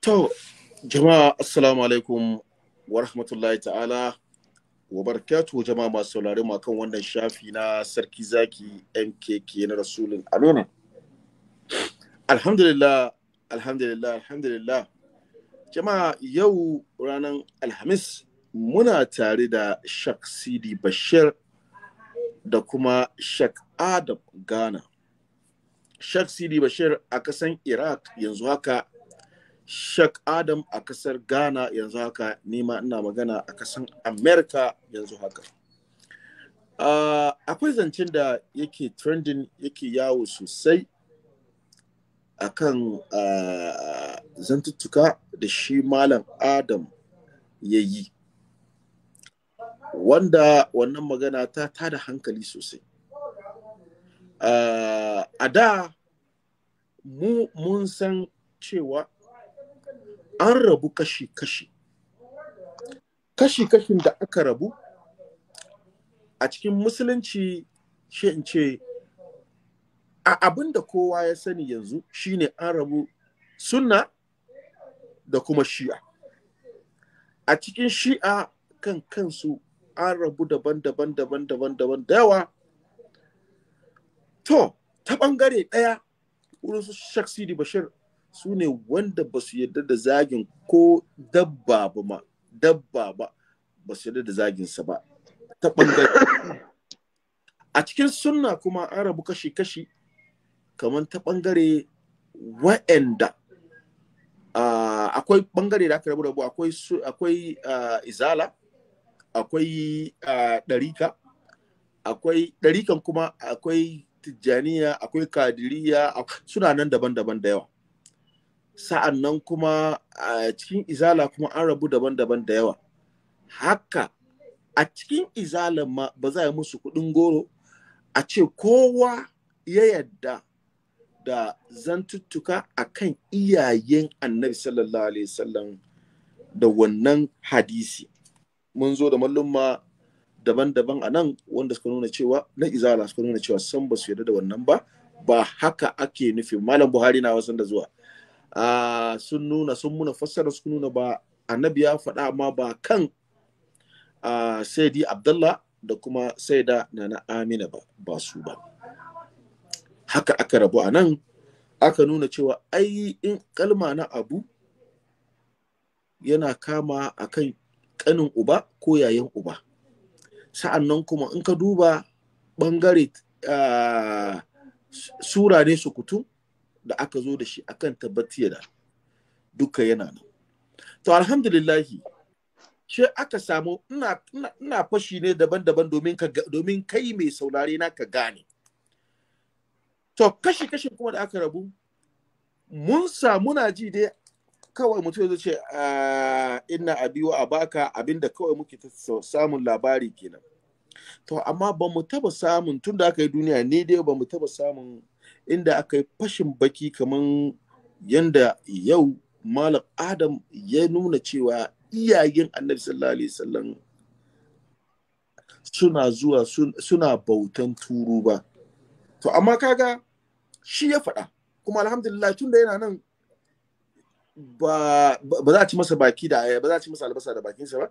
To, jama'a assalamu alaikum wa rahmatullahi ta'ala wa barakatuhu jama'a masu saurare mu kan wannan shafi na sarki zaki MKK na Rasulun Alona. Alhamdulillah, alhamdulillah, alhamdulillah. Jama'a yau ranar Alhamis muna tare da Shak Sidi Bashir da kuma Shak Adam Ghana. Shak Sidi Bashir a kasan Iraq yanzu haka Shak Adam a kasar Ghana yanzu haka nima ina magana a kasar America yanzu haka. Ah, akwai zancen da yake trending yake yawo sosai a kan uh, zantuttuka da shi Malam Adam ya yi. Wanda wannan magana ta tada hankali sosai. Uh, a da mu mun san cewa an rabu kashi-kashi kashi-kashin da aka rabu a cikin musulunci shi in ce a abin da kowa ya sani yanzu shine an rabu sunna da kuma shi'a a cikin shi'a kan kansu an rabu daban-daban daban-daban daban da to ta ɓangare ɗaya wurin su shaksidi bashir su ne wanda ba su yarda da zagin ko dabba ba ma dabba ba ba su yarda da zaginsa ba ta ɓangare a cikin sunna kuma an rabu kashi-kashi kamar ta ɓangare wa'anda akwai ɓangare da aka rabu rabu akwai akwai izala akwai ɗarika akwai ɗarikan kuma akwai tijjaniya akwai kadiriya suna nan daban-daban da yawa sa'an nan kuma a cikin izala kuma an rabu daban-daban da yawa haka a cikin izala ma ba za a yi musu kuɗin goro a ce kowa ya yadda da zantuttuka a kan iyayen annabi sallallahu alaihi wasallam da wannan hadisi mun zo da mallumma daban-daban a nan wanda suka nuna cewa na izala suka nuna cewa san ba su yadda da wannan ba ba haka ake nufi malam buhari na wasan da zuwa Ah, sun nuna sun muna fassara sun nuna ba annabi ya faɗa ma ba kan ah, saidi abdullah da kuma saida na amina ba su ba haka aka rabu a nan aka nuna cewa ai in kalma na abu yana kama a kan kanin uba ko yayan uba sa'an nan kuma in ka duba bangare ah, sura ne su kutu da aka zo da shi akan tabbatiya da duka yana nan to alhamdulillahi shi aka samu ina fashi ne daban-daban domin kai mai saurare na ka gane to kashi-kashi kuma da aka rabu mun samu na ji dai kawai mutum zai ce ah, ina abiwa a baka abinda kawai muke samun labari kenan to amma ba mu taba samun tun da aka yi duniya ne dai ba mu taba samun inda aka yi fashin baki kamar yanda yau malam adam ya nuna cewa iyayen annabi sallallahu alaihi wasallam suna zuwa suna bautan turu ba to amma kaga shi ya faɗa kuma alhamdulillah tun da yana nan ba za a ci masa baki da ba za a ci masa albasa da bakinsa ba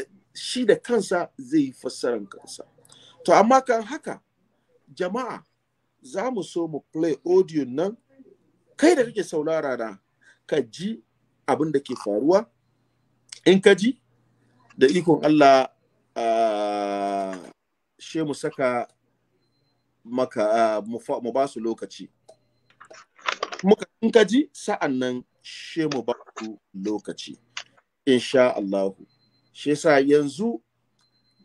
eh, shi da kansa zai yi fassaran kansa to amma kan haka jama'a za mu so mu play audio nan kai da kake saurara da ka ji abin da ke faruwa in ka ji da ikon Allah uh, she mu saka maka uh, mu ba su lokaci muka in ka ji sa'an nan she mu ba su lokaci insha Allah she sa yanzu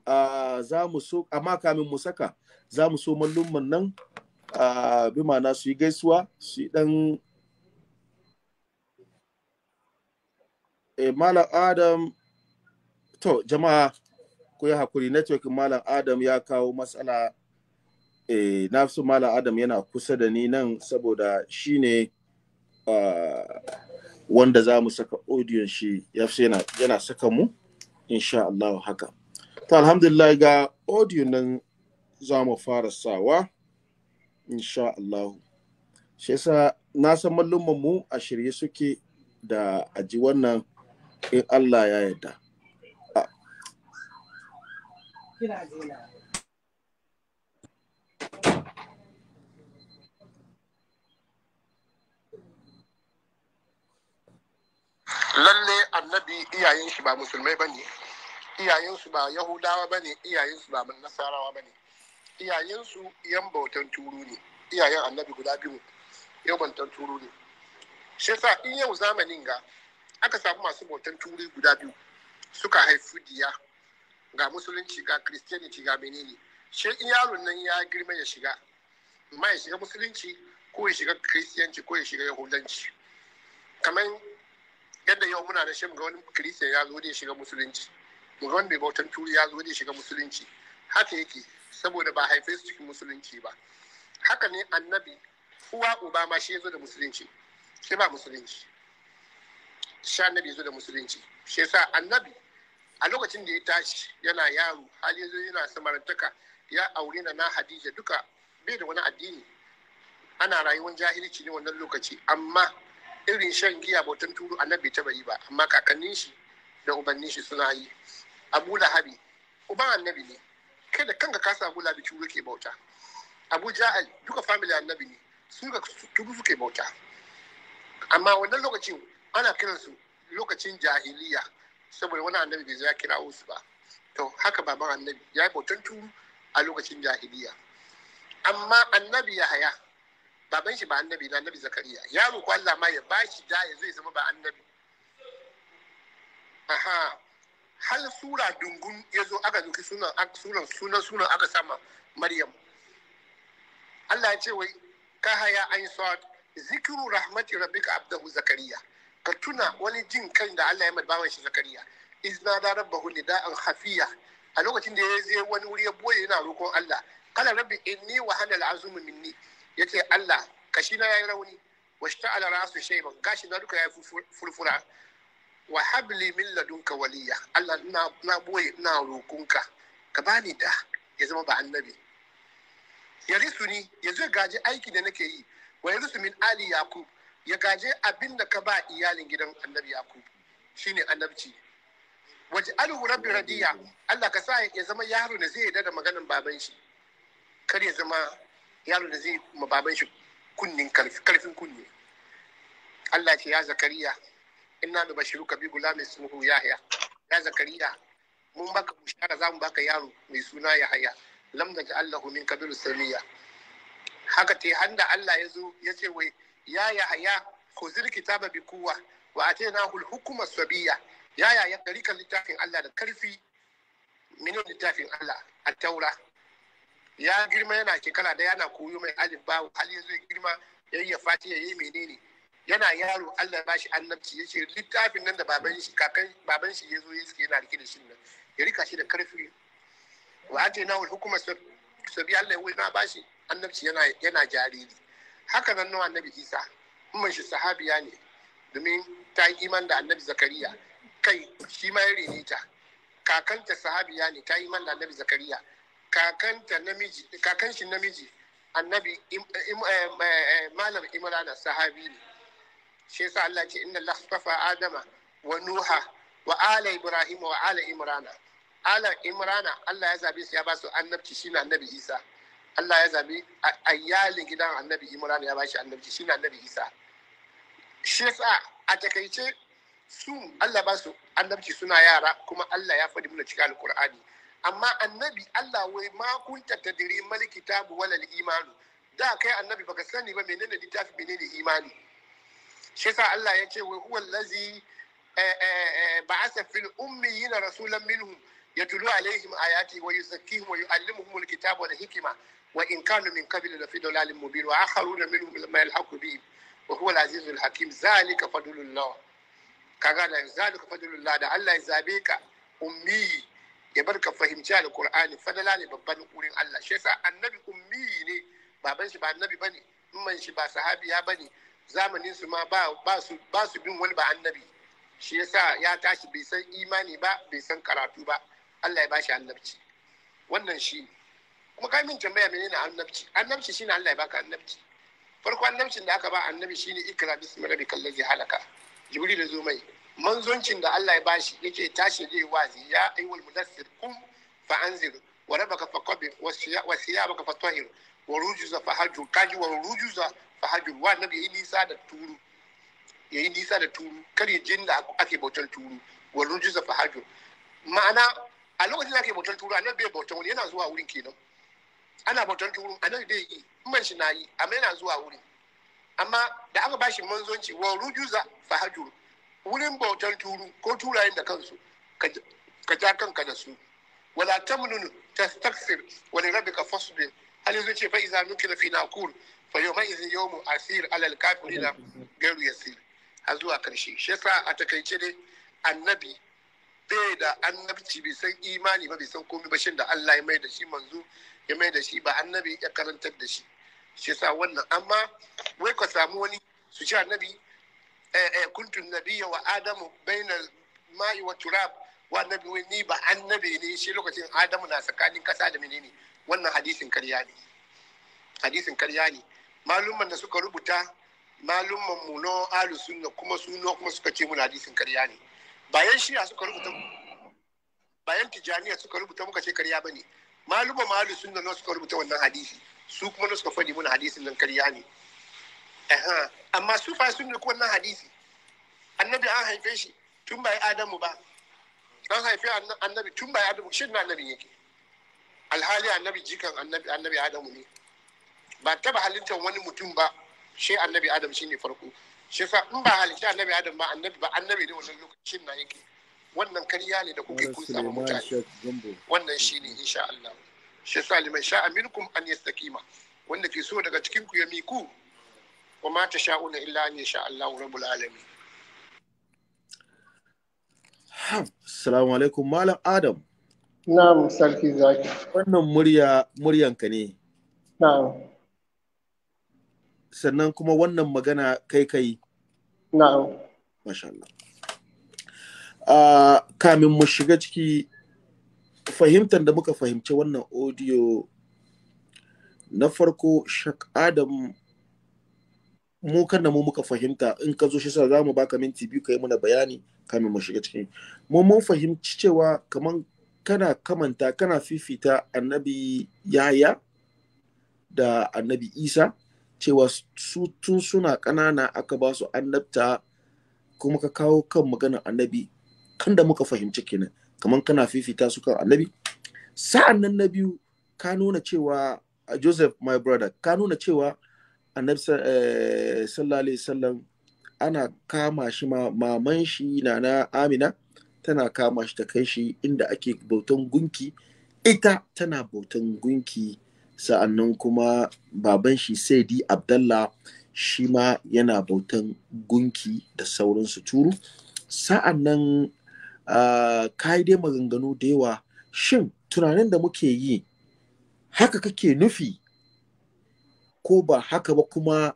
a za mu so amma kamin mu saka za mu so mallumman nan uh, bi mana su yi gaisuwa su yi dan e, eh, malam adam to jama'a ku yi hakuri network malam adam ya kawo matsala e, na malam adam yana kusa da ni nan saboda shi ne wanda za mu saka audion shi ya fi yana, yana saka mu insha Allah haka to alhamdulillah ga audio nan za mu fara sawa insha Allah shi yasa na san mallumman mu a shirye suke da aji wannan in Allah ya yarda lalle annabi iyayen shi ba musulmai bane iyayen su ba yahudawa bane iyayen su ba nasarawa bane iyayensu yan bautan turu ne iyayen annabi guda biyu yan bautan turu ne shi sa in yau zamanin ga aka samu masu bautan turu guda biyu suka haifi diya ga musulunci ga christianity ga menene shi in yaron nan ya girma ya shiga ma ya shiga musulunci ko ya shiga kiristiyanci ko ya shiga yahudanci kamar yadda yau muna da shi ga wani kiristiyan ya zo da ya shiga musulunci mu ga wani bautan turi ya zo da ya shiga musulunci haka yake saboda ba haife su cikin musulunci ba haka ne annabi uwa uba ma shi zo da musulunci shi ba musulunci shi annabi zo da musulunci shi yasa annabi a lokacin da ya tashi yana yaro hali zai yana samarantaka ya aure na na hadija duka bai da wani addini ana rayuwar jahilci ne wannan lokaci amma irin shan giya bautan turu annabi ta bari ba amma kakannin shi da ubannin shi suna yi abu lahabi uban annabi ne kai da kanka ka samu da ki kake bauta abu ja'al duka family annabi ne su ga tubu suke bauta amma wannan lokacin ana kiransu lokacin jahiliya saboda wani annabi bai zo ya kirawo su ba to haka baban annabi ya bautan turu a lokacin jahiliya amma annabi ya haya baban shi ba annabi na annabi zakariya ya roƙi Allah ma ya ba shi da ya zai zama ba annabi aha har sura dungun ya zo aka zuki sunan sunan sunan aka sama maryam Allah ya ce wai ka haya an sa'ad zikiru rahmati rabbika abdahu zakariya ka tuna wani jin kai da Allah ya mai shi zakariya izna da rabbahu hafiya. khafiya a lokacin da ya je wani wuri ya boye yana roƙon Allah kala rabbi inni wa hana al'azumu minni yace Allah kashi na yayi rauni washta'ala ra'su shayban gashi na duka yayi furfura wa habli min ladunka waliya Allah na boye ina rokunka ka bani da ya zama ba annabi ya risu ni ya zo gaje aiki da nake yi wa ya risu min ali yakub ya gaje abin da ka ba iyalin gidan annabi yakub shine annabci waje alu rabbi radiya Allah ka sa ya zama yaro da zai da maganar baban shi kar ya zama yaro da zai ma baban shi kunnin karfin kunne Allah ce ya zakariya inna da bashiru ka bi gulamin sunhu yahya ya zakariya mun baka bushara zamu baka yaro mai suna yahya lam da allahu min kabiru samiya haka te handa allah ya zo ya ce wai ya yahya zirki ta babi kuwa wa na hul hukumar sabiya ya yahya kan littafin allah da karfi mini littafin allah a taura ya girma yana shekara da yana koyo mai alif ba girma ya zo girma fati ya yi menene yana yaro Allah ba shi annabci ya ce littafin nan da baban shi kakan baban shi ya zo ya suke yana rike da shi nan ya rika shi da karfi wa ate na wani hukuma sabi Allah ya na ba shi annabci yana yana jariri haka nan nawa annabi Isa umman shi sahabiya ne domin ta yi iman da annabi Zakariya kai shi ma ya rene ta kakanta sahabiya ne ta yi iman da annabi Zakariya kakanta namiji kakan shi namiji annabi eh, eh, eh, malam imrana sahabi ne shi yasa Allah ce inna Allah astafa Adama wa Nuha wa ala Ibrahim wa ala Imrana ala Imrana Allah ya zabi su ya ba su annabci shine annabi Isa Allah ya zabi ayyalin gidan annabi Imrana ya ba shi annabci shine annabi Isa shi yasa a takaice su Allah ba su annabci suna yara kuma Allah ya faɗi mana cikin alkur'ani amma annabi Allah wai ma kunta tadri mal kitabu imanu da kai annabi baka sani ba menene littafi menene imani shi yasa Allah ya ce wa huwa allazi eh, eh, eh, ba'atha fil ummiyina rasulan minhum yatlu alaihim ayati wa yuzakkihim wa yu'allimuhum alkitaba wal hikma wa in kanu min qabl la fi dalalin mubin wa akharuna minhum lamma yalhaqu bihim wa huwa al-azizu al-hakim zalika fadlullah kaga da zalika fadlullah da Allah ya zabe ka ummi ya barka fahimci alqur'ani fadala ne babban wurin Allah shi yasa annabi ummi ne baban shi ba annabi bane umman shi ba sahabiya bane zamanin su ma ba su bin wani ba annabi shi yasa ya tashi bai san imani ba bai san karatu ba Allah ya bashi annabci wannan shi ne kuma kai min tambaya ne annabci annabci shine Allah ya baka annabci farko annabcin da aka ba annabi shine ikra bismi rabbikal ladzi halaka jibril da zo mai manzoncin da Allah ya bashi yake tashi zai wazi ya ayyul mudassir kum fa anzir wa rabbaka faqabir wa siyabaka fatahir wa rujuza hajju kaji wa rujuza bahajur wa annabi yayi nisa da turu yayi nisa da turu kar ya jin da ake bautan turu wa rujza bahajur ma'ana a lokacin da ake bautan turu annabi bai bautan wani yana zuwa wurin kenan ana bautan turu annabi bai yi in ban shi nayi amma yana zuwa wurin amma da aka bashi manzonci wa rujuza fahajur wurin bautan turu ko turayen da kansu ka ja kanka da su wala tamnun tastaksir wa li rabbika fasbir hal yanzu ce fa iza fina fi naqul fa yawmaiz yawmun asir alal kafirina gairu yasir A zuwa karshe shi yasa a takaice ne annabi bai da annabci bai san imani ba bai san komai ba shin da Allah ya mai da shi manzo ya mai da shi ba annabi ya karantar da shi shi yasa wannan amma wai ka samu wani su ci annabi kuntun nabiyya wa adamu bainal ma'i wa turab wa annabi wai ni ba annabi ne shi lokacin adamu na tsakanin kasa da menene wannan hadisin karya ne hadisin karya ne malumman da suka rubuta malumman mu na alu sunna kuma sunna kuma suka ce muna hadisin karya ne bayan shiya suka rubuta bayan tijaniya suka rubuta muka ce karya bane malumman mu alu sunna na suka rubuta wannan hadisi su kuma na suka faɗi muna hadisin nan karya ne amma su fa sun rubuta wannan hadisi annabi an haife shi tun bai adamu ba an haife annabi tun bai adamu shin na annabi yake alhali annabi jikan annabi annabi adamu ne ba taba halittar wani mutum ba shi annabi adam shi ne farko shi sa in ba halitta annabi adam ba annabi ba annabi ne wannan lokacin na yake wannan karya ne da kuke kun samu mutane wannan shi ne insha Allah shi sa liman sha aminkum an yastakima wanda ke so daga cikin ku ya miku wa ma ta sha'una illa an yasha Allah rabbul alamin Assalamu alaikum Malam Adam. Na'am sarki zaki. Wannan murya muryanka ne. Na'am. sannan kuma wannan magana kai kai na'am Allah ah, kamin mu shiga ciki fahimtar da muka fahimci wannan audio na farko shak adam mu kan mu muka fahimta in ka zo shi sa za mu baka minti biyu ka yi muna bayani kamin mu shiga ciki mu mun fahimci cewa kaman kana kamanta kana fifita annabi 'yaya da annabi isa cewa su tun suna ƙanana aka ba su annabta kuma ka kawo kan maganar annabi kan da muka fahimci kenan kamar kana fifita su kan annabi sa'an nan na biyu ka nuna cewa a uh, joseph my brother ka nuna cewa annabi eh, sallallahu alaihi wasallam ana kama shi ma maman shi na na amina tana kama shi ta kai shi inda ake bautan gunki ita tana bautan gunki sa'annan kuma baban shi saidi abdallah shi ma yana bautan gunki da sauransu turu sa'annan uh, kayi dai maganganu da yawa shin tunanin da muke yi haka kake nufi ko ba haka ba kuma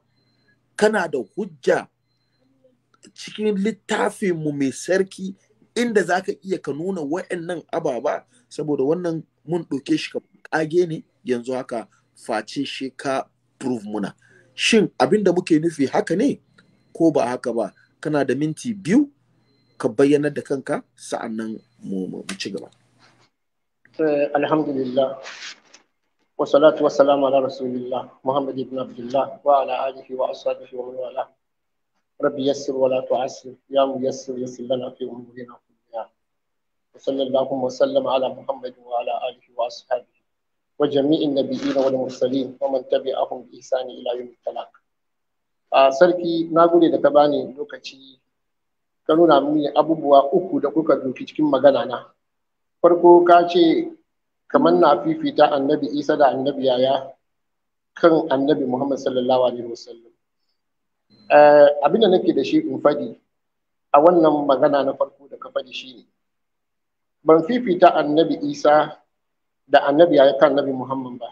kana da hujja cikin littafinmu mai sarki inda za ka iya ka nuna wa'annan ababa saboda wannan mun ɗauke shi ka ƙage ne yanzu haka face shi ka prove muna shin abin da muke nufi haka ne ko ba haka ba kana da minti biyu ka bayyanar da kanka sa'annan mu ci gaba eh, alhamdulillah wasalatu wasalamu ala rasulillah muhammad ibn abdullah wa ala alihi wa ashabihi wa man wala rabbi yassir wa la ya muyassir yassir lana fi umurina وصلى الله وسلم على محمد وعلى آله وأصحابه وجميع النبيين والمرسلين ومن تبعهم بإحسان إلى يوم A sarki na gode da ka bani lokaci ka nuna mini abubuwa uku da kuka doki cikin magana na farko ka ce kamar na fifita annabi isa da annabi yaya kan annabi muhammad sallallahu alaihi wasallam abin da nake da shi in fadi a wannan magana na farko da ka fadi shine ban fifita annabi isa da annabi ya kan annabi muhammad ba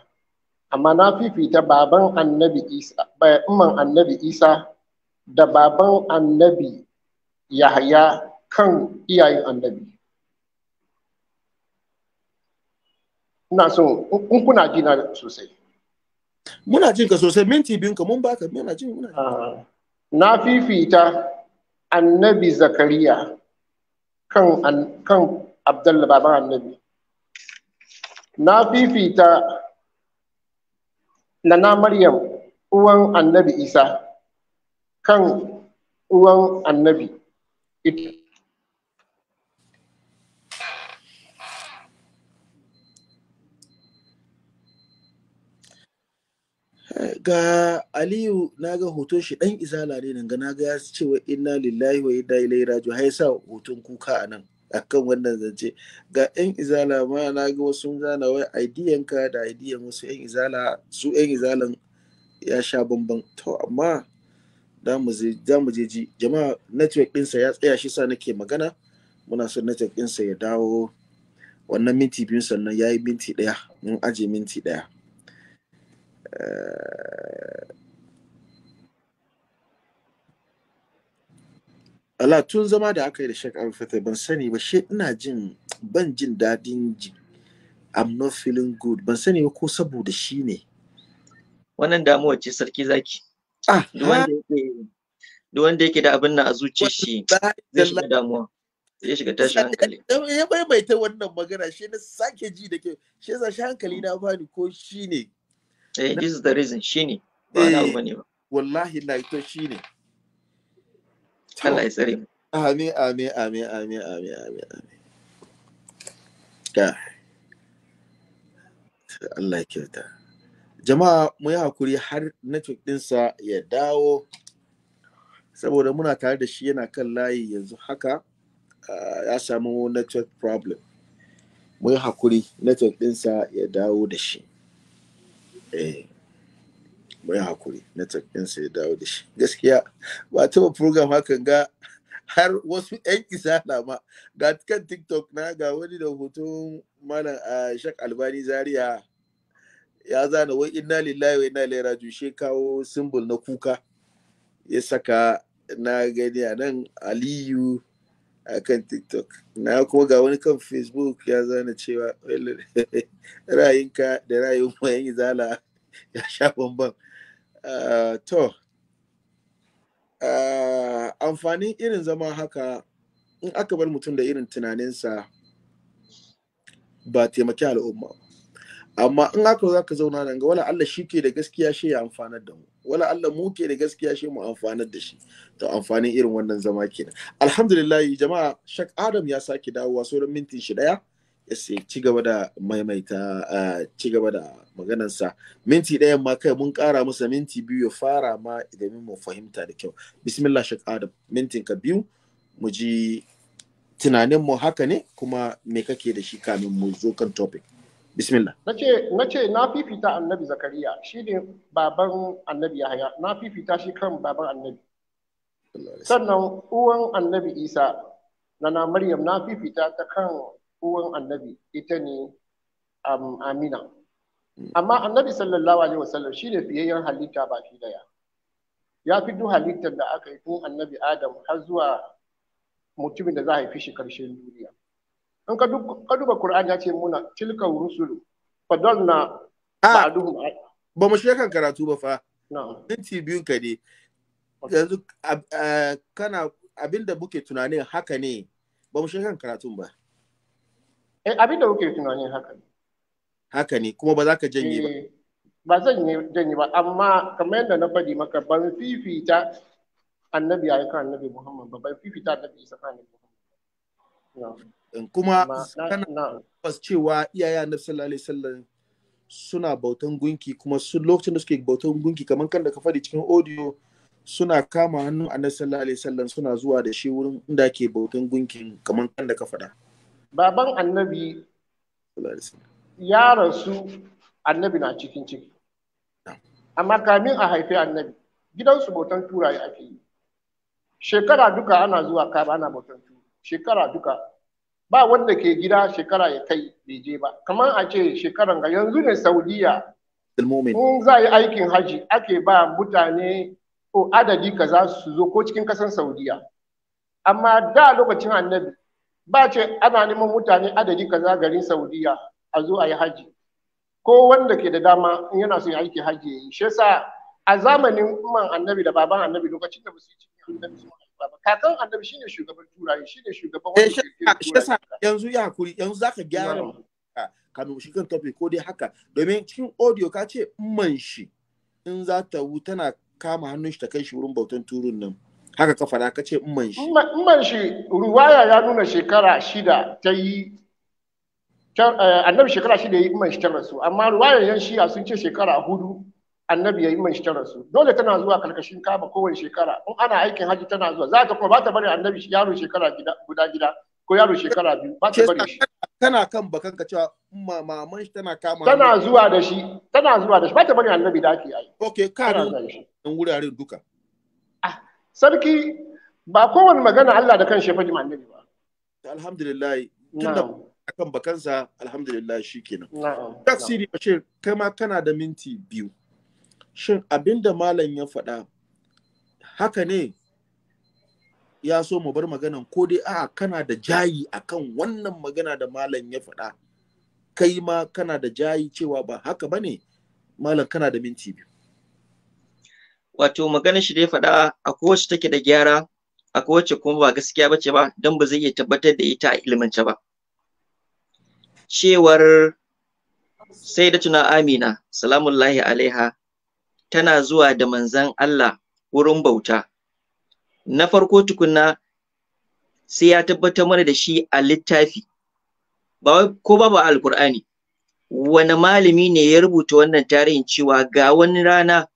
amma na fifita baban annabi isa umman annabi isa da baban annabi yahya kan iyayen annabi ina so in kuna ji na sosai muna jin ka sosai minti biyun ka mun baka muna jin muna ah, na fifita annabi zakariya kan kan Abdul baban annabi na fifita na na maryam uwan annabi isa kan uwan annabi ga aliyu na ga hoton shi dan izala ne nan ga na ga ya ce wa inna lillahi wa inna ilaihi raji'un har sa hoton kuka a nan akan wannan zance ga yan izala ma na ga wasu zana wai aidiyan ka da aidiyan wasu yan izala su yan izalan ya sha bamban to amma za mu je ji jama'a network ɗinsa ya tsaya shi sa nake magana muna son network ɗinsa ya dawo wannan minti biyu sannan ya yi minti ɗaya mun aje minti ɗaya eh, Allah tun zama da aka yi da Sheikh Abu ban sani ba shi ina jin ban jin dadin ji I'm not feeling good ban sani ba ko saboda shi ne wannan damuwar ce sarki zaki ah duk wanda yake da abin nan a zuciyar shi zai shiga damuwa zai shiga tashin hankali ya maimaita wannan magana shi na sake ji da ke shi yasa shi hankali na bani ko shi ne eh this is the reason shi ne ba na eh, ba ne ba wallahi na to shi ne Allah ya tsare jama'a mu yi hakuri har network ɗinsa ya dawo saboda muna tare da shi yana kan layi yanzu haka ya samu network problem mu yi hakuri network ɗinsa ya dawo da shi eh bai hakuri na tafiyan ya dawo da shi gaskiya ba taɓa program hakan ga har wasu 'yan isa ma ga kan tiktok na ga wani da hoton mana a shak albani zaria ya zana wai inna lillahi wa inna ilaihi she kawo simbol na kuka ya saka na gani a nan aliyu a kan tiktok na kuma ga wani kan facebook ya zana cewa ra'ayinka da rayin mayan izala ya sha bambam Eh, to, uh, irin zama haka in aka bar mutum da irin tunaninsa ba taimaki al'umma amma in aka za zauna nan ga wala Allah shi ke da gaskiya shi ya amfanar da mu wala Allah mu ke da gaskiya shi mu amfanar da shi to amfanin irin wannan zama kenan alhamdulillah jama'a shak adam ya sake dawowa sauran minti shi daya Eh, ci gaba da maimaita eh, ci gaba da maganansa minti ɗayan ma kai mun ƙara masa minti biyu ya fara ma idan mu fahimta da kyau bismillah shi adam mintin ka biyu mu ji tunanin mu haka ne kuma me kake da shi kamin mu zo kan topic bismillah nace nace na fifita annabi zakariya shi ne baban annabi yahaya na fifita shi kan baban annabi sannan uwan annabi isa na na maryam na fifita ta kan uwan annabi ita ne um, amina hmm. amma annabi sallallahu alaihi wasallam shi ne fiyayyen halitta ba shi daya ya fi duk halittar da aka yi tun annabi adam har zuwa mutumin da za a haifi shi karshen duniya in ka duba qur'ani ya ce muna tilkan rusulu fadalna ah, ba'duhum ba mu shekan karatu ba fa minti biyun ka ne yanzu eh, kana abinda muke tunanin haka ne ba mu shekan karatun ba Eh, abin da kuke tunanin haka ne. Haka ne, kuma ba za ka janye ba. Eh, ba zan janye ba, amma kamar yadda na faɗi maka ban fifita annabi ya kan annabi Muhammad ba, ban fifita annabi Isa kan annabi Muhammad. Eh, kuma kana bas cewa iyaye annabi sallallahu alaihi wasallam suna bautan gunki kuma su lokacin da suke bautan gunki kamar kan da ka faɗi cikin audio suna kama hannun annabi sallallahu alaihi wasallam suna zuwa da shi wurin inda ke bautan gunkin kamar kan da ka faɗa. baban annabi ya rasu annabi na cikin ciki amma kamin a haifi annabi gidansu bautan turaye ake yi shekara duka ana zuwa kaba ana bautan tura shekara duka ba wanda ke gida shekara ya kai bai je ba kamar a ce shekaran ga yanzu ne saudiya in za yi aikin haji ake ba mutane ko oh, adadi ka za su zo ko cikin kasan saudiya amma da lokacin annabi ba ce ana neman mutane adadi kaza garin saudiya a zo a yi haji ko wanda ke da dama in yana son aiki haji yayi shi yasa a zamanin umman annabi da baban annabi lokacin da musu ci annabi sun ba kakan annabi shine shugaban turai shine shugaban eh, wanda shi yasa yanzu ya hakuri yanzu zaka gyara kanu shi kan tafi ko dai haka domin cikin audio ka ce umman shi in za ta wu tana kama hannun shi ta kai shi wurin bautan turun nan haka ka da ka ce umman shi umman shi ruwaya ya nuna shekara shida ta yi eh, annabi shekara shida ya yi umman shi ta rasu amma ruwayar yan shi sun ce shekara hudu annabi ya yi umman shi ta rasu dole tana zuwa karkashin kaba kowane shekara in ana aikin hajji tana zuwa za ta kuma ba ta bari annabi yaro shekara guda gida ko yaro shekara biyu ba ta bari shi tana kan bakan ka cewa maman shi tana kama tana zuwa da shi tana zuwa da shi ba ta bari annabi da ake yi okay ka nan wurare duka sarki ba kowane magana Allah da kan shi faɗi annabi ba alhamdulillah tunda akan bakansa alhamdulillah shikenan tafsiri bashir kai ma kana da minti biyu shin abinda malam ya faɗa haka ne ya so mu bar maganan ko dai a'a kana da jayi akan wannan magana da malam ya faɗa kai ma kana da jayi cewa ba haka bane malam kana da minti biyu wato maganar shi da ya faɗa akwai wacce take da gyara akwai wacce kuma ba gaskiya bace ba don ba zai iya tabbatar da ita a ilimance ba cewar sai da tuna amina salamullahi alaiha tana zuwa da manzan Allah wurin bauta na farko tukunna sai ya tabbatar mana da shi a littafi ba ko babu alkur'ani wani malami ne ya rubuta wannan tarihin cewa ga wani rana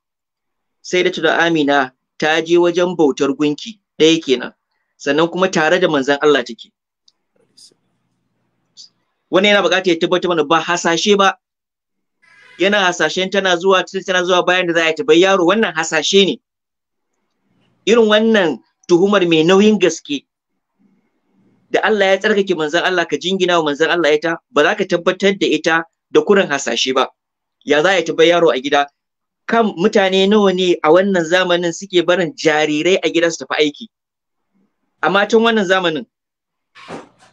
sai da tuda Amina ta je wajen bautar gunki ɗaya kenan sannan kuma tare da manzan Allah take wani yana buƙatar ya tabbatar mana ba hasashe ba yana hasashen tana zuwa tana zuwa bayan da za a tabbai yaro wannan hasashe ne irin wannan tuhumar mai nauyin gaske da Allah ya tsarkake manzan Allah ka jingina wa manzan Allah ita ba za ka tabbatar da ita da kurin hasashe ba ya za a tabbai yaro a gida kan mutane nawa ne a wannan zamanin suke barin jarirai a gidansu tafi aiki amma tun wannan zamanin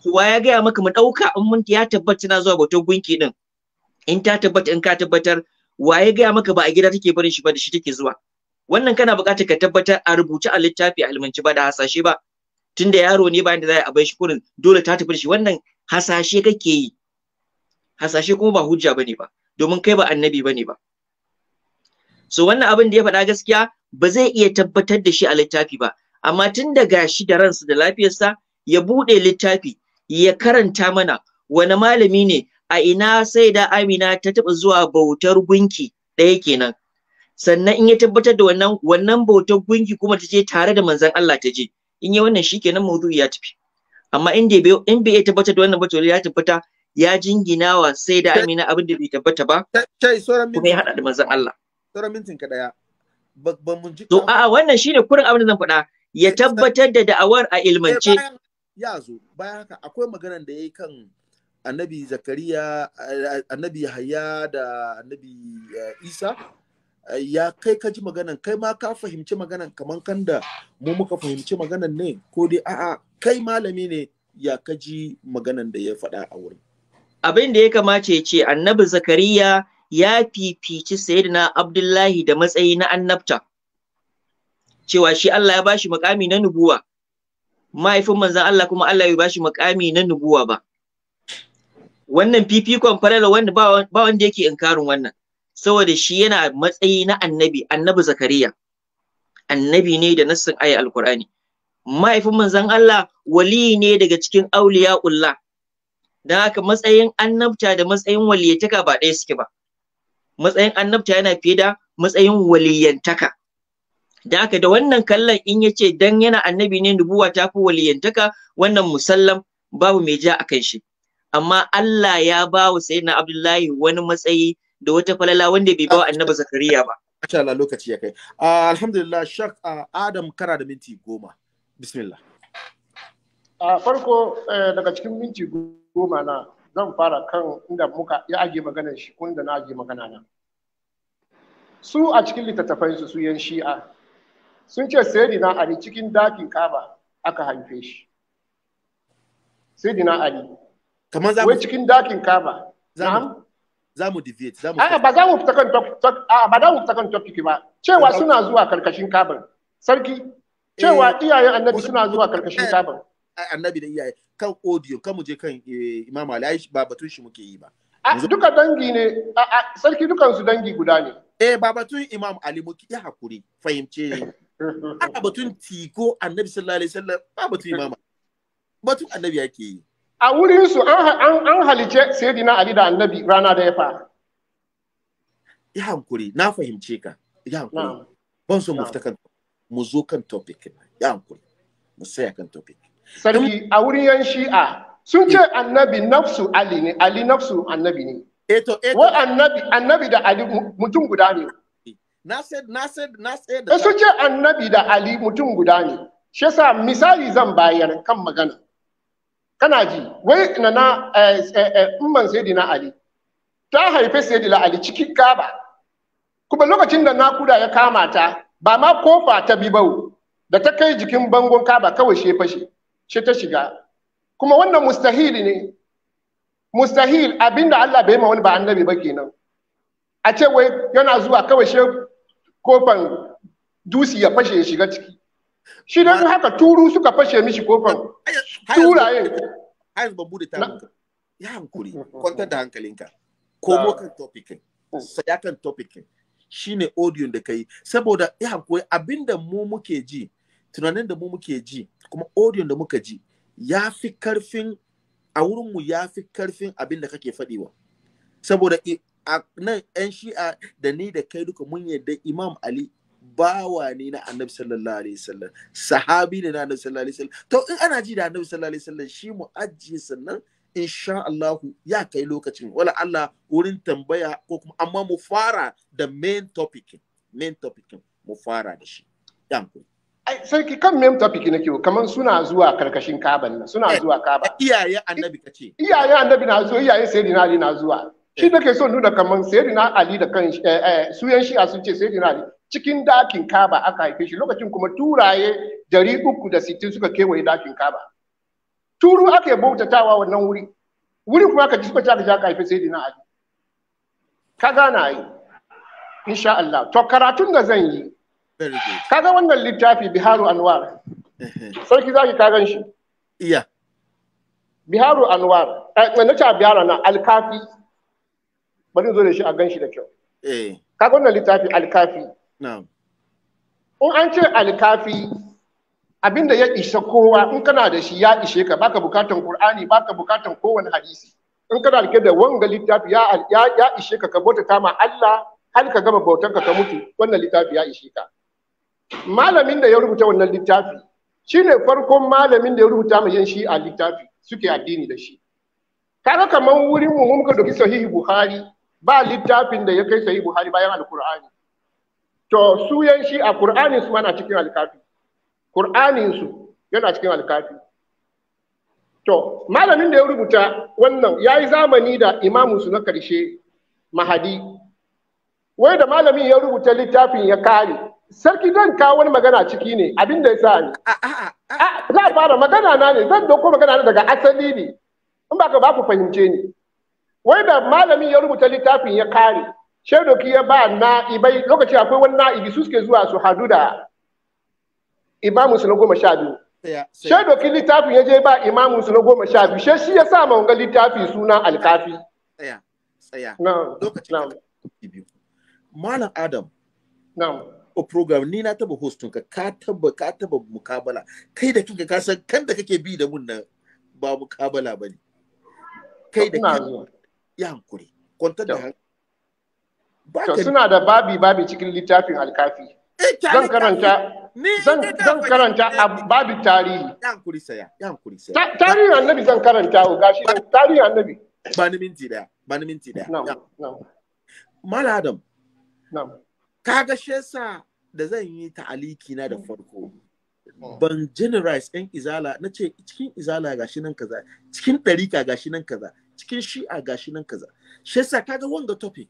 kowa ya gaya maka mu ɗauka in mun ya tabbata na zuwa bautar gunki din in ta tabbata in ka tabbatar wa ya gaya maka ba a gida take barin shi ba da shi take zuwa wannan kana buƙatar ka tabbatar a rubuce a littafi a ilmanci ba da hasashe ba tunda yaro ne bayan da za a bai shi kurin dole ta tafi shi wannan hasashe kake yi hasashe kuma ba hujja bane ba domin kai ba annabi bane ba so wannan abin da ya faɗa gaskiya ba zai iya tabbatar da shi a littafi ba amma tun da gashi da ransa da lafiyarsa ya buɗe littafi ya karanta mana wani malami ne a ina sai da amina ta taɓa zuwa bautar gunki ɗaya kenan sannan in ya tabbatar da wannan wannan bautar gunki kuma ta je tare da manzon Allah ta je in yi wannan shikenan maudu'i ya tafi amma in da in bai tabbatar da wannan ba to ya tabbata ya jinginawa sai da amina abin da bai tabbata ba kuma ya hada da manzon Allah sauran mintin ka daya ba mun ji to a'a wannan shine kurin abin da zan faɗa ya tabbatar da da'awar a eh, ilmance ya zo bayan haka akwai maganar da yayi kan annabi zakariya eh, annabi yahaya da annabi eh, isa ya kai ka ji maganan kai ma ka fahimci maganan kamar kan da mu muka fahimci maganan ne ko dai a'a kai malami ne ya ka ji maganan da ya faɗa a wurin abin da ya kamace ce annabi zakariya ya fifici sayyidina Abdullahi da matsayi na annabta cewa shi Allah ya bashi makami na nubuwa mahaifin manzan Allah kuma Allah ya bashi makami na nubuwa ba wannan fifikon farala wanda ba wanda yake inkarin wannan saboda shi yana matsayi na annabi annabi zakariya annabi ne da nassin aya alkur'ani mahaifin manzan Allah wali ne daga cikin auliya'ullah don haka matsayin annabta da matsayin waliyataka ba ɗaya suke ba matsayin annabta yana fiye da matsayin waliyantaka da haka da wannan kallon in ya ce dan yana annabi ne nubuwa ta fi waliyantaka wannan musallam babu mai ja kan shi amma Allah ya ba wa sayyidina Abdullahi wani matsayi da wata falala wanda bai ba wa annabi Zakariya ba Masha Allah lokaci ya kai ah, alhamdulillah shak ah, Adam kara da minti goma bismillah a ah, farko eh, daga cikin minti goma na zan fara kan inda muka ya aje maganar shi kun da na ajiye magana na su a cikin littattafai su su yan shi'a sun ce sayyidina ali cikin dakin kaba aka haife shi sayyidina ali kamar za wai cikin dakin kaba na'am za mu deviate za mu a'a ba za mu fita kan a ba za mu fita kan topic ba cewa suna zuwa karkashin kaba. sarki cewa eh, iyayen annabi suna zuwa karkashin eh, kaba. Eh, annabi da iyaye kan audio kan mu je kan eh, Imam Ali ba batun shi muke yi ba duka dangi ne sarki dukan su dangi guda ne eh ba batun Imam Ali muke ya hakuri fahimce ne aka batun tiko Annabi sallallahu alaihi wasallam ba batun Imam batun Annabi yake yi a wurin su an an halice sayyidina Ali da Annabi rana da ya fa ya hankuri na fahimce ka ya hankuri ban so mu fita kan mu zo kan topic ya hankuri mu saya kan topic sarki a wurin yan shi'a sun ce annabi nafsu ali ne ali nafsu annabi ne eto eh eto eh wa annabi annabi da ali mutum guda ne na said na said na said eh, sun ce annabi da ali mutum guda ne shi yasa misali zan bayar kan magana kana ji wai na na umman sayyidina ali ta haife sayyidina ali cikin kaba kuma lokacin da nakuda ya kama ta ba ma kofa ta bibau da ta kai jikin bangon kaba kawai shefe fashe shi ta shiga kuma wannan mustahili ne mustahil abinda Allah bai ma wani ba annabi ba kenan a ce wai yana zuwa kawai shi kofan dusi ya fashe ya shiga ciki shi don haka turu suka fashe mishi kofan turaye har ba bude ta ya hankuri kwantar da hankalinka komo kan topikin saya kan topikin shine audio da kai saboda ya hankuri abinda mu muke ji tunanin da mu muke ji kuma audio da muka ji ya fi karfin a wurinmu ya fi karfin abin da kake faɗiwa saboda nan 'yan shi'a da ni da kai duka mun yadda imam ali bawa ne na annabi sallallahu alaihi wasallam sahabi ne na annabi sallallahu alaihi wasallam to in ana ji da annabi sallallahu alaihi wasallam shi mu ajiye sannan insha Allah ya kai lokacin wala Allah wurin tambaya ko kuma amma mu fara da main topic main topic mu fara da shi yankun. sarki kan mem topic nake kaman suna zuwa karkashin kaban nan suna eh, zuwa kaba iyaye annabi kace iyaye annabi na zuwa iyaye sayyidina ali na zuwa shi eh. nake so nuna kaman sayyidina ali da kan eh, su yan shi'a sun ce sayyidina ali cikin dakin kaba aka haife shi lokacin kuma turaye dari uku da sittin suka kewaye dakin kaba turu ake bautatawa wannan wuri wuri kuma aka ji suka aka haife sayyidina ali ka gana yi insha Allah to karatun da zan yi kaga wannan littafi biharu anwar sarki zaki ka gan shi iya biharu anwar eh na ta bihara na alkafi bari zo da shi a gan shi da kyau eh. kaga wannan littafi alkafi na'am in an ce alkafi abinda ya isa kowa in kana da shi ya ishe ka baka bukatan qur'ani baka bukatan kowane hadisi in kana rike da wanga littafi ya ya, ishe ka ka bauta kama Allah har ka gama bautar ka mutu wannan littafi ya ishe ka malamin da ya rubuta wannan littafi shine farkon malamin da ya rubuta yin shi a littafi suke addini da shi kaga kamar wurin mu mun ka doki sahihi buhari ba littafin da ya kai sahihi buhari bayan alqur'ani to su yan a qur'anin su mana cikin alkafi qur'anin su yana cikin alkafi to malamin da ya rubuta wannan yayi zamani da imamun su na karshe mahadi wai da malamin ya rubuta littafin ya kare sarki zan kawo wani magana ciki ne abin da ya sa ni ah, za a fara magana na ne zan doko magana na daga asali ne in ba ka ba ku fahimce ni wai da malamin ya rubuta littafin ya kare shaidoki ya ba na'ibai lokaci akwai wani na'ibi su suke zuwa su hadu da imamu su na goma sha biyu shaidoki littafin ya je ba imamu su na goma sha biyu shi ya sa ma wanga littafi suna alkafi tsaya tsaya Na, na. malam adam Na. taba program ni na taba hostin ka ka taba ka taba mukabala kai da kanka ka san kan da kake bi da mun nan ba mukabala ba ne kai da kanka ya hankuri kwantar da hankali suna da babi babi cikin littafin alkafi eh, zan karanta zan karanta a babi tarihi ya hankuri saya ya hankuri saya tarihin annabi zan karanta o oh, gashi tarihin annabi ba ni minti daya ba ni minti daya na'am na'am mala adam na'am kaga shesa da zan yi ta'aliki na da hmm. farko hmm. ban generalize yan izala na ce cikin izala gashi nan kaza cikin ɗarika gashi nan kaza cikin shi'a gashi nan kaza shesa kaga wanga topic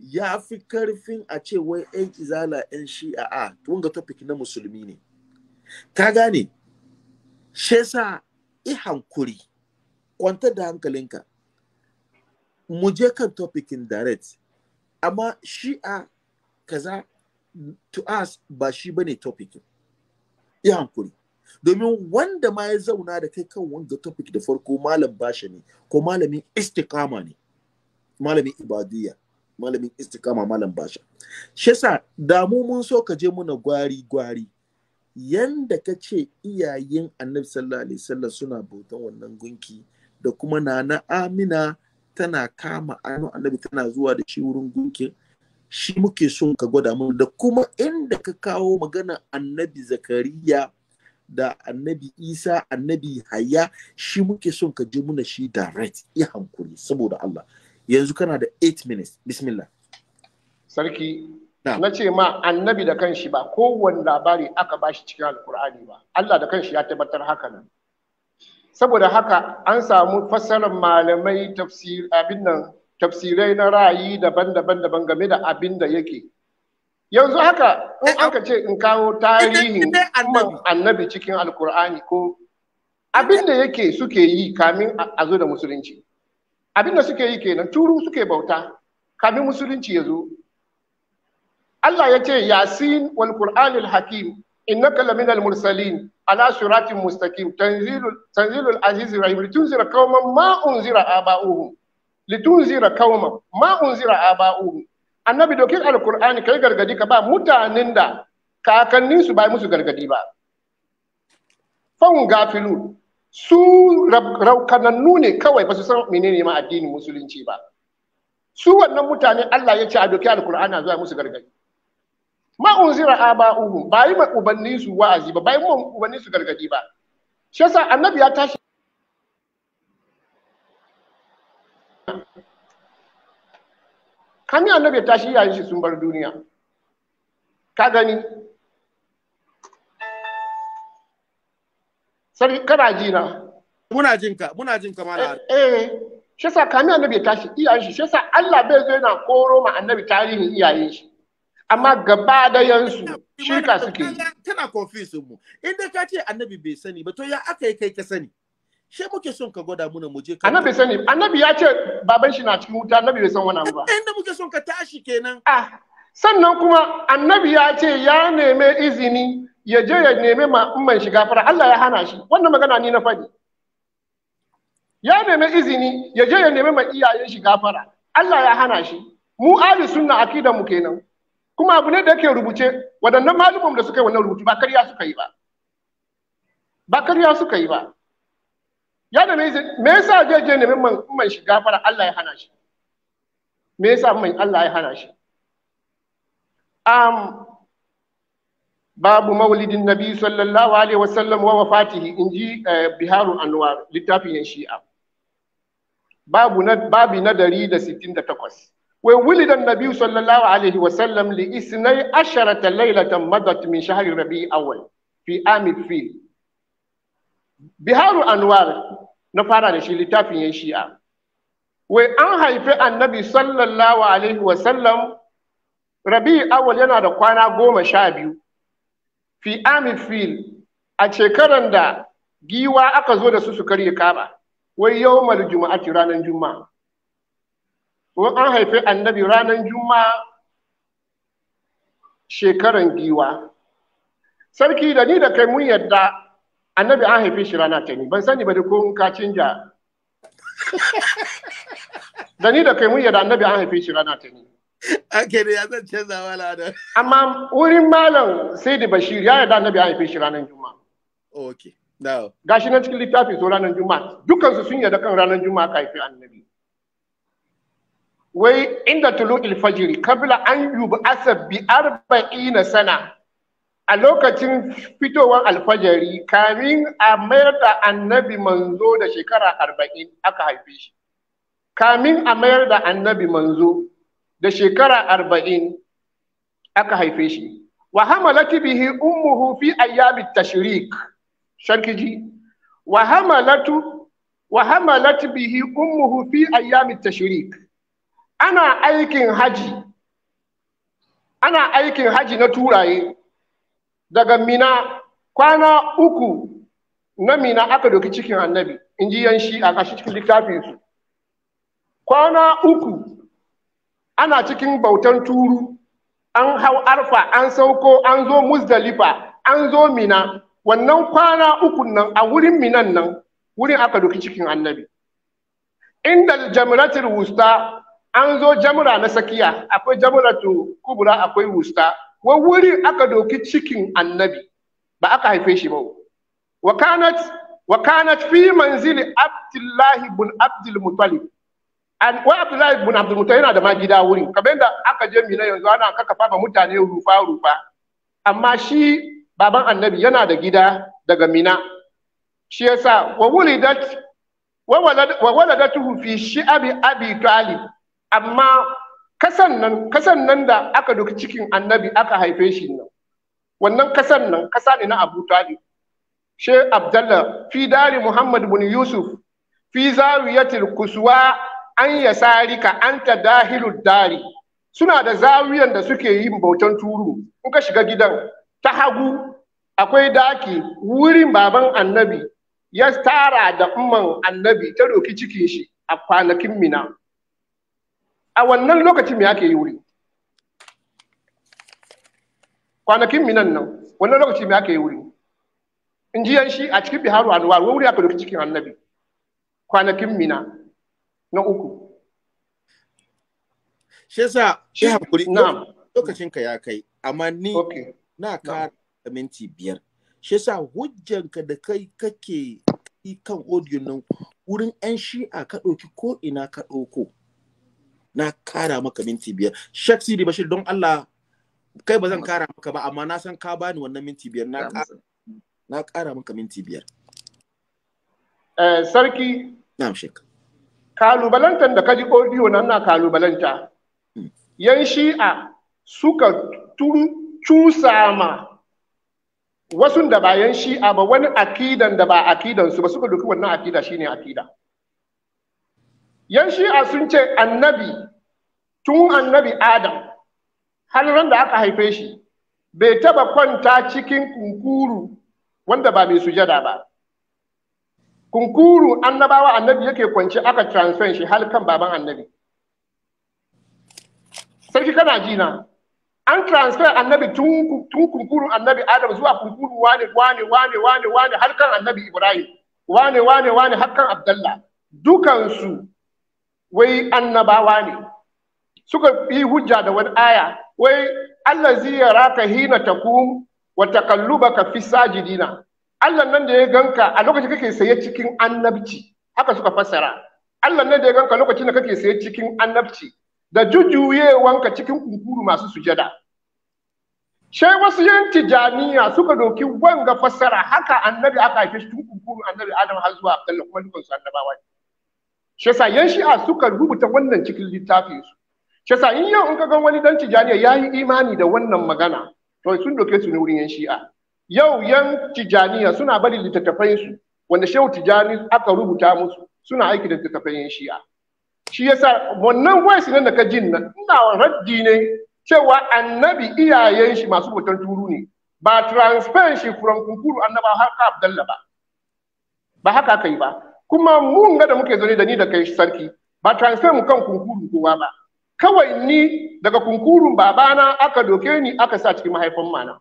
ya fi karfin a ce wai yan izala yan shi'a a wanga topic na musulmi ne ka gane shesa i hankuri kwantar da hankalinka mu je kan topic in direct amma shi'a kaza to us ba shi bane topic ya hankuri domin wanda ma ya zauna da kai kan wanda topic da farko malam bashi ne ko malamin istikama ne malamin ibadiyya malamin istikama malam bashi shi yasa damu mun so ka je muna gwari gwari yanda ka ce iyayen annabi sallallahu alaihi wasallam suna bautan wannan gunki da kuma nana amina tana kama annabi tana zuwa da shi wurin gunkin shi muke son ka gwada mun da kuma inda ka kawo magana annabi zakariya da annabi isa annabi haya shi muke son ka je muna shi direct ya hankuri saboda Allah yanzu kana da 8 minutes bismillah sarki na ce ma annabi da kanshi ba kowane labari aka bashi cikin alkur'ani ba Allah da kanshi ya tabbatar haka nan saboda haka an samu fassarar malamai tafsir abin nan tafsirai na ra'ayi daban-daban daban game da abin da yake yanzu haka in eh, aka ce in kawo tarihin annabi cikin alkur'ani ko abin da yake suke yi kamin a zo da musulunci abin da suke yi kenan turu suke bauta kamin musulunci ya zo Allah ya ce yasin wal qur'anil hakim innaka laminal mursalin ala siratin mustaqim tanzilul tanzilul azizir rahim litunzira qauman ma unzira aba'uhum litunzira kauma ma unzira aba'u annabi dokin alqur'ani kai gargadi ka ba mutanen da kakannin su ba musu gargadi ba fa'un gafilu su raukanannu ne kawai ba su san menene ma addinin musulunci ba su wannan mutane Allah ya ce a doki alqur'ani zuwa musu gargadi ma unzira aba'uhum ba yi ma ubanni su wa'azi ba ba yi ma ubanni su gargadi ba shi yasa annabi ya tashi kamin annabi ta shi yayin shi sun bar duniya ka gani sarki kana ji na muna jin ka muna jin ka mala eh, eh shi yasa kamin annabi ta shi iyayen shi shi sa Allah bai zo yana koro ma annabi tarihin iyayen shi amma gaba da yansu shi ka suke tana confuse mu inda ka ce annabi bai sani ba to ya aka yi kai ka sani she muke son ka gwada muna mu je ka annabi sani annabi ya ce baban shi na cikin wuta annabi bai san wani abu ba inda muke son ka tashi kenan ah sannan kuma annabi ya ce ya neme izini ya je ya neme ma'amman shi gafara Allah ya hana shi wannan magana ni na faɗi ya neme izini ya je ya neme ma iyayen shi gafara Allah ya hana shi mu ahli sunna akida mu kenan kuma abu ne da yake rubuce waɗannan malumman da suka yi wannan rubutu ba karya suka yi ba ba karya suka yi ba ya da me yasa zai je neman man man shi gafara Allah ya hana shi me yasa man Allah ya hana shi um babu maulidin nabi sallallahu alaihi wasallam wa wafatihi inji eh, biharu anwar littafin shi'a babu na babi na 168 wai wulidan nabi sallallahu alaihi wasallam li isnai asharata laylatan madat min shahri rabi'i awwal fi amil fil biharu anwar na fara da shi littafin yan shi'a wai an haifi annabi sallallahu alaihi wasallam rabi awal yana da kwana goma sha biyu fi amifil a shekaran da giwa aka zo da su su karye kaba wai yau mal juma'ati ranar juma'a wai an haifi annabi ranar juma'a shekaran giwa sarki da ni da kai mun yadda annabi an haife shi rana ta ni ban sani ba da ko ka canja da ni da kai mun yadda annabi an haife shi rana ta ni ake da ya san canza wala da amma wurin malam sai da bashir ya yadda annabi an haife shi ranar juma'a okay now gashi nan cikin littafi so ranar juma'a dukkan su sun yadda kan ranar juma'a ka haife annabi wai inda tulu ilfajiri kabila an yubu asab bi arba'ina sana a lokacin fitowar alfajari kamin a mayar da annabi manzo da shekara arba'in aka haife shi kamin a mayar da annabi manzo da shekara arba'in aka haife shi wa hamalati bihi ummuhu fi ayyami tashrik sharkiji wa hamalatu wa hamalati bihi ummuhu fi ayyami tashrik ana aikin haji ana aikin haji na turaye daga mina kwana uku na mina aka doki cikin annabi in ji yanshi shi a ƙashi cikin littafinsu kwana uku ana cikin bautan turu an hau arfa an sauko an zo muzdalifa an zo mina wannan kwana uku nan a wurin minan nan wurin aka doki cikin annabi inda jamratul wusta an zo jamura na sakiya akwai jamratu kubra akwai wusta wa wuri aka doki cikin annabi ba aka haife shi ba wa kanat wa kanat fi manzili abdullahi ibn abdul mutalib an wa abdullahi ibn abdul mutalib yana da ma gida wuri kamar yadda aka je mina yanzu ana kaka ma mutane rufa rufa amma shi baban annabi yana da gida daga mina shi yasa wa wulidat wa waladatuhu fi shi'abi abi talib amma kasan nan kasan nan da aka doki cikin annabi aka haife shi nan wannan kasan nan kasa ne na Abu Talib she Abdullah fi dari Muhammad bin Yusuf fi zawiyatil kuswa an yasarika anta dahilud dari suna da zawiyan da suke yin bautan turu in ka shiga gidan ta hagu akwai daki wurin baban annabi ya tara da umman annabi ta doki cikin shi a kwanakin mina a wannan lokacin me ake yi wuri kwanakin minan nan wannan lokaci me ake yi wuri in ji yan shi a cikin biharu anwar wuri aka doki cikin annabi kwanakin mina na uku shi yasa shi hakuri na lokacin ka ya kai amma ni na kara minti biyar shi yasa hujjanka da kai kake kan audio nan wurin 'yan shi'a ka ɗauki ko ina ka ɗauko na kara maka minti biyar shek sidi bashir don allah kai ba zan kara maka ba amma na san ka bani wannan minti biyar na kara na kara maka minti biyar eh sarki na'am shek kalubalantar da kaji audio nan na kalubalanta hmm. yan shi'a suka turu cusa ma wasu da ba yan shi'a ba wani akidan da ba akidan su ba suka duki wannan akida shine akida yan shi'a sun ce annabi tun annabi adam har ran da aka haife shi bai taba kwanta cikin kunkuru wanda ba mai sujada ba kunkuru annabawa annabi yake kwance aka transfer shi har kan baban annabi sarki kana ji na an transfer annabi tun kunkuru annabi adam zuwa kunkuru wane wane wane wane wane har kan annabi ibrahim wane wane wane har kan abdallah dukansu wai annabawa ne suka yi hujja da wani aya wai Allah ziyara ka hina takum wa ka fi sajidina Allah nan da ya ganka a lokacin kake saye cikin annabci haka suka fassara Allah nan da ya ganka lokacin da kake saye cikin annabci da jujuyewanka cikin kunkuru masu sujada sai wasu yan tijaniya suka doki wanga fassara haka annabi aka haife shi tun kunkuru annabi Adam har zuwa Abdullahi kuma dukansu annabawa ne shi yasa yan shi'a suka rubuta wannan cikin littafin su shi yasa in yau in ka ga wani dan tijaniya ya yi imani da wannan magana to sun doke su ne wurin yan shi'a yau yan tijaniya suna bari littattafai su wanda shehu tijani aka rubuta musu suna aiki da littattafan yan shi'a shi yasa wannan voice nan da ka jin nan ina raddi ne cewa annabi iyayen shi masu hoton turu ne ba transfer shi from kunkuru annaba har ka abdalla ba ba haka kai ba kuma mun ga da muke zaune da ni da kai sarki ba transfer mu kan kunkurun kowa ba kawai ni daga kunkurun babana aka doke ni aka sa cikin mahaifin mana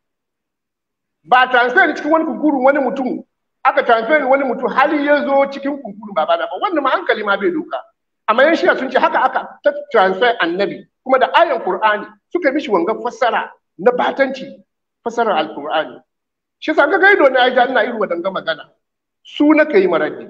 ba transfer ni cikin wani kunkurun wani mutum aka transfer ni wani mutum hali ya zo cikin kunkurun babana ba wannan ma hankali ma bai doka amma yan shiya sun ce haka aka ta transfer annabi kuma da ayan qur'ani suka mishi wanga fassara na batanci fassarar alqur'ani shi sa ga gaido na da ina irin wadanga magana su na kai maradi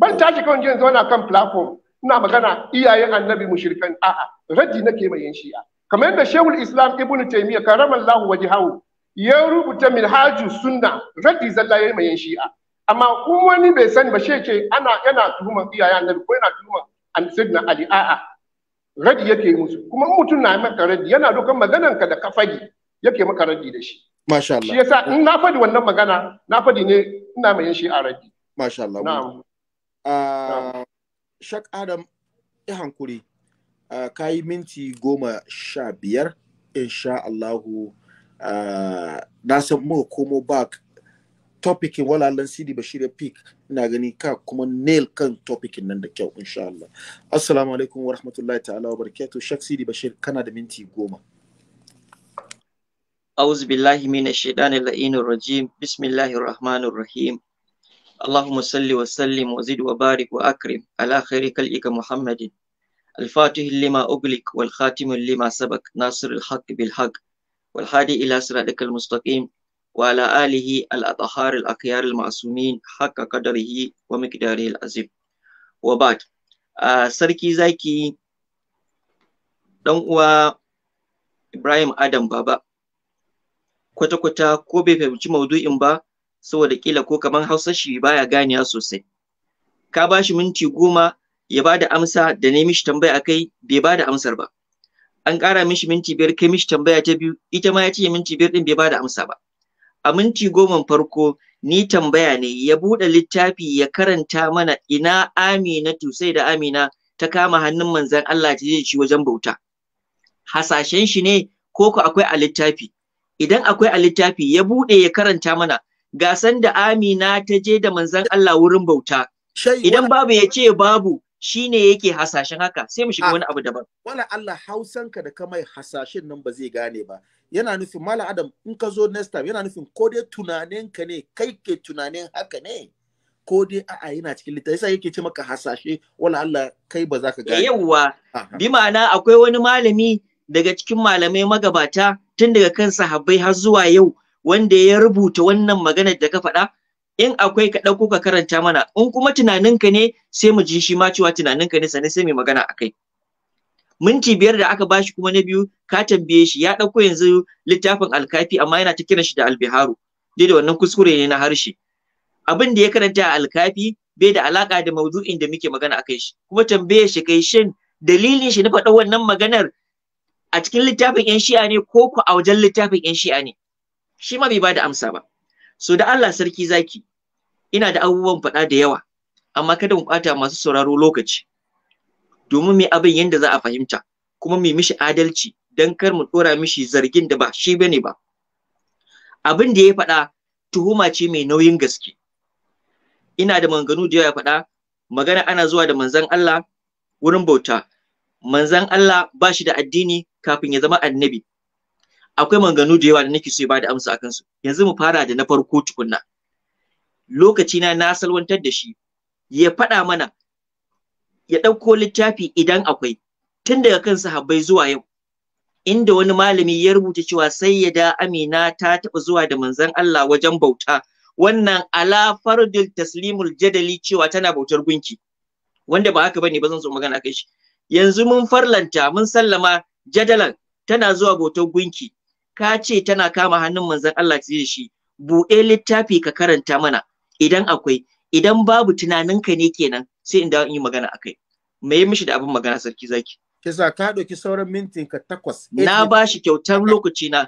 ban tashi kawai jin zauna kan platform ina magana iyayen annabi mushrikan a'a raji nake mai yin shi'a kamar yadda shehul islam ibnu taymiya karamallahu wajhahu ya rubuta minhaju sunna raji zalla yayi mai yin shi'a amma kun wani bai sani ba shi ce ana yana tuhuman iyayen annabi ko yana tuhuman sayyidina ali a'a radi yake musu kuma mutum na maka radi yana dokan maganan ka da kafagi yake maka radi da shi masha Allah shi yasa in na fadi wannan magana na fadi ne ina mai shi a radi masha Allah na'am Ah, shak adam ya hankuri ah, ka yi minti goma sha biyar insha Allahu ah, na san muka komo back topikin walalan sidi bashir pick ina gani ka kuma nail kan topikin nan da kyau insha Allah assalamu alaikum wa rahmatullahi ta'ala wa barakatu, shak CD bashir kana da minti goma أعوذ بالله من الشيطان اللعين الرجيم بسم الله الرحمن الرحيم اللهم صل وسلم وزد وبارك وأكرم على خير خلقك محمد الفاتح لما أغلق والخاتم لما سبق ناصر الحق بالحق والهادي إلى صراطك المستقيم وعلى آله الأطهار الأخيار المعصومين حق قدره ومقداره العظيم وبعد آه سركي زاكي uwa Ibrahim Adam Baba kwata-kwata ko bai fahimci maudu'in ba saboda kila ko kamar Hausa shi baya ganiya sosai ka ba shi minti goma ya ba da amsa da ne mishi tambaya akai bai ba amsar ba an ƙara mishi minti biyar kai mishi tambaya ta biyu ita ma ya ce minti biyar din bai ba da amsa ba a minti goman farko ni tambaya ne ya buɗe littafi ya karanta mana ina amina sai da amina ta kama hannun manzan Allah ta shi wajen bauta hasashen shi ne ko ko akwai a littafi idan akwai a littafi ya buɗe ya karanta mana gasan da Amina ta je da manzon Allah wurin bauta idan babu ya ce babu shine yake hasashen haka sai mu shiga ah. wani abu daban wala Allah hausanka da kamai hasashen nan ba zai gane ba yana nufin mala adam in ka zo next time yana nufin ko dai tunaninka ne kai ke tunanin haka ne ko dai a'a yana cikin littafi sai yake ce maka hasashe wala Allah kai ba za ka gane yawwa bi ma'ana akwai wani malami daga cikin malamai magabata tun daga kan sahabbai har zuwa yau wanda ya rubuta wannan maganar da ka faɗa in akwai ka ɗauko ka karanta mana in kuma tunaninka ne sai mu ji shi ma cewa tunaninka ne sannan sai mu magana akai minti biyar da aka bashi kuma na biyu ka tambaye shi ya ɗauko yanzu littafin alkafi amma yana ta kiran shi da albiharu dai da wannan kuskure ne na harshe abin da ya karanta a alkafi bai da alaka da maudu'in da muke magana akai shi kuma tambaye shi kai shin dalilin shi na faɗa wannan maganar a cikin littafin yan shi'a ne ko ku a wajen littafin yan shi'a ne shi ma bai ba da amsa ba so da Allah sarki zaki ina da abubuwan faɗa da yawa amma kada mu ɓata masu sauraro lokaci domin mai abin yadda za a fahimta kuma mai mishi adalci don kar mu ɗora mishi zargin da ba shi bane ba abin da ya faɗa tuhuma ce mai nauyin gaske ina da manganu da ya faɗa magana ana zuwa da manzan Allah wurin bauta manzan Allah bashi da addini kafin ya zama annabi akwai manganu da yawa da nake so ya bada amsa akan su yanzu mu fara da na farko tukunna lokaci na na salwantar da shi ya faɗa mana ya ɗauko littafi idan akwai tun daga kan sahabbai zuwa yau inda wani malami ya rubuta cewa sai amina ta taɓa zuwa da manzon Allah wajen bauta wannan ala fardul taslimul jadali cewa tana bautar gunki wanda ba haka bane ba zan so magana kai shi yanzu mun farlanta mun sallama jadalan tana zuwa bautar gunki ka ce tana kama hannun manzon Allah ta da shi buɗe littafi ka karanta mana idan akwai idan babu tunaninka ne kenan sai in dawo in yi magana akai me yi mishi da abin magana sarki zaki kisa ka ɗauki sauran mintin ka takwas eh, na ba shi kyautar lokaci na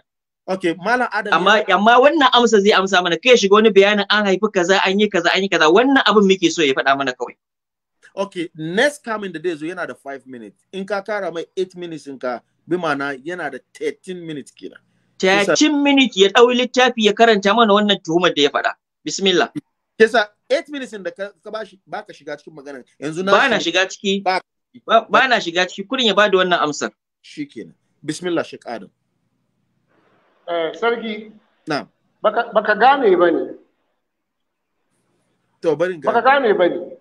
Okay, Malam Adam. Amma amma wannan amsa zai amsa mana kai shiga wani bayanin an haifi kaza an yi kaza an yi kaza wannan abin muke so ya faɗa mana kawai. Okay, next coming the day zo yana da 5 minutes. In ka kara mai 8 minutes in ka bi ma'ana yana da 13 minutes kenan. 30 minutes ya ɗau littafi ya karanta mana wannan tuhumar da ya faɗa. Bismillah. Kisa 8 minutes da ka ba bashi baka shiga cikin magana. Yanzu na Bana shiga ciki. Ba na shiga ciki kurin ya bada wannan amsar. Shikenan. Bismillah shi Adam. Eh sarki. Na'am. Baka baka gane bane. To barin gane. Baka gane ba ne.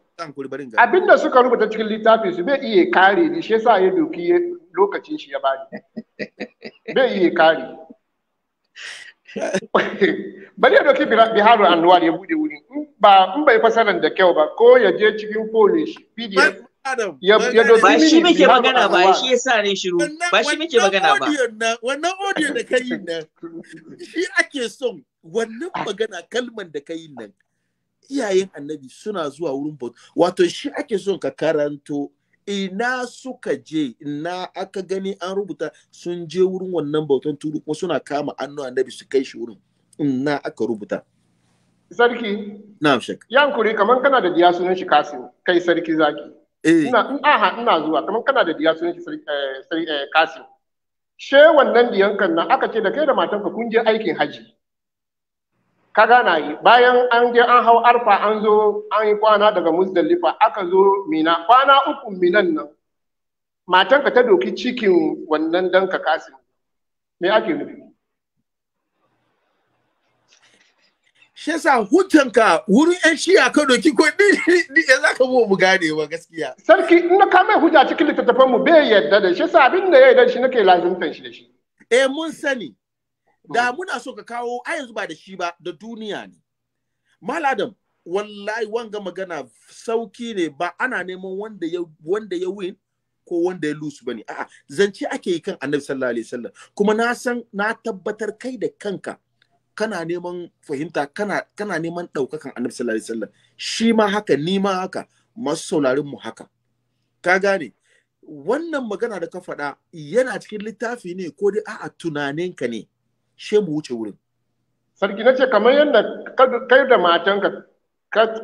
Abinda suka rubuta cikin littafin su bai iya kare ni shi yasa ya doki lokacin shi ya bani. Bai iya kare. bari ya doki biharu annuwar ya bude wuri ba in bai fasaran da kyau ba ko ya je cikin polish pdf ya doki ba shi muke magana ba shi ya sa ne shiru ba shi muke magana ba wannan audio da ka yi nan shi ake son wannan magana kalman da ka yi nan iyayen annabi suna zuwa wurin bauta wato shi ake son ka karanto ina suka je ina aka gani an rubuta sun je wurin wannan bautan turu kuma suna kama annu annabi su kai shi wurin ina aka rubuta sarki na'am shek yankuri kaman kana da diya sunan shi kasim kai sarki zaki eh ina in aha ina zuwa kaman kana da diya sunan shi sarki eh, eh, kasim she wannan kan nan aka ce da kai da matanka kun je aikin haji ka gana yi bayan an je an hau arfa an zo an yi kwana daga muzdalifa aka zo mina kwana uku minan nan matanka ta doki cikin wannan dan ka kasin me ake nufi shi yasa hutanka wurin yan shiya ka doki ko ni ya zaka mu mu gane ba gaskiya sarki in ka mai huta cikin littattafan mu bai yadda da shi yasa abin da ya dan shi nake lazimtan shi da shi eh mun sani da muna so ka kawo a yanzu ba da shi ba da duniya ne maladam wallahi wanga magana sauki ne ba ana neman wanda ya wanda ya win ko wanda ya lose bane a'a zance ake yi kan annabi sallallahu alaihi wasallam kuma na san na tabbatar kai da kanka kana neman fahimta kana kana neman daukakan annabi sallallahu alaihi wasallam shi ma haka ni ma haka masu saurarin mu haka ka gane wannan magana da ka faɗa yana cikin littafi ne ko dai a'a tunaninka ne she mu wuce wurin sarki nace kamar yadda kai da matanka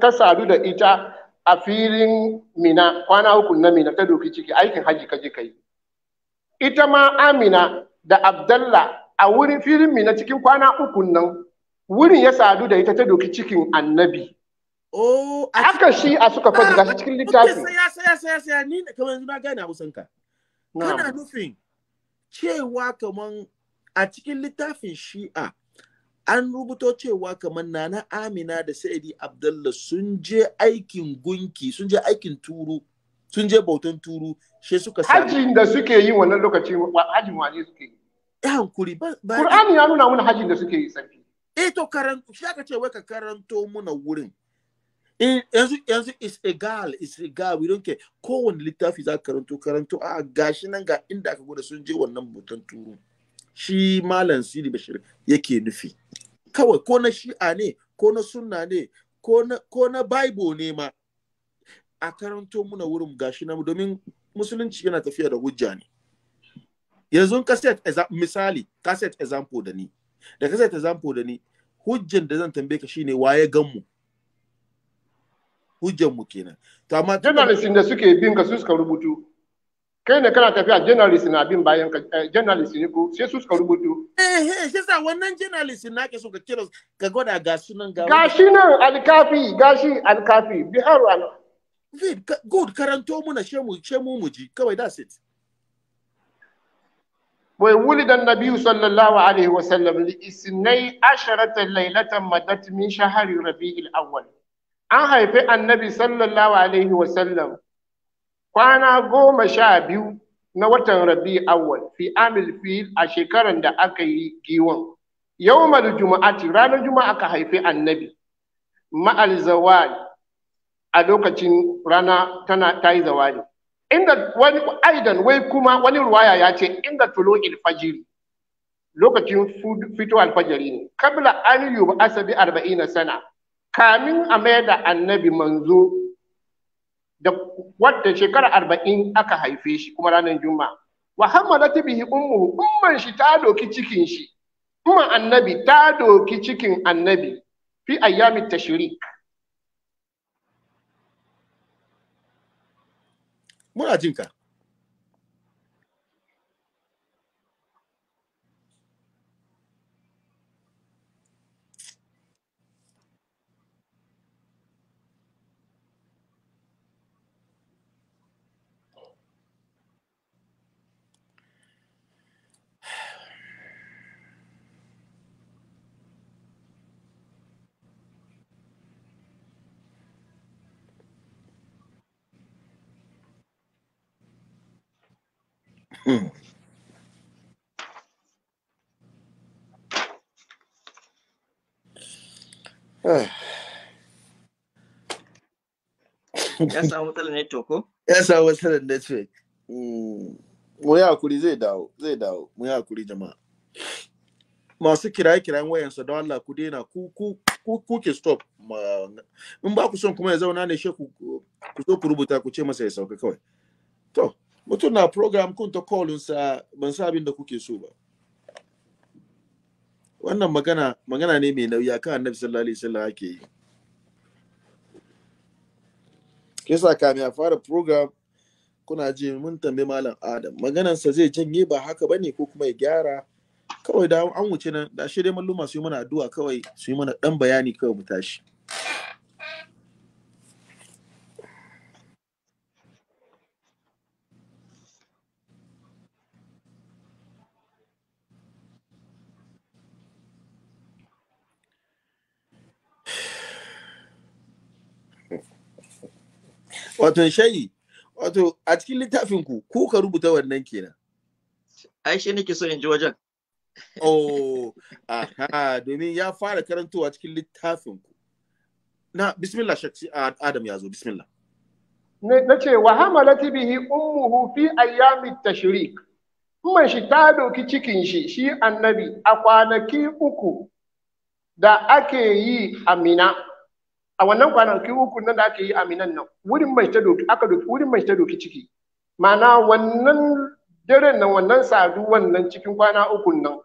ka sadu da ita a filin mina kwana uku na mina ta doki ciki aikin haji ka kai ita ma amina da Abdalla a wurin filin mina cikin kwana uku nan wurin ya sadu da ita ta doki cikin annabi Oh, haka shi a suka faɗi gashi cikin ah, littafi. Saya saya saya saya ni kamar yanzu na gane abu sanka. Kana nufin cewa kaman a cikin littafin shi'a an rubuto cewa kamar nana amina da sa'idi abdullah sun je aikin gunki sun je aikin turu sun je bautan turu she suka sa hajjin da suke yi wannan lokaci hajin wane suke yi ya kuri ba Qur'ani ya nuna mana hajin da suke yi sarki eh to karan shi aka ce wai ka karanto muna wurin yanzu yanzu is egal is egal we don't care kowane littafi za ka karanto karanto a gashi nan ga inda aka gwada sun je wannan bautan turu shi malam sidi bashir yake nufi kawai ko na shi'a ne ko na sunna ne ko na bible ne ma a karanto muna wurin gashi na domin musulunci yana tafiya da hujja ne yanzu kaset misali kaset example da ni da kaset example da ni hujjan da zan tambaye ka shine waye gan mu hujjan mu kenan to da suke bin ka su suka rubutu kai ne kana tafiya journalist na bin bayan ka eh, journalist ne ko sai su suka rubutu eh eh shi sa wannan journalist na ke so ka kira ka gwada ga sunan ga gashi nan alkafi gashi alkafi bihar al vid good karanto muna shemu shemu muji kawai that's it wai dan nabiyu sallallahu alaihi wa sallam li isnai asharata laylatan madat min shahri rabi'il awwal an haifi annabi sallallahu alaihi wa sallam kwana goma sha biyu na watan rabi awwal fi amil fil a shekaran da aka yi giwon yawmal juma'ati ranar juma'a ka haifi annabi ma'al zawali a lokacin rana tana ta yi zawali inda wani aidan wai kuma wani ruwaya ya ce inda tulo ilfajir lokacin fito alfajari ne kabla an yuba asabi arba'ina sana kamin a mayar da annabi manzo da wadda shekara arba'in aka haife shi kuma ranar juma'a wa ta bihi ummuhu umman shi ta doki cikin shi kuma annabi ta doki cikin annabi fi ayyami tashrik muna jin Mm. ya samu matsalar network ko? Ya samu matsalar network. Mu yi hakuri zai dawo, zai dawo, mu yi hakuri jama'a. Masu kiraye-kirayen wayansa don Allah ku daina ku ku ku ku ke stop in ba ku son kuma ya zauna ne shi ku zo ku rubuta ku ce masa ya sauka kawai. To, mutum na program kun ta sa ban sa abin da kuke so ba wannan magana magana ne mai nauyi kan annabi sallallahu alaihi wasallam ake yi kisa kamin a fara program kuna ji mun tambe malam adam maganansa zai janye ba haka ba ne, ko kuma ya gyara kawai da an wuce nan da shi dai malluma su yi mana addu'a kawai su yi mana dan bayani kawai mu tashi wato shayi wato a cikin littafin ku ku ka rubuta wannan kenan ai shi nake so in ji wajen oh aha domin ya fara karantowa cikin littafin ku na bismillah shakci adam ya zo bismillah na ce wa hamalati bihi ummuhu fi ayyami tashrik Kuma shi ta doki cikin shi shi annabi a kwanaki uku da ake yi amina a wannan kai uku nan da aka yi aminan nan wurin mai ta doki aka doki wurin mai ta doki ciki ma'ana wannan daren nan wannan sadu wannan cikin kwana uku nan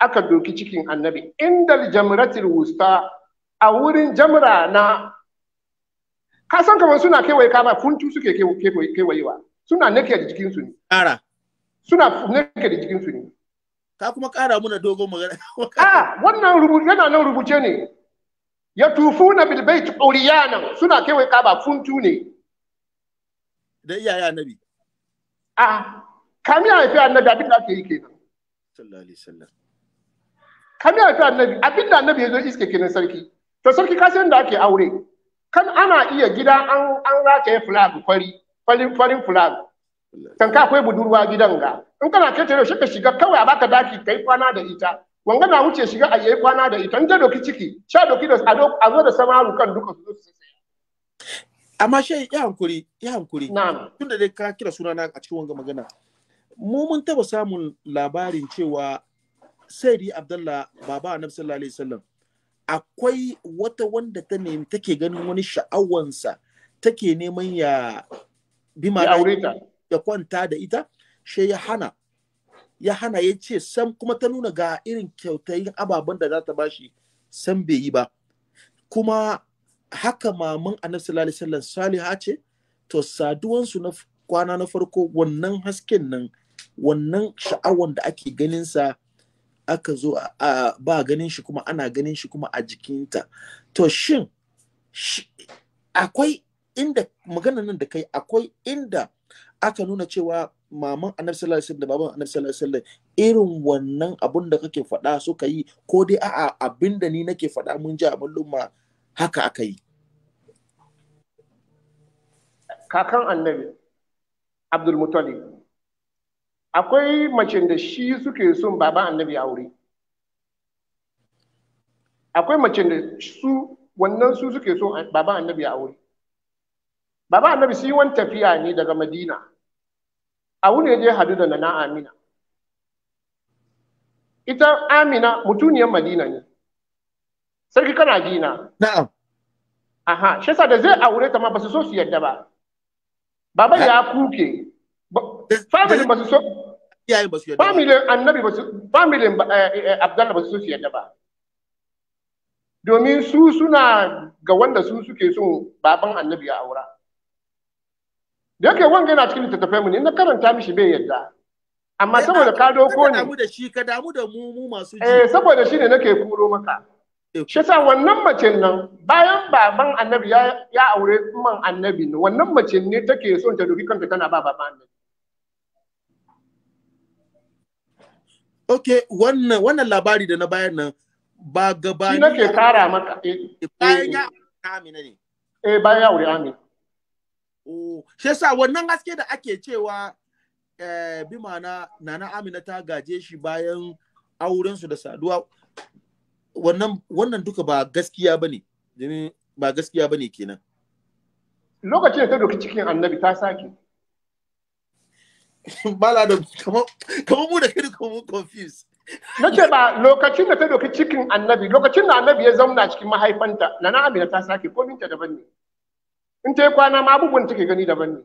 aka doki cikin annabi indal jamratil wusta a wurin jamra na ka san kamar suna kewaye kama funtu suke kewayewa suna nake da jikinsu ne ƙara suna nake da jikinsu ne ka kuma ƙara muna dogon magana a ah, wannan rubuce yana nan rubuce ne ya tufu na bilbait nan suna kewaye kaba funtu ne da iyaye annabi a kami a haifi annabi abin da ake yi kenan sallallahu alaihi wasallam kami a haifi annabi abin da annabi ya zo iske kenan sarki to sarki ka san da ake aure kan ana iya gida an an rataye flag fari farin farin flag kan ka akwai budurwa gidan ga in kana kace shi ka shiga kawai a baka daki kai kwana da ita wanga na wuce shiga a yayi kwana da ita ta doki ciki sha doki da a zo da samaru kan duka su zo su amma she ya hankuri ya hankuri tun da dai ka kira suna na a cikin wanga magana mu mun taba samun labarin cewa sayyidi abdullah baba annabi sallallahu alaihi wasallam akwai wata wanda ta nemi take ganin wani sha'awansa take neman ya bi ya kwanta da ita shi ya hana ya hana ya ce sam kuma ta nuna ga irin kyautayin ababen da za ta bashi sam bai yi ba kuma haka maman annabi sallallahu alaihi wasallam saliha ce to saduwansu na kwana na farko wannan hasken nan wannan sha'awar da ake ganin sa aka zo a ba ganin shi kuma ana ganin shi kuma a jikinta to shin akwai inda magana nan da kai akwai inda aka nuna cewa maman annabi sallallahu alaihi wasallam da baban annabi sallallahu alaihi wasallam irin wannan abun da kake faɗa suka yi ko dai a'a abin da ni nake faɗa mun ji a ma haka aka yi kakan annabi abdul mutalib akwai macen da shi suke son baban annabi aure akwai macen da su wannan su suke son baban annabi aure baban annabi sun yi wani tafiya ne daga madina abu ne je hadu da nana amina ita amina mutuniyar madina ne sarki kana jina na'am aha shi da zai aure ta ma ba su so su yadda ba baban ya kuke family ba su so ba family annabi ba su family eh, eh, abdallah ba su so su yadda ba domin su suna ga wanda su suke son baban annabi ya aura da yake wanga yana cikin littattafai mu ne na karanta mishi bai yadda amma saboda ka doko ne da shi ka damu da mu mu masu ji eh saboda shine nake kuro maka eh, shi sa wannan mace nan bayan baban annabi ya ya aure man annabi ne wannan mace ne take son ta doki kanta tana ba baban annabi Okay, wannan wannan labari da na bayan nan ba gaba Shi nake kara maka eh bayan ya Amina ne eh bayan ya aure Amina Oh, shi yasa wannan haske da ake cewa eh, bi ma'ana Nana Amina ta gaje shi bayan auren su da saduwa wannan wannan duka ba gaskiya bane. ba gaskiya bane kenan. Lokacin da ta doki cikin Annabi ta sake. Bala da kamar mu da kai kuma mun confuse. ce ba lokacin da ta doki cikin Annabi, lokacin da Annabi ya zauna cikin mahaifanta, Nana Amina ta sake ko minta daban ne. in ta yi kwana ma abubuwan take gani daban ne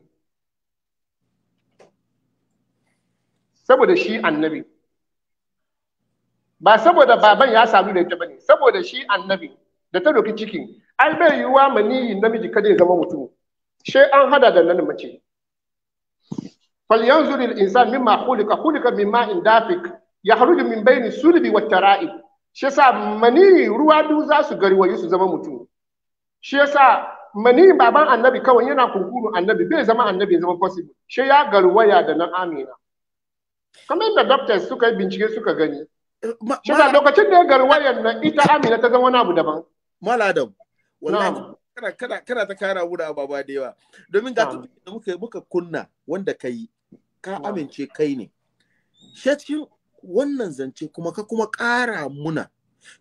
saboda shi annabi ba saboda baban ya sadu da ita ba ne, saboda shi annabi da ta doki cikin ai bai yiwuwa yi namiji kada ya zama mutum sai an hada da nan mace falyanzur al-insan mimma khuliqa khuliqa min ma'in ya yahruju min bayni sulbi wa tara'i shi sa mani ruwa biyu za su garwaye su zama mutum shi sa mani baban annabi kawai yana kunkuru annabi bai zama annabi zama possible shi ya garwaya da na amina kamar da doctors suka yi bincike suka gani shi da lokacin da ya garwayan nan ita amina ta zama wani abu daban maladam wallahi kana kana kana ta kara a baba da yawa domin ga tutu da muka muka kunna wanda kai ka amince kai ne shi cikin wannan zance kuma ka kuma kara muna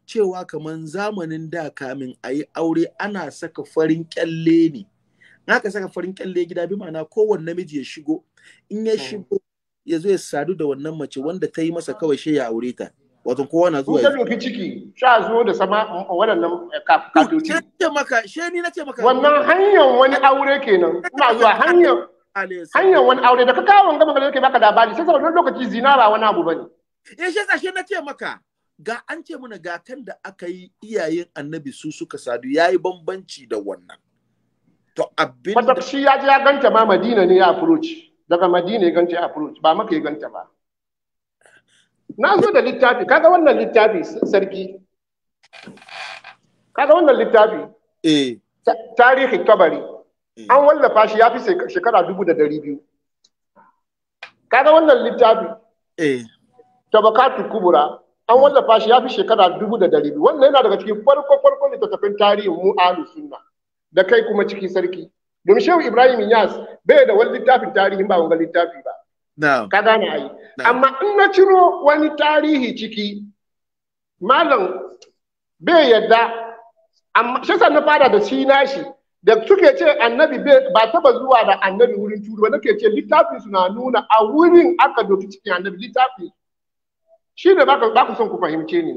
cewa kaman zamanin da kamin a yi aure ana saka farin kyalle ne aka saka farin kyalle gida bi ma'ana kowane namiji ya shigo in ya hmm. shigo ya zo ya sadu da wannan mace wanda ta yi masa kawai shi ya aure ta wato kowa na zuwa ya doki ciki sha zo da sama mm, mm, waɗannan eh, katoci ce maka she ni maka wannan hanyar wani aure kenan ina zuwa hanyar hanyar wani aure da ka kawo wanga magana yake baka labari sai saboda lokaci zinara wani abu bane ya eh, shi tsashe ce maka ga an ce mana ga kan da aka yi iyayen annabi su suka sadu ya yi bambanci da wannan to abin da shi ya je ya ganta ma madina ne ya approach daga madina ya ganta ya approach ba maka ya ganta ba na zo da littafi kaga wannan littafi sarki kaga wannan littafi eh tarihi kabari eh. an wallafa shi ya fi shekara dubu da dari biyu kaga wannan littafi eh tabakatu kubura an wallafa shi ya fi shekara dubu da dari wannan yana daga cikin farko farko littattafin tarihin mu ahlu sunna da kai kuma ciki sarki domin shehu ibrahim yas bai da wani littafin tarihin ba wanga littafi ba ka gane ai amma in na ciro wani tarihi ciki malam bai yadda amma shi na fara da shi nashi da suke ce annabi ba taba zuwa da annabi wurin turu ba nake ce littafin suna nuna a wurin aka doki cikin annabi littafin shi ne ba ku son ku fahimce ni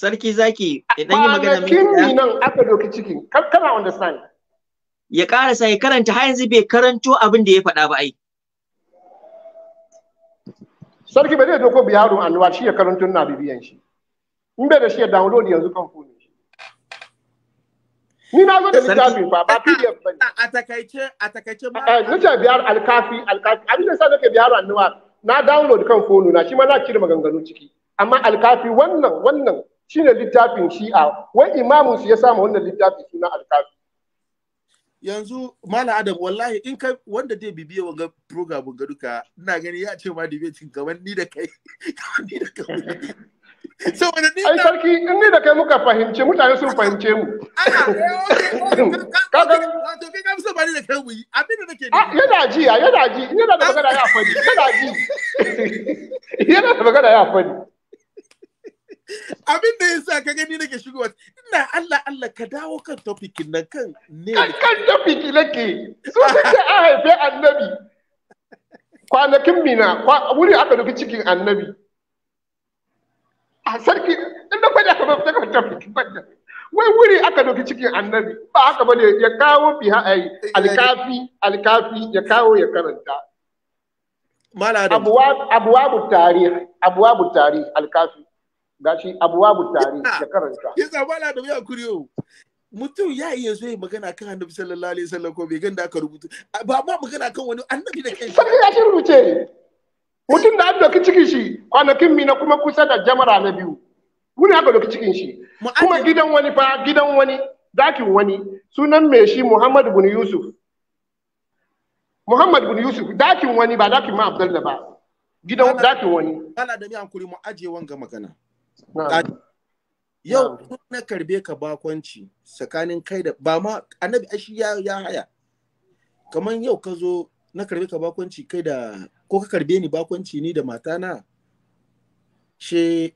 sarki zaki idan yi magana mai kwanakin nan aka doki cikin wanda sani. ya karasa ya karanta har yanzu bai karanto abin da ya faɗa ba ai sarki bai zai doko biyaru annuwa shi ya karanto na bibiyan shi in bai da shi ya download yanzu kan fone ni na zo da littafin fa ba pdf bane a takaice a takaice ba eh, littafin biyar alkafi alkafi abin da sa nake biyar annuwa na download kan fono na shi ma na cire maganganu ciki amma alkafi wannan wannan shine littafin shi'a wai imamun shi ya samu wannan littafi suna alkafi yanzu mala adam wallahi in ka wanda zai bibiya wanga program ga duka ina gani ya ce ma debating kamar ni da kai ni da kai saboda ni ai sarki in ni da kai muka fahimce mutane sun fahimce mu eh, Ka kaga to kai fi musa bani da kai mu yi abin da nake ah, yana ji ya ah, yana ji yana da magana ya fadi yana ji yana da magana ya fadi abin da yasa ka gani nake shigowa ina Allah Allah ka dawo kan topic nan kan ne kan topic nake so sai a haife annabi kwanakin mina wuri aka dubi cikin annabi a sarki in na faɗi aka ba ta wai wuri aka doki cikin annabi ba haka bane ya kawo fi ai eh, eh, alkafi alkafi ya kawo ya karanta abuwabu tarih abuwabu tarih alkafi gashi abuwabu tarih ya karanta yasa mala da ya kuriyo mutum ya yi yanzu ya magana kan annabi sallallahu alaihi wasallam ko bai ganda aka rubuta ba ma magana kan wani annabi da kai sai ya shi rubuce mutum da an doki cikin shi kwanakin mina kuma kusa da jamara na biyu muna aka doki cikin shi kuma gidan wani fa gidan wani dakin wani sunan mai shi muhammad bin yusuf muhammad bin yusuf dakin wani ba dakin ma abdalla ba gidan dakin wani ana da miyan kuri mu aje wanga magana yau na karbe ka bakwanci tsakanin kai da ba ma annabi ashi ya haya kamar yau ka zo na karbe ka bakwanci kai da ko ka karbe ni bakonci ni da matana she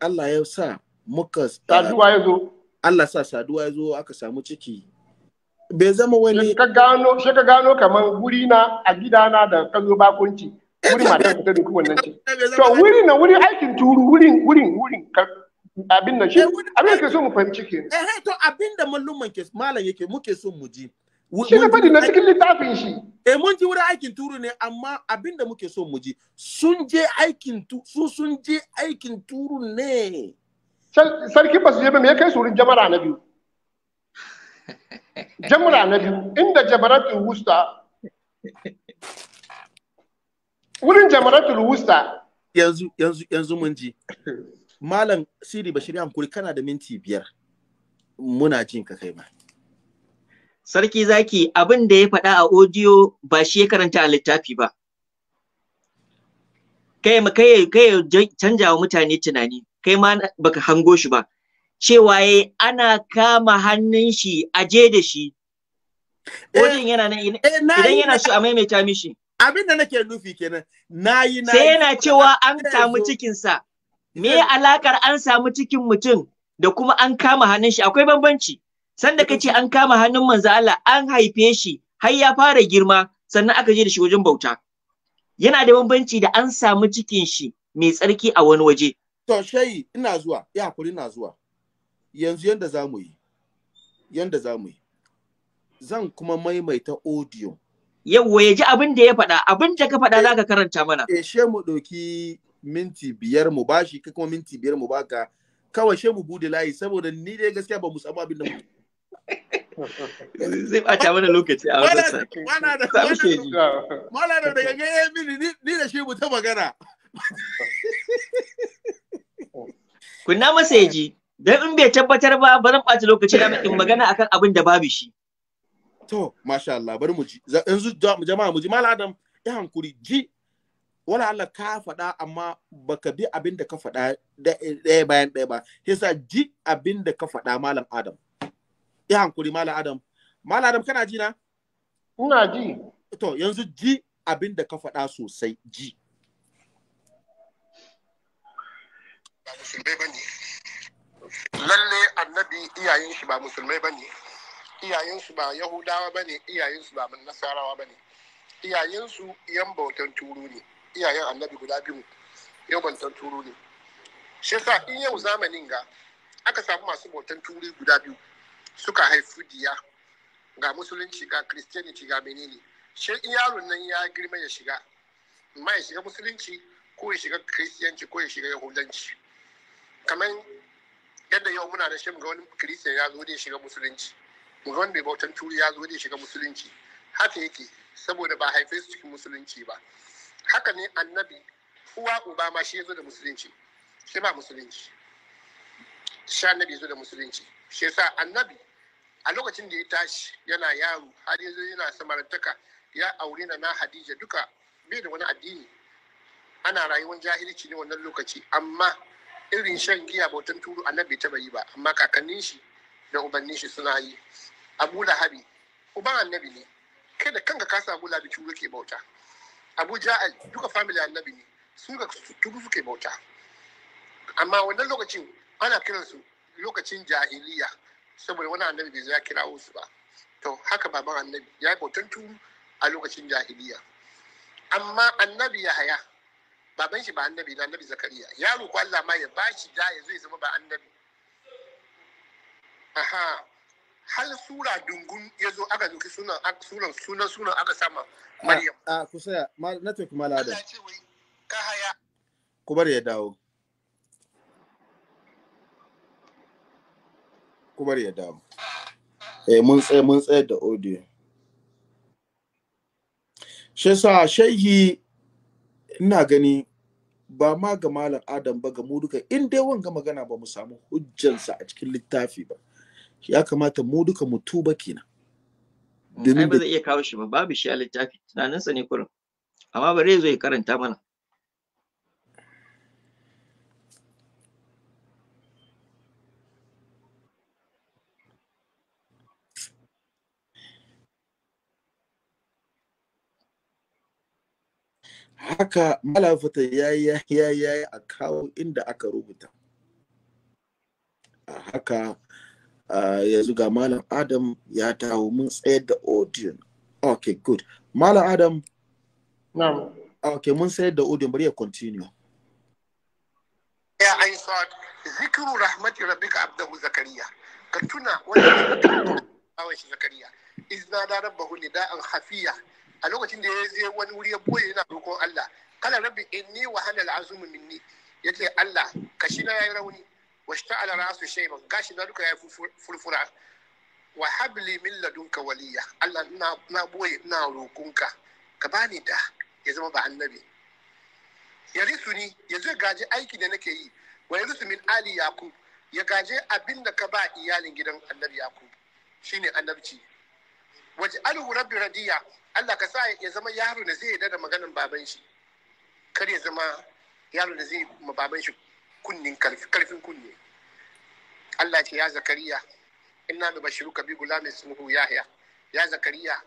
Allah ya sa muka saduwa ya zo Allah sa saduwa ya zo aka samu ciki bai zama wani ka gano she ka gano kaman guri na a gidana da ka zo bakonci eh, wuri matan ka duk wannan ce to wuri na wuri aikin turu wurin wurin wurin abin nan shi eh, abin da ke so mu fahimci ke eh to abin da mallumman ke malam yake muke so mu ji Shi na faɗi na cikin littafin shi. E mun ji wurin aikin turu ne amma abinda da muke so mu ji sun je aikin tu su sun je aikin turu ne. Sarki ba su je ba me kai su wurin jamara na biyu. Jamara na biyu inda jamaratul wusta wurin jamaratul wusta yanzu yanzu yanzu mun ji malam siri bashir hankuri kana da minti biyar muna jin ka kai ma sarki zaki abin da ya faɗa a audio ba shi ya karanta a littafi ba kai ma kai kai canja wa mutane tunani kai ma baka hango shi ba cewa yayi ana kama hannun shi a je da shi Odin eh, yana nan eh, idan yana shi a maimaita mishi abin da nake nufi kenan nayi nayi sai yana cewa an samu cikinsa, me alakar an samu cikin mutum da kuma an kama hannun shi akwai bambanci sanda ka ce an kama hannun manzo Allah an haife shi har ya fara girma sannan aka je da shi wajen bauta yana da bambanci da an samu cikin shi mai tsarki a wani waje to shayi ina zuwa ya hakuri ina zuwa yanzu yanda za mu yi yanda za mu yi zan kuma maimaita audio yawwa ya ji abin da ya faɗa abin da ka faɗa za ka karanta mana eh she mu doki minti biyar mu bashi ka kuma minti biyar mu baka kawai she mu bude layi saboda ni dai gaskiya ba mu samu abin da mu zai bata mana lokaci a wannan sa daga ganye mini ni da shi ta magana kunna masa yaji dan in bai tabbatar ba ba zan ɓaci lokaci da in magana akan abin da babu shi to masha Allah bari mu ji yanzu jama'a mu ji malam Adam ya hankuri ji wala Allah ka faɗa amma baka bi abin da ka faɗa ɗaya bayan ɗaya ba yasa ji abin da ka faɗa malam Adam ya hankuri mala adam mala adam kana ji na ina ji to yanzu ji abin da ka faɗa sosai ji ba musulmai bane lalle annabi iyayen shi ba musulmai bane iyayen su ba yahudawa bane iyayen su ba nasarawa bane iyayen su yan bautan turu ne iyayen annabi guda biyu yan bautan turu ne shi yasa in yau zamanin ga aka samu masu bautan turi guda biyu suka haifi diya ga musulunci ga christianity ga menene shi in yaron nan ya girma ya shiga amma ya shiga musulunci ko ya shiga christianity ko ya shiga yahudanci kamar yadda yau muna da shan ga wani christian ya zo da ya shiga musulunci ga wani mai bautan turi ya zo da ya shiga musulunci haka yake saboda ba haife su cikin musulunci ba haka ne annabi uwa uba ma shi ya zo da musulunci shi ba musulunci shi annabi zo da musulunci shi yasa annabi a lokacin da ya tashi yana yaro har yanzu yana samarantaka ya aure na na hadija duka bai da wani addini ana rayuwar jahilci ne wannan lokaci amma irin shan giya bautan turu annabi ta yi ba amma kakannin shi da ubannin shi suna yi abu lahabi uban annabi ne kai da kanka ka abu lahabi turu ke bauta abu ja'al duka family annabi ne su ga turu suke bauta amma wannan lokacin ana kiransu lokacin jahiliya saboda wani annabi bai ya kira su ba to haka baban annabi ya yi bautan a lokacin jahiliya amma annabi ya haya baban shi ba annabi na annabi zakariya ya roƙi Allah ma ya bashi da ya zai zama ba annabi aha hal sura dungun ya zo aka zuki sunan sunan sunan sunan aka sama maryam a kusa na tafi malada ka haya ku bar ya dawo kuma ya damu eh mun tsaye mun tsaye da audio shi sa shehi ina gani ba ma ga malam adam ba ga mu duka in dai wanga magana ba mu samu hujjansa a cikin littafi ba ya kamata mu duka mu tuba kenan domin ba zai iya kawo shi ba babu shi a littafi tunaninsa ne kurin amma ba zai zo ya karanta mana haka malafata ya yi a kawo inda aka rubuta a haka yanzu ga malam adam ya tawo mun tsayar da odin ok good malam adam na ok mun tsayar da odin bari ya continue ya aisat zikiru abu. rabbika abdahu zakariya ka tuna wani zakariya iznada rabbahu nida'an hafiya a lokacin da ya zai wani wuri ya boye yana roƙon Allah kala rabbi inni wa hana al'azum minni yace Allah kashi na yayi rauni washta'ala rasu shayban gashi na duka yayi furfura wa habli min ladunka waliya Allah na na boye ina roƙonka ka bani da ya zama ba annabi ya risuni ya zai gaji aiki da nake yi wa yarisu min ali yaqub ya gaje abinda ka ba iyalin gidan annabi yaqub shine annabci waje alihu rabbi radiya Allah ka sa ya zama yaro da zai yarda da maganin baban shi kar ya zama yaro da zai ma baban shi kunnin karfin kunne Allah ce ya zakariya inna da bashiru ka bi gulamin sunuhu yahya ya zakariya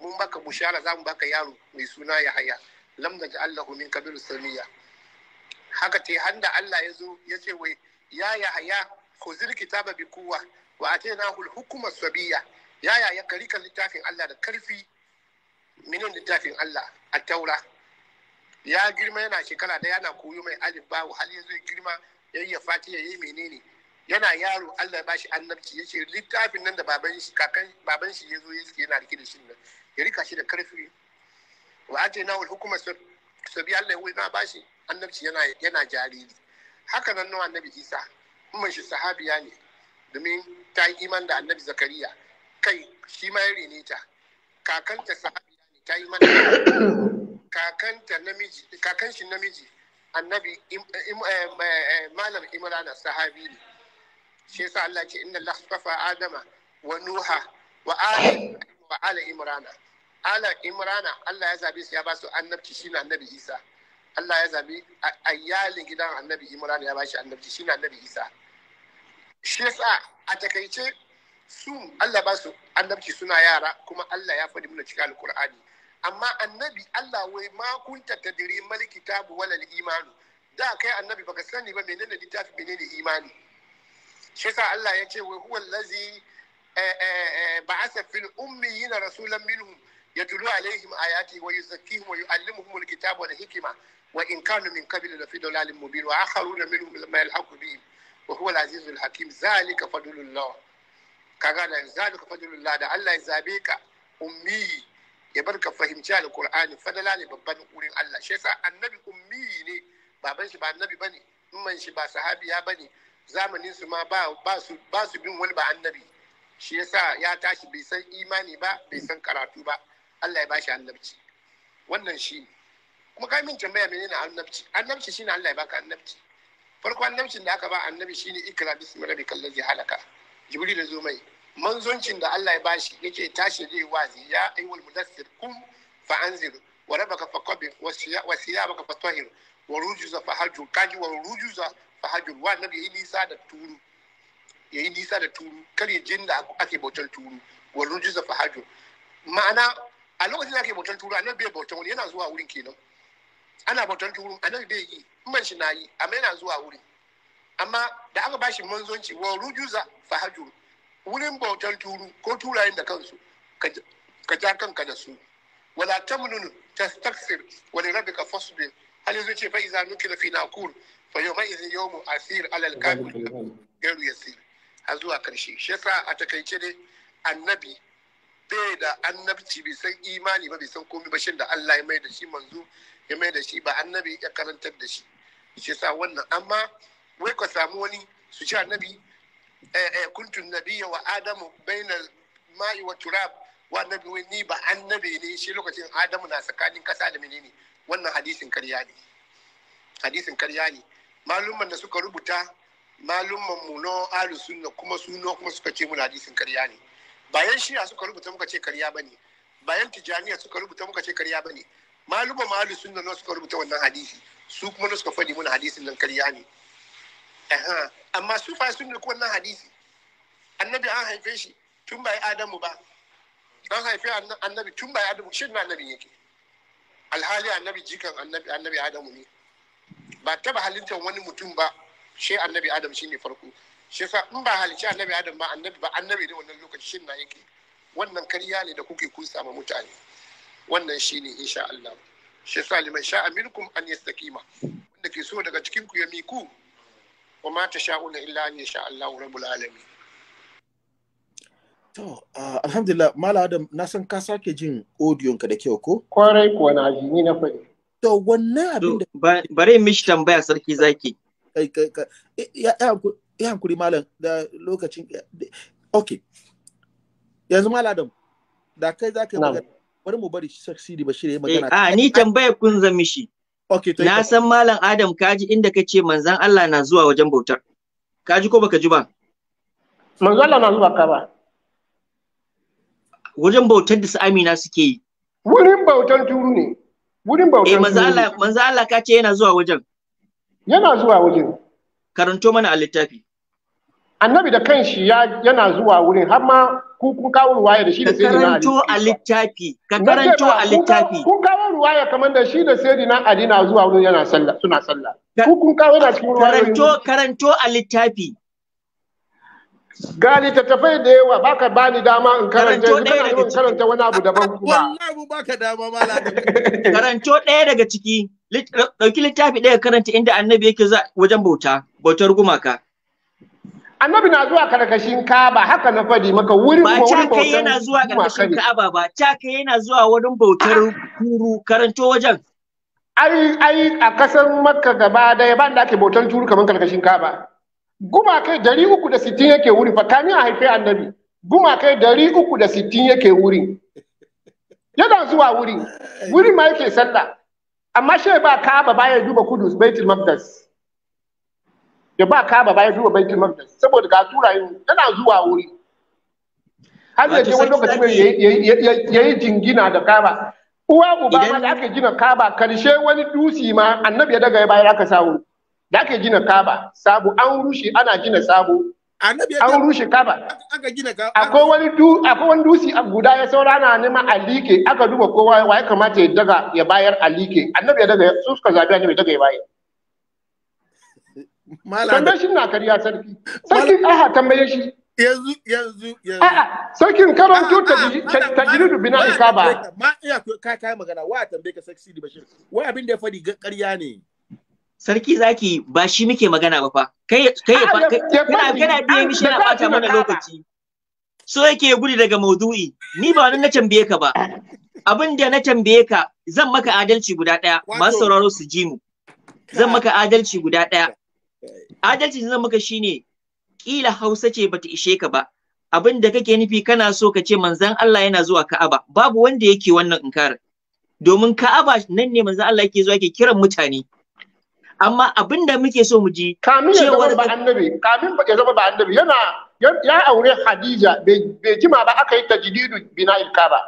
mun baka bushara za mu baka yaro mai suna yahya lam da Allahu min kabiru samiya haka te handa Allah ya zo ya ce wai ya yahya ko kitaba bi kuwa wa atainahu na sabiyya yaya ya kari kan littafin Allah da karfi minin littafin Allah a taura ya girma yana shekara da yana koyo mai alif bawo yanzu ya girma ya yi fati ya yi menene yana yaro Allah ya bashi annabci ya littafin nan da baban shi kakan baban shi ya ya suke yana rike da shi nan ya rika shi da karfi wa ate na wal hukuma sabi Allah ya wai na bashi annabci yana yana jariri haka nan nawa annabi Isa umman shi sahabiya ne domin ta yi iman da annabi Zakariya kai shi ma yare ne ta kakanta sahabiya ne ta yi mana kakanta namiji kakan shi namiji annabi eh, eh, eh, malam imrana sahabi ne shi yasa Allah ce inna Allah safa adama wa nuha wa ala wa ala imrana ala imrana Allah ya zabe su ya ba su annabci shine annabi Isa Allah ya zabi ayyalin gidan annabi imrana ya ba shi annabci shine annabi Isa shi yasa a takaice su Allah ba su annabci suna yara kuma Allah ya faɗi muna cikin Alƙur'ani. amma annabi Allah wai ma kunta maliki ta bu wala imanu da kai annabi baka sani ba menene littafi menene imani shi yasa Allah ya ce wa huwa allazi eh, eh, eh, ba'atha fil ummiyina rasulan ya tulu alaihim ayati wa yuzakkihim wa yu'allimuhum alkitaba wal hikma wa in kanu min qabl la fi dalalin mubin wa akharuna minhum lamma yalhaqu bihim wa huwa al-azizul hakim zalika fadlullah kaga da zalika fadlullah da Allah ya zabe ka ummi ya bar ka fahimci alqur'ani fadala ne babban wurin Allah shi yasa annabi ummi ne baban shi ba annabi bane umman shi ba sahabiya bane zamanin su ma ba ba su bin wani ba annabi shi yasa ya tashi bai san imani ba bai san karatu ba Allah ya bashi annabci wannan shi kuma kai min tambaya menene annabci annabci shine Allah ya baka annabci farko annabcin da aka ba annabi shine ikra bismi rabbikal ladzi halaka jibril ya zo mai manzoncin da Allah ya bashi yake tashi zai wazi ya ayyul mudassir kum fa anzir wa rabbaka faqabir wa siyabaka tahir wa rujuza fahajur kaji wa rujuza fahajur wa nabi yi nisa da turu yayi nisa da turu kar ya jin da ake bautan turu wa rujuza fahajur ma'ana a lokacin da ake bautan turu annabi bai bautan wani yana zuwa wurin kenan ana bautan turu annabi bai yi in ban shi na yi amma yana zuwa wurin amma da aka bashi manzonci wa rujuza fahajur wurin bautar turu ko turayen da kansu ka ja kanka da su wala tamnun tastaksir wani rabbika fasbir hal yanzu ce fa iza nukila fi naqul fa yawma idhin yawmu asir ala al-kafir gairu yasir har zuwa karshe shi a takaice ne annabi bai da annabci bai san imani ba bai san komai ba shin da Allah ya mai da shi manzo ya mai da shi ba annabi ya karantar da shi shi sa wannan amma wai ka samu wani su ci annabi Eh, eh, kuntun nabiya wa adamu bainal ma'i wa turab wa annabi ni ba annabi ne shi lokacin adamu na tsakanin kasa da menene wannan hadisin karya ne hadisin karya ne malumman da suka rubuta malumman mu no alu sunna kuma suno kuma suka ce mun hadisin karya ne bayan shi'a suka rubuta muka ce karya bane bayan tijaniya suka rubuta muka ce karya bane malumman ma alu sunna no suka rubuta wannan hadisi su kuma no suka faɗi mun hadisin nan karya ne amma su fa sun ko wannan hadisi annabi an haife shi tun bai adamu ba an haife annabi tun bai adamu shi na annabi yake alhali annabi jikan annabi annabi adamu ne ba taba halittar wani mutum ba shi annabi adam shi ne farko shi sa in ba halicci annabi adam ba annabi ba annabi ne wannan lokaci shi na yake wannan karya ne da kuke kusa ma mutane wannan shi ne insha Allah shi sa liman sha'a minkum an yastaqima wanda ke so daga cikin ku ya miku wa ma tasha'una illa an yasha Allahu rabbul alamin To, uh, alhamdulillah, Mala Adam, na san ka sake jin odiyon ka da kyau ko? Kwarai kuwa na ji ni na faɗi. To, wannan abin da... Bari mishi tambaya sarki zaki. Eh, ya hankuri Malam da lokacin... Ok. Yanzu Mala Adam, da kai za ka yi magana. Bari mu bari sarki Sidi da ya magana. Eh, a, ni tambaya kun zan mishi. Okay, na san Malam Adam kaji inda ka ce manzan Allah na zuwa wajen bautar. Kaji ko baka ji ba? Manzan Allah na zuwa ka ba. Wajen bautar da su Amina suke yi. Wurin bautar turu ne. Wurin bautar eh, turu. Eh manzan Allah ka ce yana zuwa wajen. Yana zuwa wajen. Karanto mana a littafi. Annabi da kanshi yana zuwa wurin har ma ku kun kawo ruwaya da shi da sayyidina Ali ka karanto a littafi ka karanto a littafi kun kawo ruwaya kamar da shi da sayyidina Ali na zuwa wurin yana sallah suna sallah ku kun kawo da cikin ruwaya karanto karanto a littafi Gani tattafai da yawa baka bani dama in karanta yanzu kana yawan karanta wani abu daban kuma. Wallahi baka dama malam. Karanto ɗaya daga ciki. Ɗauki littafi ɗaya karanta inda annabi yake wajen bauta, bautar gumaka. annabi na zuwa karkashin kaba haka na fadi maka wurin ba ta kai yana zuwa karkashin kaba ba ta kai yana zuwa wurin bautar turu karanto wajen ai ai a kasan makka gaba da ban da ake bautar turu kaman karkashin kaba kai dari uku da sittin yake wuri fa kani a haife annabi kai dari uku da sittin yake wuri yana zuwa wuri wuri ma yake sallah amma shi ba kaba baya duba kudu baitul maqdis da ba kaba bayan zuwa baitul maqdis saboda ga turayen tana zuwa wuri har ya je wani lokaci ya yi jingina da kaba uwa uba ma da aka gina kaba karshe wani dusi ma annabi ya daga ya bayar aka samu da aka gina kaba sabu an rushe ana gina sabo an rushe kaba akwai wani du akwai wani dusi a guda ya saura ana neman alike aka duba kowa wa ya kamata ya daga ya bayar alike annabi ya daga su suka zabi annabi ya daga ya bayar sandan shi na karya sarki sarkin karanto ta dubina isa ba sarki zaki ba shi muke magana ba fa kai kai kana kana biye shi na bata mana lokaci so yake gudu daga maudu'i ni ba wani na tambaye ka ba abin da na tambaye ka zan maka adalci guda ɗaya masu sauraro su ji mu zan maka adalci guda ɗaya Adalci zan maka shine kila Hausa ce bata ishe ka ba abin da kake nufi kana so ka ce manzan Allah yana zuwa Ka'aba babu wanda yake wannan inkar domin Ka'aba nan ne manzan Allah yake zuwa yake kiran mutane amma abin da muke so mu ji kamin ya zama ba annabi kamin ya zama ba annabi yana ya aure Hadiza bai jima ba aka yi tajdidu bina'il Ka'aba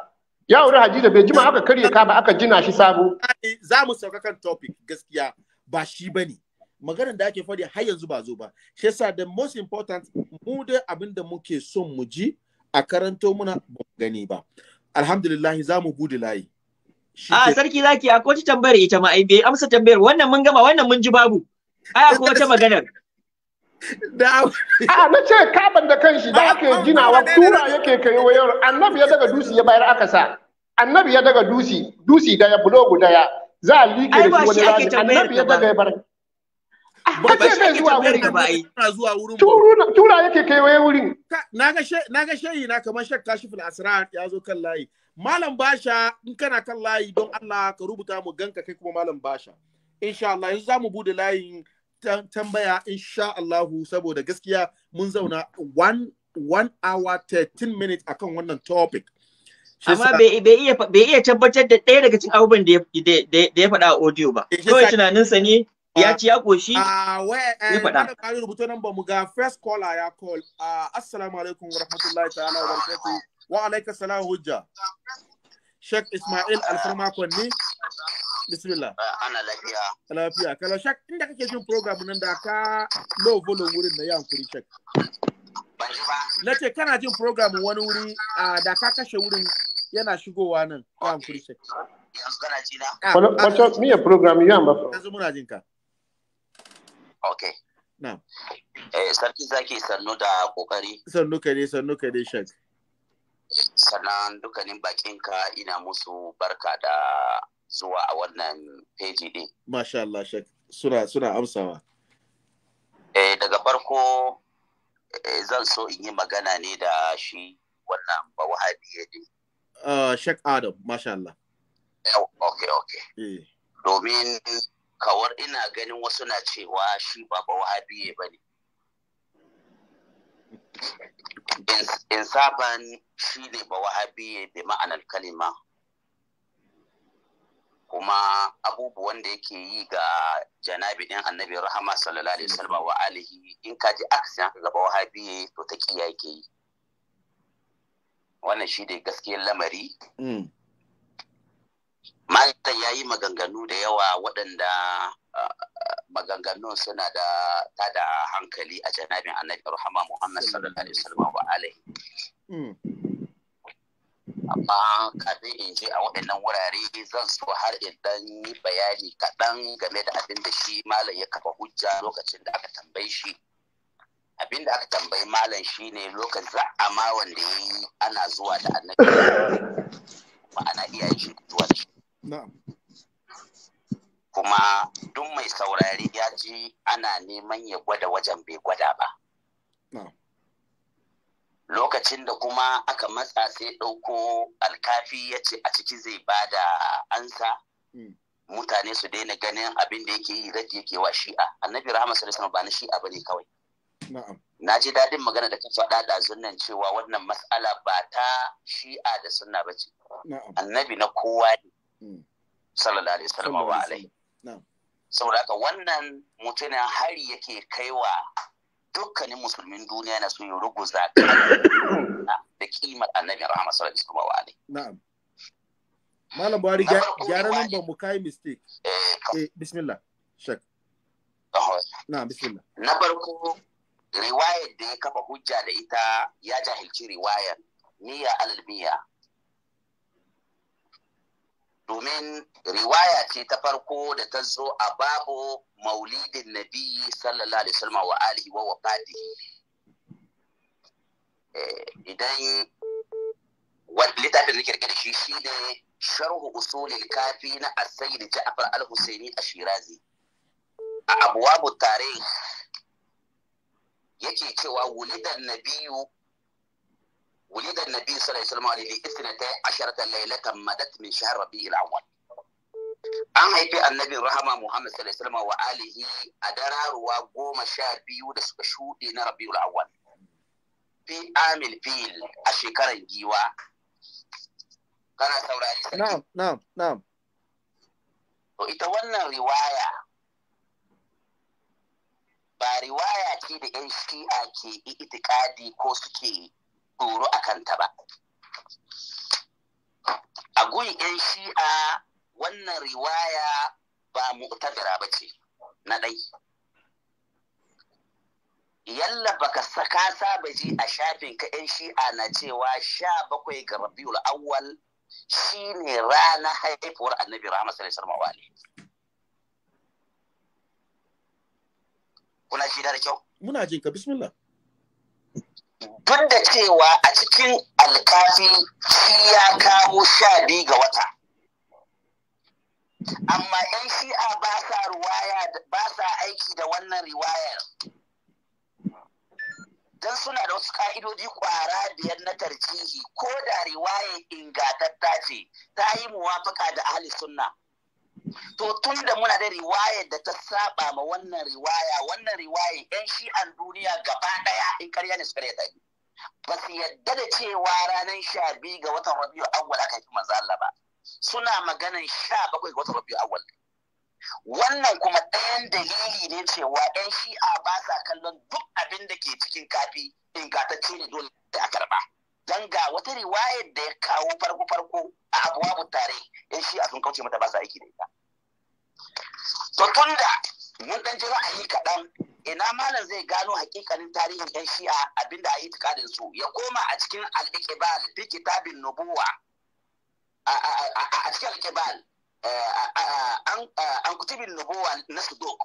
ya aure Hadiza bai jima aka karye Ka'aba aka jina shi sabo za mu sauka kan topic gaskiya ba shi bane magana da ake faɗi har yanzu ba zo ba shi yasa the most important mu da abin da muke son mu ji a karanto muna ba gani ba alhamdulillah za mu gudu layi a ah, sarki zaki a kowace tambayar ita ma ai bai amsa tambayar wannan mun gama wannan mun ji babu ai akwai wata maganar da a ah, na ce kaban da kanshi da ake ginawa tura yake kai wayar annabi ya daga dusi ya bayar aka sa annabi ya daga dusi dusi daya bulogu daya za a liƙe da shi wani rani annabi ya daga ya bar ba ba shi zuwa wurin ba ai zuwa wurin turuna tura yake kai waye wurin na ga she na ga shehi na kamar shak kashiful asrar ya zo kan layi malam basha in kana kan layi don Allah ka rubuta mu ganka kai kuma malam basha insha Allah yanzu zamu bude layin tambaya insha Allah saboda gaskiya mun zauna one one hour 13 minutes akan wannan topic amma bai iya tabbatar da ɗaya daga cikin abubuwan da ya faɗa a audio ba eh, kawai tunaninsa ne ya ah, ci ya koshi ya ah, eh, faɗa. Wani rubuto nan ba mu ga first caller ya call. Ah, assalamu alaikum wa rahmatullahi ta'ala wa barakatu. Wa alaika salam hujja. Sheikh Ismail Alfarma Kwanni. Bismillah. Ana lafiya. Lafiya. Kala Sheikh inda kake jin program nan da ka low volume wurin da yan kuri Sheikh. Na ce kana jin program wani wuri da ka kashe wurin yana shigowa nan yan kuri Sheikh. Yanzu kana jina. na? miye program yan ba? Yanzu muna jin ka. Okay. Na. Eh, sarki zaki sannu da kokari. Sannu kare, sannu kare, dai Sannan dukkanin bakinka ina musu barka da zuwa a wannan peji din. Masha Allah shak. Suna suna amsawa. Eh, daga farko eh, zan so in yi magana ne da shi wannan ba ya ne. Uh, ah, Shek Adam, masha Allah. Eh, okay, okay. Eh. Domin kawar ina ganin wasu na cewa shi ba wahabiye ba ne insaban shi ne ba wahabiye da ma'anar kalima kuma abubuwan da yake yi ga janabi ɗin annabi rahama sallallahu alaihi wasallam wa alihi in ka ji aksiyan ga ba wahabiye to ta kiyaye yake yi wannan shi ne gaskiyar lamari hmm. Malam ya yi maganganu da yawa waɗanda maganganun suna da tada hankali a janabin annabi rahama Muhammad sallallahu alaihi wasallam wa alaihi. Hmm. Amma kafin in je a waɗannan wurare zan so har in dan yi bayani kaɗan game da abin da shi malam ya kafa hujja lokacin da aka tambaye shi. Abin da aka tambayi malam shine lokacin ma wanda ya yi ana zuwa da annabi ma'ana iyayen shi zuwa da shi. Kuma duk mai saurari ya ji ana neman ya gwada wajen bai gwada ba. Lokacin da kuma aka matsa sai ɗauko alkafi ya ce a ciki zai ba da ansa. Hmm. mutane su daina ganin abin da yake yi rage yake wa shi'a annabi rahama sallallahu ba na shi'a ne kawai na ji daɗin magana da ka faɗa da zunnan cewa wannan matsala ba ta shi'a da sunna ba ce annabi na kowa ne Mm. sallallahu alaihi wasallam wa alai saboda haka wannan mutumin hari yake kaiwa dukkanin musulmin duniya na sun yi ruguza da kimar annabi rahama sallallahu alaihi wasallam na'am malam buhari gyara nan ba mu kai mistake eh, eh bismillah shek na bismillah na farko riwayar da ya kafa hujja da ita ya jahilci riwayar miya niyya miya domin riwaya ce ta farko da ta zo a babu maulidin nabi sallallahu alaihi wasallam wa alihi wa eh, idan littafin nake rike da shi shine sharhu usulil kafi na as-sayyid Ja'far al-Husaini ash-Shirazi a abwabu tarikh yake cewa wulidan nabiyu ولد النبي صلى الله عليه وسلم لاثنتي عشرة ليلة مدت من شهر ربيع الأول an haifi annabin rahama Muhammad sallallahu alaihi wa alihi a dararuwa goma sha biyu da suka shuɗe na Rabiul Awwal fi Amil Fil a shekaran Giwa kana saurari sarki na'am na'am na'am to ita wannan riwaya ba riwaya ce da yan shi'a ke itikadi ko suke tsoro a kanta ba a gun 'yan shi'a wannan riwaya ba mu'tazira ba ce na ɗai yalla baka saka saba ji a shafin ka 'yan shi'a na cewa sha bakwai ga rabiul awwal shi ne rana haifuwar annabi rahama sallallahu alaihi wasallam kuna shi da kyau muna jin ka bismillah duk da cewa a cikin alkafi shi ya kawo sha biyu ga wata amma yan shi'a ba sa ruwaya ba sa aiki da wannan riwayar don suna da wasu ka'idodi kwara biyar na tarjihi ko da riwayar ingatatta ce ta yi muwafaka da ahli sunna to tun da muna da riwaya da ta saba ma wannan riwaya wannan riwaya yan shi'an duniya gaba daya in karya ne suka karya ba su yadda da cewa ranar sha biyu ga watan rabiu awwal aka yi manzo Allah ba suna maganan sha bakwai ga watan rabiu awwal wannan kuma ɗayan dalili ne cewa yan shi'a ba sa kallon duk abin da ke cikin kafi ta ne dole a karba dan ga wata riwayar da ya kawo farko-farko a abuwa tare yan shi'a sun kauce mata ba sa aiki da ita to tunda mun dan ji ra'ayi kaɗan ina malam zai gano hakikanin tarihin yan shi'a abinda a yi tukadin su ya koma a cikin al-iqbal fi kitabin nubuwa a cikin al-iqbal eh, an kutubin nubuwa na sudok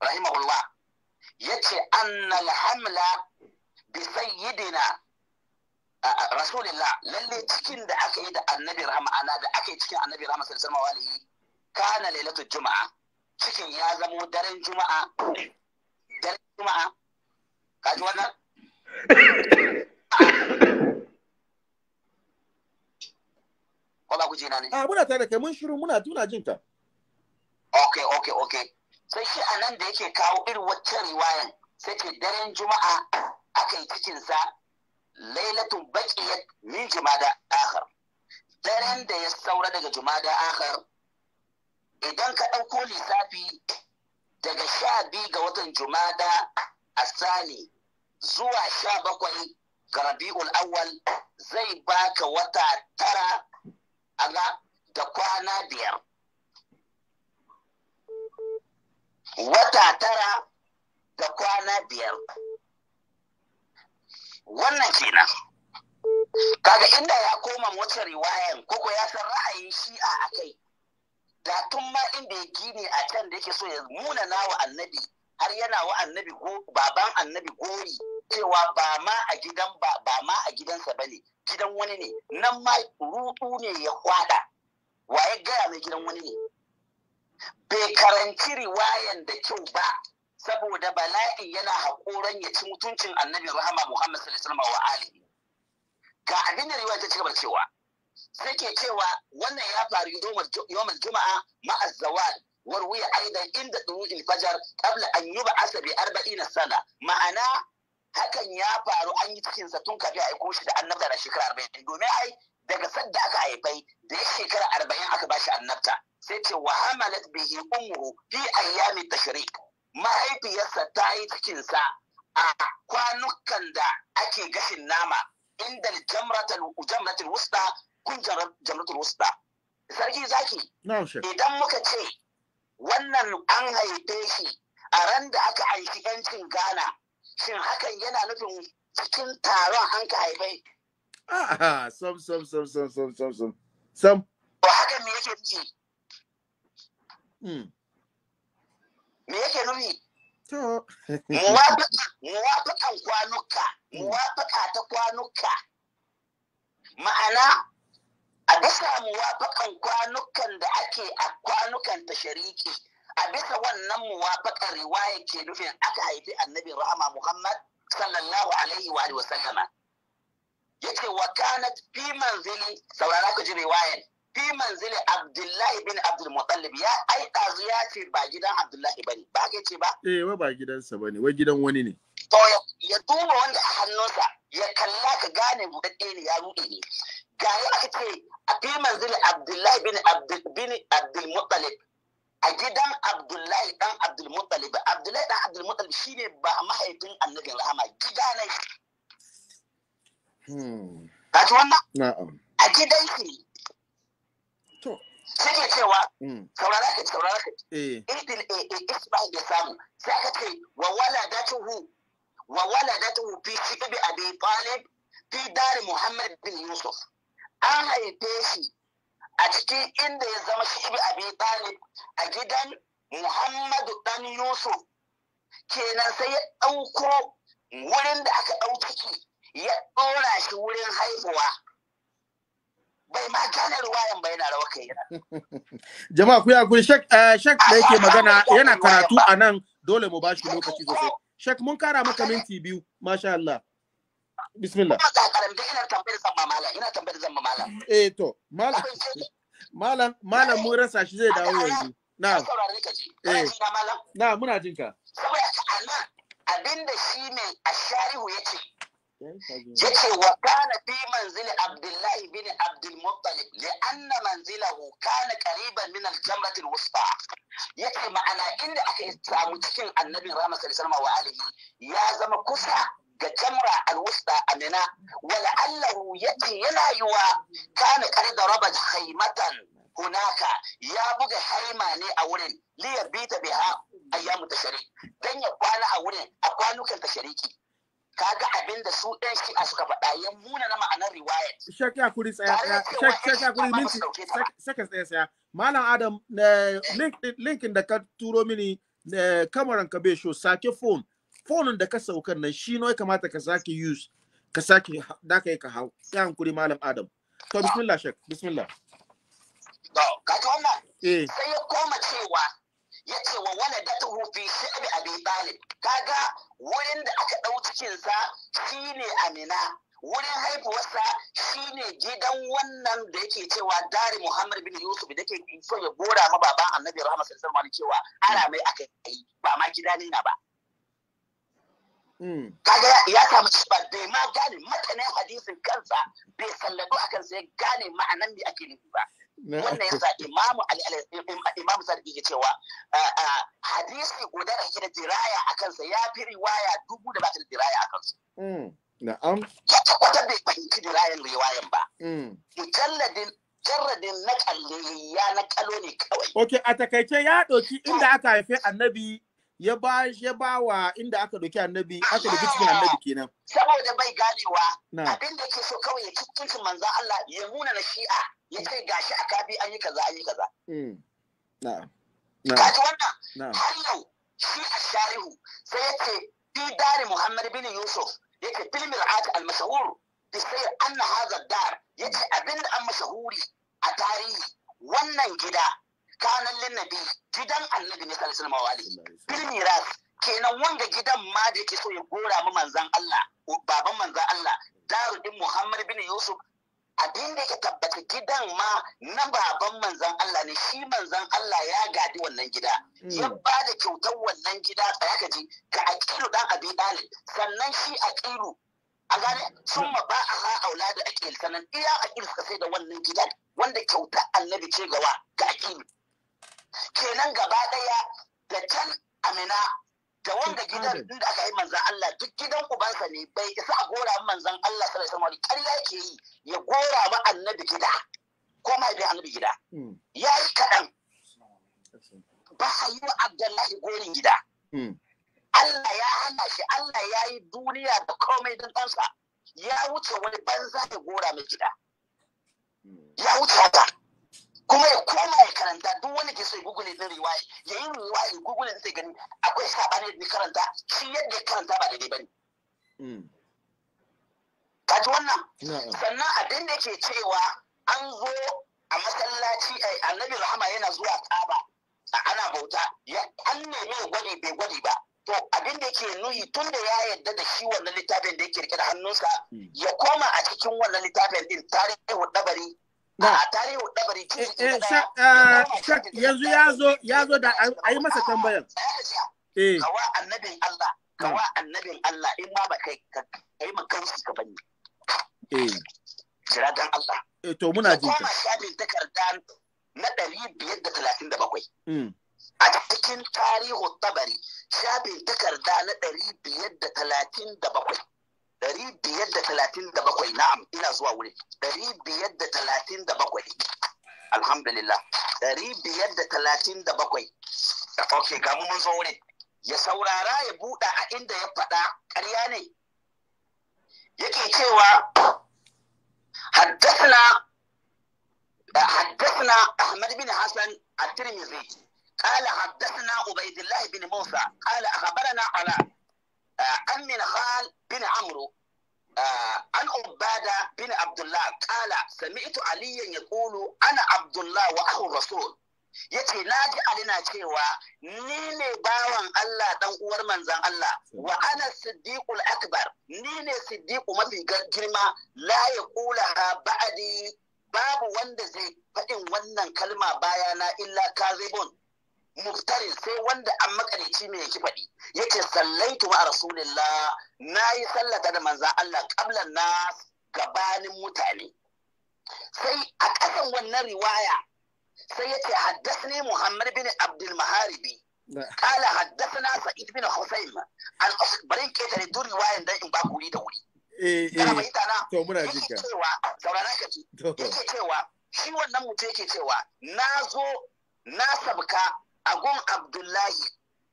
rahimahullah yace annal hamla bi sayyidina rasulillah lalle cikin da aka yi da annabi rahama ana da aka yi cikin annabi rahama sallallahu alaihi kana lailatul juma'a cikin ya zamo daren juma'a daren juma'a ka ji wannan ko ba ku ji na ne a ah, muna tare kai mun shiru muna tuna jin ka okay okay okay sai shi anan da yake kawo irin waccan riwayan sai ke daren juma'a aka yi cikin sa lailatul baqiyat min jumada akhar daren da ya saura daga jumada akhar idan ka ɗauko lissafi daga sha biyu ga watan jumada a sani zuwa sha bakwai ga rabi'ul awwal zai baka wata tara ala da kwana biyar wata tara da kwana biyar wannan kenan kaga inda ya koma wata riwayan koko ya san ra'ayin shi'a a kai da tun ma inda ya gini a can da yake so ya muna nawa annabi har yana wa annabi baban annabi gori cewa ba ma a gidan ba ma a gidansa ne gidan wani ne nan ma rudu ne ya kwada wa ya gaya mai gidan wani ne bai karanci riwayan da kyau ba saboda bala'in yana haƙoran ya ci mutuncin annabi rahama muhammad sallallahu alaihi wa alihi ga abin da riwaya ta ci gaba cewa sai ke cewa wannan ya faru yawmal juma'a ma'az zawal warwi aidan inda duru'il fajar kabla an yub'asa asabi 40 sana ma'ana hakan ya faru an yi cikin sa tun kafin aiko shi da annabta da shekara arba'in domin ai daga sadda aka haifai da ya shekara arba'in aka bashi annabta sai ce wa hamalat bihi ummuhu fi ayyami tashrik mahaifiyarsa ta yi cikin sa a kwanukan da ake gashin nama inda jamratul jamratul wusta kun wasu wusta sarki zaki idan muka ce wannan an haife shi a ran da aka aiki yancin Ghana shin hakan yana nufin cikin taron an ka haife A'a, ah, sam sam sam sam sam sam sam sam ba hakan me yake nufi hmm. me yake nufi muwafaƙan kwanuka hmm. muwafaƙa ta kwanuka ma'ana a bisa muwafaƙan kwanukan da ake a kwanukan ta shariki a bisa wannan muwafaƙan riwaya ke nufin aka haifi annabi rahama muhammad sallallahu alaihi wa sallama yace wa kanat fi manzili saurara ku ji riwayan fi manzili abdullahi bin abdul muttalib ya ai dazu ya ce ba gidan abdullahi bane ba ka ce ba eh wa ba gidansa bane wa gidan wani ne to ya duba wanda a hannunsa ya kalla ka gane budadde ne ya rude ne ga ya ake a fi manzili abdullahi bin abdulmuttalib a gidan abdullahi dan abdulmuttalib abdullahi dan abdulmuttalib shine ba mahaifin annabin rahama gida ne hmm. ka ji wannan a gidan shi to sai cewa hmm. saurara ka saurara ka eh. idil eh, eh, isbah ya samu sai ka ce wa wala waladatuhu wa hu fi shibi abi talib fi dari muhammad bin yusuf an haife shi a cikin inda ya zama shi ibi abi talib a gidan muhammadu dan yusuf kenan sai ya ɗauko wurin da aka ɗau ciki ya ɗora shi wurin haihuwa bai ma gane ruwayan ba yana rawa kai jama'a ku ya guri shek eh, shek da yake magana yana karatu a nan dole mu ba shi lokaci sosai shek mun kara maka minti biyu masha Allah bismillah kuma ga karanta ina tambayar zamba mamala ina tambayar zamba mamala eh to malam malam malam mun rasa shi zai dawo yanzu na'am eh na'am muna jin ka saboda anan abinda shi ne asharihu yace yace wa kana fi manzili abdullahi bin abdul muttalib li anna manzilahu kana qariban min al jamrat al wusta yace ma'ana inda aka samu cikin annabi rahmatullahi wa alihi ya zama kusa ga jamra alwusta amina wala allahu yace yana yiwa kana kar da raba haimatan hunaka ya buga haima ne a wurin liya bita biha ayyamu tashari dan ya kwana a wurin a kwanukan tashariki kaga abin da su ɗan a suka faɗa ya muna na ma'anar riwayat. Shek ya kuri tsaya tsaya, shek ya kuri minti, seconds tsaya tsaya. Malam Adam, eh, linkin da ka turo mini kamaran eh, ka bai sho sake phone fonin da ka saukan nan shi ne kamata ka sake use ka sake da ka yi ka hau ya hankuri malam adam to bismillah shek bismillah to kaga wannan eh. sai ya koma cewa ya ce wa wani datu hufi shi abi abi talib kaga wurin da aka cikin sa shine amina wurin haifuwarsa shine gidan wannan da yake cewa dari muhammad bin yusuf da ke so ya gora ma baban annabi rahama sallallahu alaihi cewa ana mai aka yi ba ma gida ne na ba Mm. kaga ya samu ba bai ma gane matanin hadisin kansa bai salladu akan sai gane ma'anan me ake nufi ba wannan yasa imamu imamu sarki ya cewa hadisi guda da da diraya akan sa ya fi riwaya dubu da ba ta da diraya akan su mm. na'am kwata kwata bai fahimci dirayan riwayan ba mujalladin mm. jarradin na kalle ya na kalo ne kawai ok a takaice ya ɗauki inda aka haife annabi ya ba ya ba wa inda aka doki annabi aka doki cikin annabi kenan saboda bai ganewa abin da ke so kawai ya ci cikin manzo Allah ya nuna na shi'a ya ce gashi a kabi an yi kaza an yi kaza mm. na'am kaji wannan har yau shi a sharihu sai yace, ce Muhammad bin Yusuf yake fil mir'at al mashhur bi sayr anna hadha dar yace abin da an mashahuri a tarihi wannan gida kanan linnabi gidan annabi ne sallallahu alaihi wasallam bil miras kenan wanda gidan ma da yake so ya gora mu manzan Allah baban manzan Allah daru din Muhammad bin Yusuf abin da yake tabbata gidan ma na baban manzan Allah ne shi manzan Allah ya gadi wannan gida hmm. ya ba da kyautar wannan gida tsaya ka ji ga aqilu dan abi dalib sannan shi aqilu a gane sun ma ba a ha'aula da aqil sannan iya aqil suka sai da wannan gidan wanda kyauta annabi ce gawa ga aqilu kenan gaba daya da can amina da wanda gidan inda aka yi manzan Allah duk gidan ubansa ne bai isa a gora manzan Allah sallallahu alaihi wasallam ke yi ya gora ba annabi gida ko mai bai annabi gida hmm. yayi kaɗan ba a yi wa Abdullahi gorin gida hmm. Allah ya hana shi Allah ya yi duniya da komai din ɗansa ya wuce wani banza ya gora mai gida hmm. ya wuce haka kuma ya koma ya karanta duk wani ke so ya google din riwaya ya yi riwaya ya google din gani akwai sabani da karanta shi yadda ya karanta ba daidai bane mm. ka ji wannan sannan abin da ke cewa an zo a masallaci a eh, annabi rahama yana zuwa kaba ana bauta an nemi ya gwadi bai gwade ba to abin da yake nuhi tun da ya yarda da shi wannan littafin da yake rike da hannunsa mm. ya koma a cikin wannan littafin din tarihi dabari Eh, eh, ah, yanzu ya zo da a yi masa tambayar. Eh. Kawa annabin Allah, kawa ah. annabin Allah in ma ba kai ka yi makansu ka bane. Jira don Allah. Eh to muna jin ka. Kuma shafin takarda na ɗari biyar da talatin da bakwai. Mm. A cikin tarihin tabari shafin takarda na ɗari biyar da talatin da bakwai. Dari biyar da talatin da bakwai na'am ina zuwa wuri. Dari biyar da talatin da bakwai. Alhamdulillah. Dari biyar da talatin da bakwai. Ok, gamu mun zo wurin. Ya saurara ya buɗa a inda ya faɗa ƙarya ne. Yake cewa حدثنا حدثنا احمد بن حسن الترمذي قال حدثنا عبيد الله بن موسى قال اخبرنا علاء Amin min bin amru an ubada bin abdullah kala sami'tu aliyan ya kulu ana abdullah wa rasul Yace na ji alina cewa ni ne bawan Allah dan uwar manzan Allah wa ana siddiqul akbar ni ne siddiqu mafi girma la ya kula ba'adi babu wanda zai faɗin wannan kalma bayana illa kazibun muftari sai wanda an makarici mai yake faɗi yake sallaitu ma rasulillah na yi sallata da manzan Allah kablan na gabanin mutane sai a ƙasan wannan riwaya sai yace haddasni Muhammad bin Abdul Maharibi قال حدثنا سعيد بن حسين عن برين كيتر دون رواية da in ba kuri da wuri eh, kana eh. mai tana to muna cewa saurana ka ci yake cewa shi wannan mutum yake cewa na zo na sabka a gun Abdullahi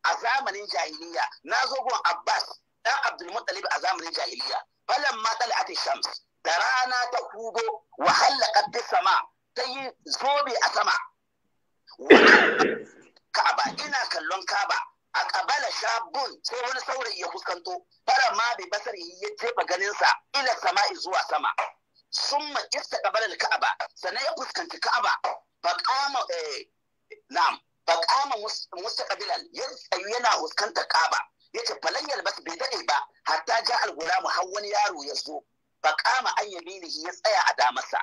a zamanin jahiliya na zo gun Abbas dan abdulmutalib a zamanin jahiliya falan ma tal'ati shams da rana ta hudo wahala halaqat sama ta yi zobe a sama Ka'aba ina kallon Ka'aba a kabala shabun sai wani saurayi ya fuskanto fara ma bai basar ya jefa ganinsa ila sama'i zuwa sama summa istaqbala ƙabalar kaaba sannan ya fuskanci Ka'aba faqama eh na'am fa qama mustaqbilan ya tsayu yana fuskantar kaba yace falan yalbas bai dade ba hatta ja al mu har wani yaro ya zo Ba qama an ya tsaya a damasa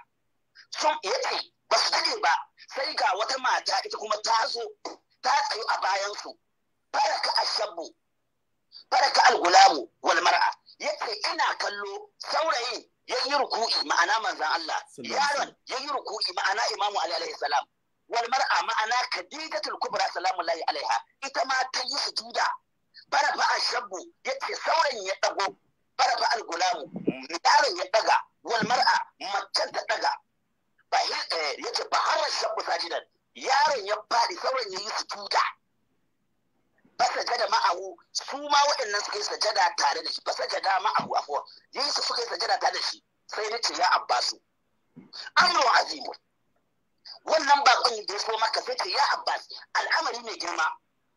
sun ce ba su dade ba sai ga wata mata ita kuma ta zo ta tsayu a bayansu faraka ashabu faraka al-gulamu wal mar'a yace ina kallo saurayin ya yi ruku'i ma'ana manzan Allah yaron ya yi ruku'i ma'ana imamu Ali salam wal mar'a ma'ana kadijatul kubra salamu wa alaiha ita ma ta yi sujuda barafa ashabu yace sauran ya dago al-gulamu yaron ya daga wal mar'a macen ta daga ba eh, yace ba har ashabu sajidan yaron ya fadi sauran ya yi sujuda ba sajada ma'ahu su ma waɗannan suka yi sajada tare da shi ba sajada ma'ahu afuwa yi su suka yi sajada tare da shi sai na ce ya abbasu amru azimun wannan bakon da ya so maka sai ce ya abbas al'amari mai girma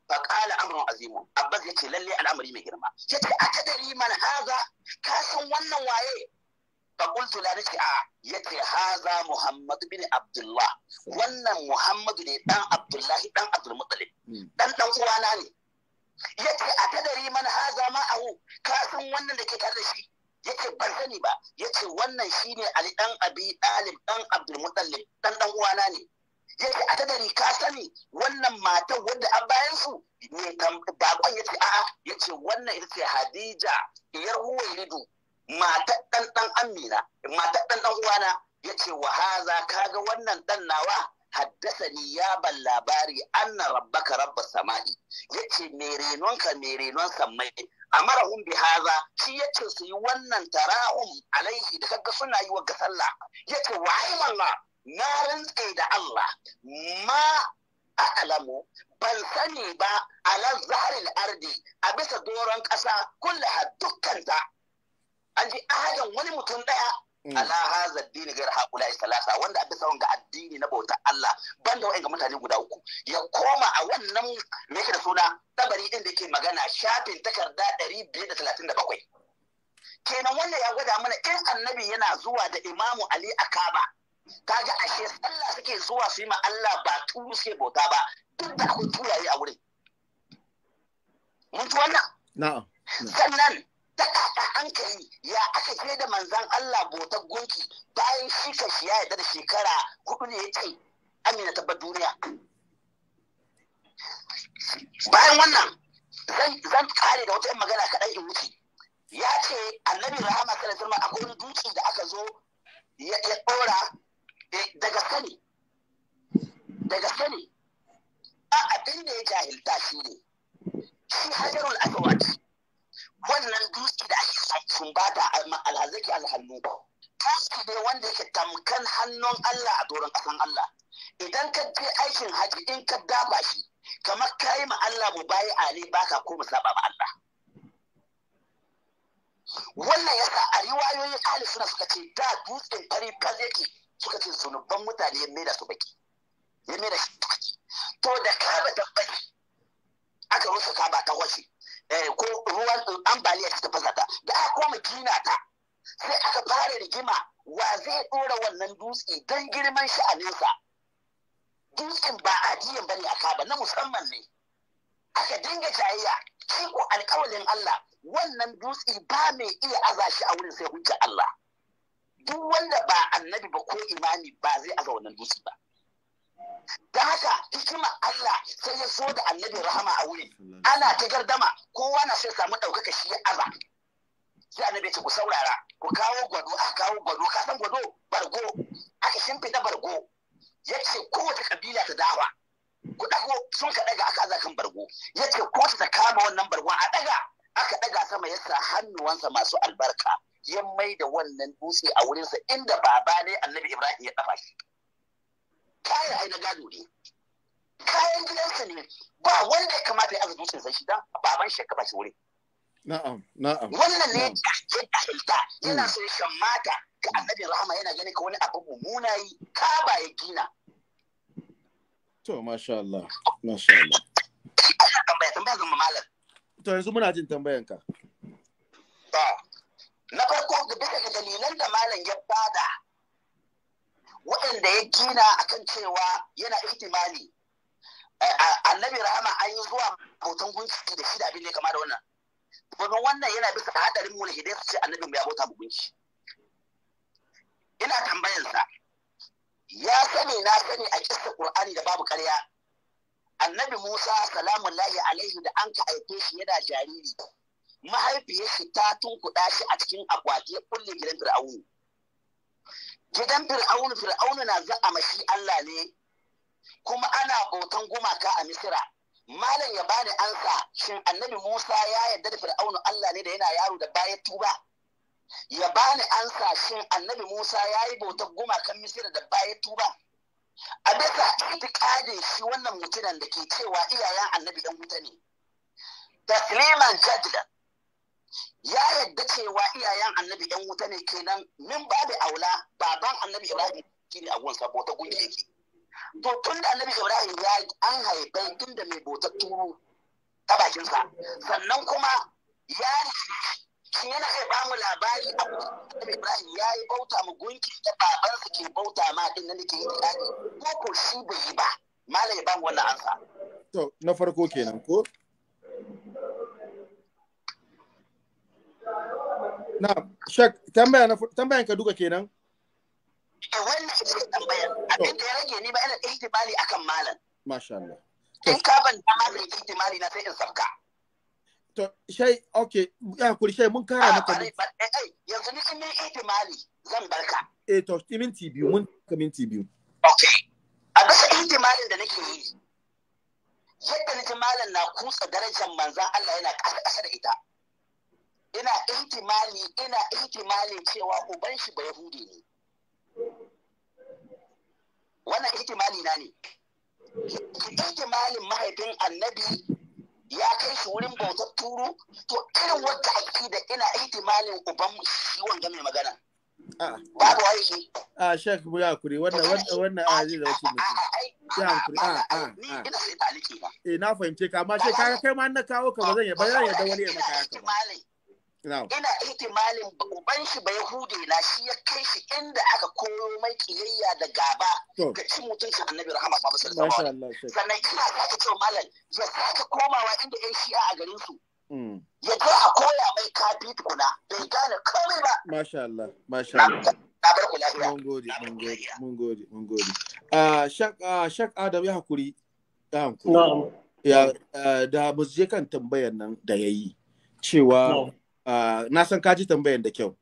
fa qala amrun azimu abbas yace lalle al'amari mai girma yace atadari man haza ka san wannan waye fa qultu la nace a yace haza muhammad bin abdullah wannan muhammad ne dan abdullahi dan abdul muttalib hmm. dan dan uwana ne yace atadari man haza ma ahu ka san wannan da ke tare da shi yace ban sani ba yace wannan shine ali dan abi dalib dan abdul mutallib dan dan uwana ne yace a tadari ka sani wannan matan wanda an bayan su ne bakon yace a'a yace wannan ita ce hadija iyar huwailidu matar dan dan amina mata dan dan uwana yace wa haza kaga wannan dan nawa haddasani ya ban labari anna rabbaka rabbas sama'i yace me ka me renon samai amarahum bi haza shi yace su yi wannan tara'un alaihi da kaga suna yi wa sallah yace wa Allah na rantse da Allah ma a a'lamu ban sani ba ala zahril ardi a bisa doron ƙasa kullaha dukkanta an ji ahadan wani mutum ɗaya Mm. ala hadha dini ghayr haula salasa wanda a bisa wanga addini na bautar Allah banda waɗanda mutane guda uku ya koma a wannan me da suna tabari din da yake magana shafin takarda da 537 kenan wanda ya gwada mana in annabi yana zuwa da imamu ali a kaba kaga ashe sallah suke zuwa su yi ma Allah ba turu suke bauta ba duk da akwai turaye a wurin mun ci wannan na'am sannan ta kaka ya aka ke da manzan Allah bota gunki bayan shi ka shi ya yadda da shekara hudu ne ya ce amina ta duniya bayan wannan zan kare da wata yin magana kaɗan in wuce ya ce annabi rahama sallallahu alaihi akwai duki da aka zo ya ɗora eh, daga sani daga sani a abin da ya jahilta shi ne shi hajarul aswad wannan dutse da ake sumbata alhazaki alhannu dutse ne wanda yake tamkan hannun Allah a doron ƙasan Allah idan ka je aikin haji in ka daba shi kamar ka yi ma Allah mu bayi ali ka ko mu ba Allah wannan ya sa a riwayoyin ahli suna suka ce da dutsen fari fari yake suka ce zunuban mutane ya mai da su baki ya mai da shi to da ka da baki aka rusa kaba ta wace Eh, ko ruwan ambaliya ta tafasa ta da aka koma gina ta sai aka fara rigima wa zai ɗora wannan dutse don girman shi a nesa. dutsen ba jiyan bane aka ba na musamman ne aka dinga jayayya shi ko alƙawalin Allah wannan dutse ba mai iya aza shi a wurin sai hujjar Allah duk wanda ba annabi ba ko imani ba zai aza wannan dutse ba da haka hikima Allah sai ya so da annabi rahama a wuri ana ta gardama kowa na sai samu ɗaukaka shi ya aza sai annabi ce ku saurara ku kawo gwado a kawo gwado ka san gwado bargo aka shimfida bargo ya ce kowace kabila ta dawa ku ɗago sun ka ɗaga aka aza kan bargo ya ce ko ta kama wannan bargon a ɗaga aka ɗaga sama ya sa hannuwansa masu albarka ya mai da wannan dutse a wurinsa inda baba ne annabi ibrahim ya ɗafa shi kaya ai na gado ne kayan gidansa ne ba wanda ya kamata ya azuzu sai shi da baban shi kafa shi wuri na'am na'am wannan ne da hilta yana hmm. so ya mata ga annabi rahama yana gani ka wani abu mumuna yi ka ba ya gina to masha Allah masha Allah tambaya tambaya zan malam to yanzu muna jin tambayan ka na farko da bisa ga dalilan da malam ya bada waɗanda ya gina akan cewa yana ihtimali annabi rahama an yi zuwa bautan gunki da shi da abin da ya kama da wannan domin wannan yana bisa hadarin mulhidai su ce mu ya bauta mu gunki ina tambayansa ya sani na sani a kissa qur'ani da babu karya annabi musa salamun lahi alaihi da an ka aike shi yana jariri mahaifiyar ta tunkuɗa shi a cikin akwati ya kulle gidan fir'aunu gidan fir'aunu fir'aunu na za'a mashi Allah ne kuma ana bautan gumaka a misira malam ya bani ansa shin annabi musa ya yarda da fir'aunu Allah ne da yana yaro da baya tuba ya bani ansa shin annabi musa ya yi bautan gumakan misira da baya tuba a bisa itikadin shi wannan mutumin da ke cewa iyayen annabi dan wuta ne tasliman jadda ya yadda cewa iyayen annabi yan wuta ne kenan min ba da aula baban annabi ibrahim shine a sa bota gunki yake to tun da annabi ibrahim ya an haifan tun da mai bota turu ta bakinsa sannan kuma ya yana kai ba mu labari annabi ibrahim ya yi bauta mu gunki da sa ke bauta ma din nan da ke yi ko ko shi bai yi ba malam ya ba mu wannan ansa to na farko kenan ko na shak tambaya na tambayan ka duka kenan wannan ita ce tambayar abin da ya rage ni ba ina ihtimali akan malam masha Allah in ka ban dama da ihtimali na sai in sabka to shai okay ya kuri shai mun kara ah, maka ne eh, eh, yanzu ni in ni ihtimali zan barka eh to minti biyu mun ka minti biyu okay a bisa ihtimalin da nake yi yadda nake malam na kusa darajar manzan Allah yana ƙasa da ita ina ihtimali ina ihtimali cewa uban shi ba yahudi ne wannan ihtimali na ne ihtimalin mahaifin annabi ya kai shi wurin bautar turu to irin wata da ina ihtimalin uban shi wanga mai magana babu wani shi a shek buya kuri wannan wannan wannan. a zai zauce mutum ya hankuri a a a eh na fahimce ka amma ka kai ma na kawo ka ba zan yi da wani ya maka haka ba Yana ihtimalin uban shi ba hude na shi ya kai shi inda aka koyo mai kiyayya da gaba ga cin mutuncin annabi rahama ba musul Sannan ina sake cewa malam ya sake komawa inda yan shi'a a garin su. Mm. Ya je a koya mai kafi tukuna bai gane komai ba. Masha Allah, masha Allah. Mun gode, mun gode, mun gode, mun gode. Shak Adam ya hakuri. Ya, ah, da mu je kan tambayar nan da ya yi cewa Ah, na san ka ji tambayar da kyau.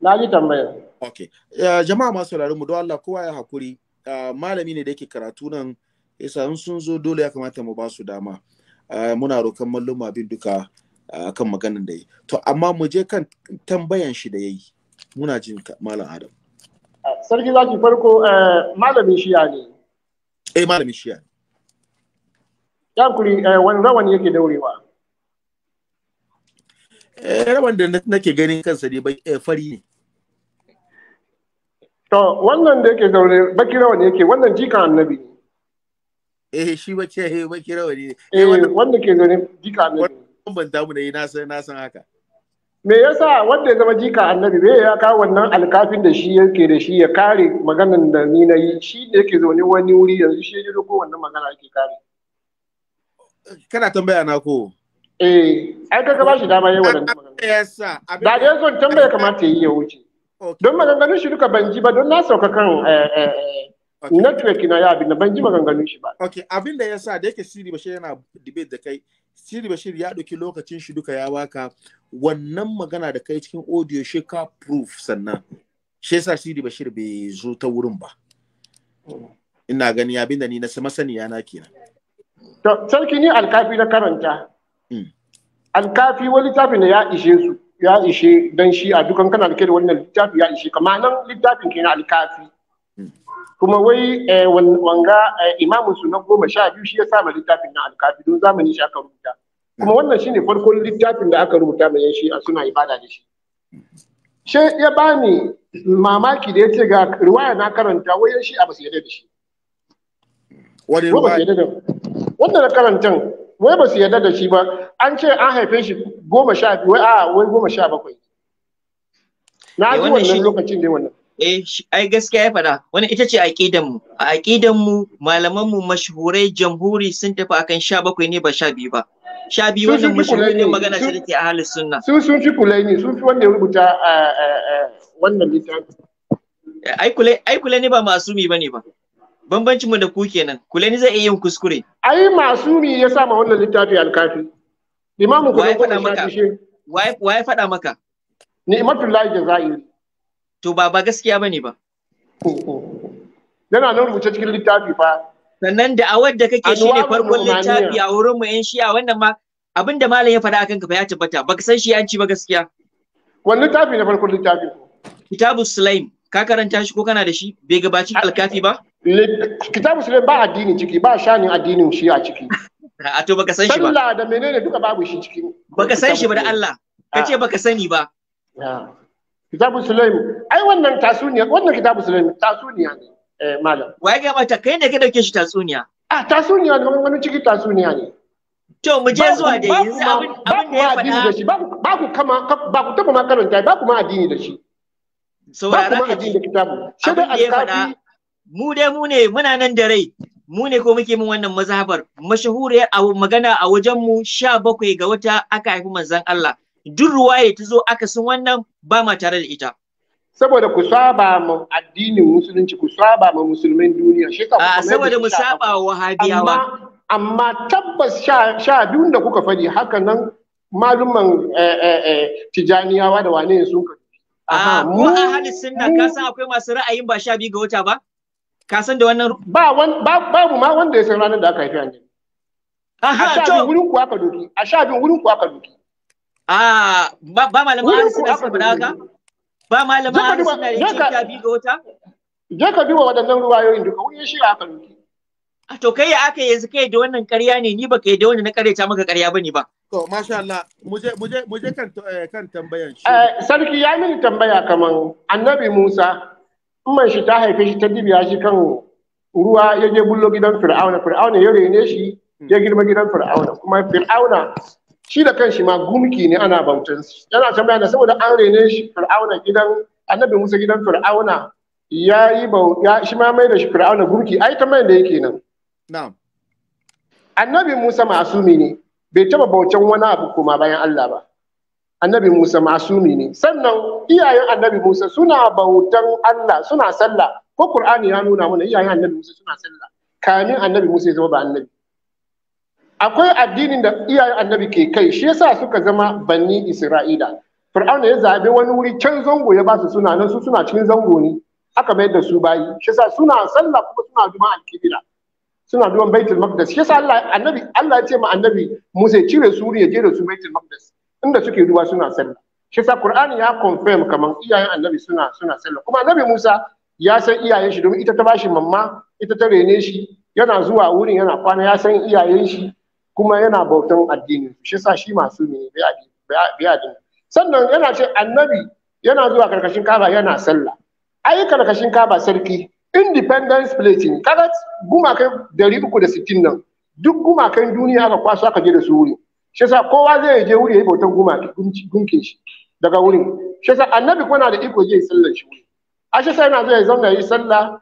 Na ji tambayar. Ok. Eh, jama'a masu sauraron mu don Allah kowa ya hakuri ah, malami ne da yake karatu nan isa in sun zo dole ya kamata mu ba su dama. Ah, muna rokan mallum abin duka kan maganin da yi. To amma mu je kan tambayan shi da ya yi. Muna jin malam Adam. Sarki zaki farko eh, malamin shiya ne. Eh malamin shiya ne. Ya kuri eh, wani rawani yake daurewa. Eh, rawan da nake ganin kansa ne eh, fari ne to wannan da yake zaune baki rawan yake wannan jikan annabi eh shi bace eh baki rawan ne eh, eh wanda ke zaune jikan annabi Wannan ban damu da yi na san haka me yasa wanda ya zama jika annabi me ya kawo wannan alkafin da shi yake da shi ya kare maganan da ni na yi shi da yake zaune wani wuri yanzu shi ya ko wannan magana yake kare kana tambaya na ko eh ai ka ba shi dama yayin wannan magana da dai son tambaya kamata yi ya wuce don maganganun shi duka ban ji ba don na sauka kan eh, eh, eh, network na ya abin da ban ji maganganun shi ba okay abin da yasa da yake Siri Bashir yana debate da kai Siri Bashir ya ɗauki lokacin shi duka ya waka, wannan magana da kai cikin audio shi ka proof sannan shi yasa Siri Bashir bai zo ta wurin ba ina gani abin da ni na masaniya na kenan to sarki ni alkafi na karanta Mm. alkafi wani littafi ne ya ishe su ya ishe dan shi a dukan kana rike da wannan littafi ya ishe kama nan littafin kenan alkafi mm. kuma wai eh, wanga eh, imamun su na goma sha biyu shi ya sa littafin na alkafi don zamani shi aka rubuta kuma mm. wannan shine farkon littafin da aka rubuta mai shi a suna ibada da shi she ya bani mamaki da ya ce ga riwaya na karanta wai shi a basu yarda da shi wani riwaya wannan na karantan wai ba su yarda da shi ba an ce an haife shi goma sha biyu wai a wai goma sha bakwai na eh, ji wannan lokacin ne wannan eh ai gaskiya ya faɗa wani ita ce aqidan mu a aqidan mu malaman mu mashhurai jamhuri sun tafi akan 17 ne ba 12 ba 12 wannan mashhurai magana ke take ahli sunna su sun fi kulai ne sun fi wanda ya rubuta eh, eh, wannan littafi ai kulai ai kulai ne ba masumi bane ba bambancin mu da ku kenan ni zai iya yin kuskure ai masumi ya sa ma wannan littafi alkafi limamu ku faɗa maka wai faɗa maka ni'matullahi jazai to ba ba gaskiya bane ba yana nan rubuce cikin littafi fa sannan da awar da kake shi ne farkon littafi a wurin mu yan shi'a wannan ma abinda malam ya faɗa akan ka fa ya tabbata baka san shi yanci ba gaskiya wani littafi ne farkon littafi kitabu sulaim ka karanta shi ko kana da shi bai gabaci alkafi ba kitabu sai ba addini ciki ba shanin addinin shi a ciki a to baka san shi ba sallah da menene duka babu shi ciki baka san shi ba da Allah kace baka sani ba kitabu sulaim ai wannan tasuniya wannan kitabu sulaim tasuniya ne eh malam wai ga ta kai ne ka dauke shi tasuniya ah tasuniya ne wani ciki tasuniya ne to mu je zuwa da yanzu abin abin da ya faɗa ba ku kama ba ku taba makaranta ba ku ma addini da shi saurara ka ji abin da ya faɗa mu dai mu ne muna nan da rai mu ne ko muke min wannan mazhabar mashahuriyar a magana a wajen mu sha bakwai ga wata aka haifi manzon Allah duk ruwaye ta zo aka sun wannan ba ma tare da ita saboda ku saba mu addinin musulunci ku saba mu musulmin duniya shi ka saboda mu saba wa wahabiyawa amma tabbas sha sha biyun da kuka faɗi haka nan eh, eh, eh tijaniyawa da wane sun ka Aha, mu a halin sunna ka san akwai masu ra'ayin ba sha biyu ga wata ba? ka san da wannan ba babu ma wanda ya san ranar da aka haifi annabi a sha wurin ku aka doki a sha wurin ku aka doki a ba malama an da aka haka ba malama an da ya ce ya bi ga wata je ka duba waɗannan ruwayoyin duka wurin shi aka doki a to kai ya aka yanzu kai da wannan ƙarya ne ni ba kai da wannan na ƙarya ta maka ƙarya bane ba to masha Allah muje muje muje kan eh, kan tambayan shi eh, sarki ya mini tambaya kaman annabi Musa umman shi ta haife shi ta dibiya shi kan ruwa ya je bullo gidan fir'auna fir'auna ya rene shi ya girma gidan fir'auna kuma fir'auna shi da kanshi ma gumki ne ana bautan shi yana tambaya da saboda an rene shi fir'auna gidan annabi musa gidan fir'auna ya yi ya shi ma mai da shi fir'auna gumki ai ta mai da yake nan na'am annabi musa masumi ne bai taba bautan wani abu kuma bayan Allah ba annabi Musa masumi ne sannan iyayen annabi Musa suna bautan Allah suna sallah ko ƙur'ani ya nuna mana iyayen annabi Musa suna sallah kamin annabi Musa ya zama ba annabi akwai addinin da iyayen annabi ke kai shi yasa suka zama banni Isra'ila Fir'auna ya zabe wani wuri can zango ya ba su suna nan su suna cikin zango ne aka mayar da su bayi shi yasa suna sallah kuma suna al alkibila suna duban baitul maqdis shi yasa Allah annabi Allah ya ce ma annabi Musa ya cire su ya je da su baitul maqdis inda suke ruwa suna sallah shi sa qur'ani ya confirm kaman iyayen annabi suna suna sallah kuma annabi Musa ya san iyayen shi domin ita ta bashi mamma ita ta rene shi yana zuwa wurin yana kwana ya san iyayen shi kuma yana bautan addini shi sa shi masu ne bai addini sannan yana ce annabi yana zuwa karkashin kaba yana sallah ai karkashin kaba sarki independence plating kaga gumakai 360 nan duk gumakan duniya aka kwaso aka je da su wurin. shi yasa kowa zai je wuri ya yi bautan goma gunke shi daga wurin shi yasa annabi kuma na da iko je sallar shi wuri a shi sai yana zai zauna yi sallah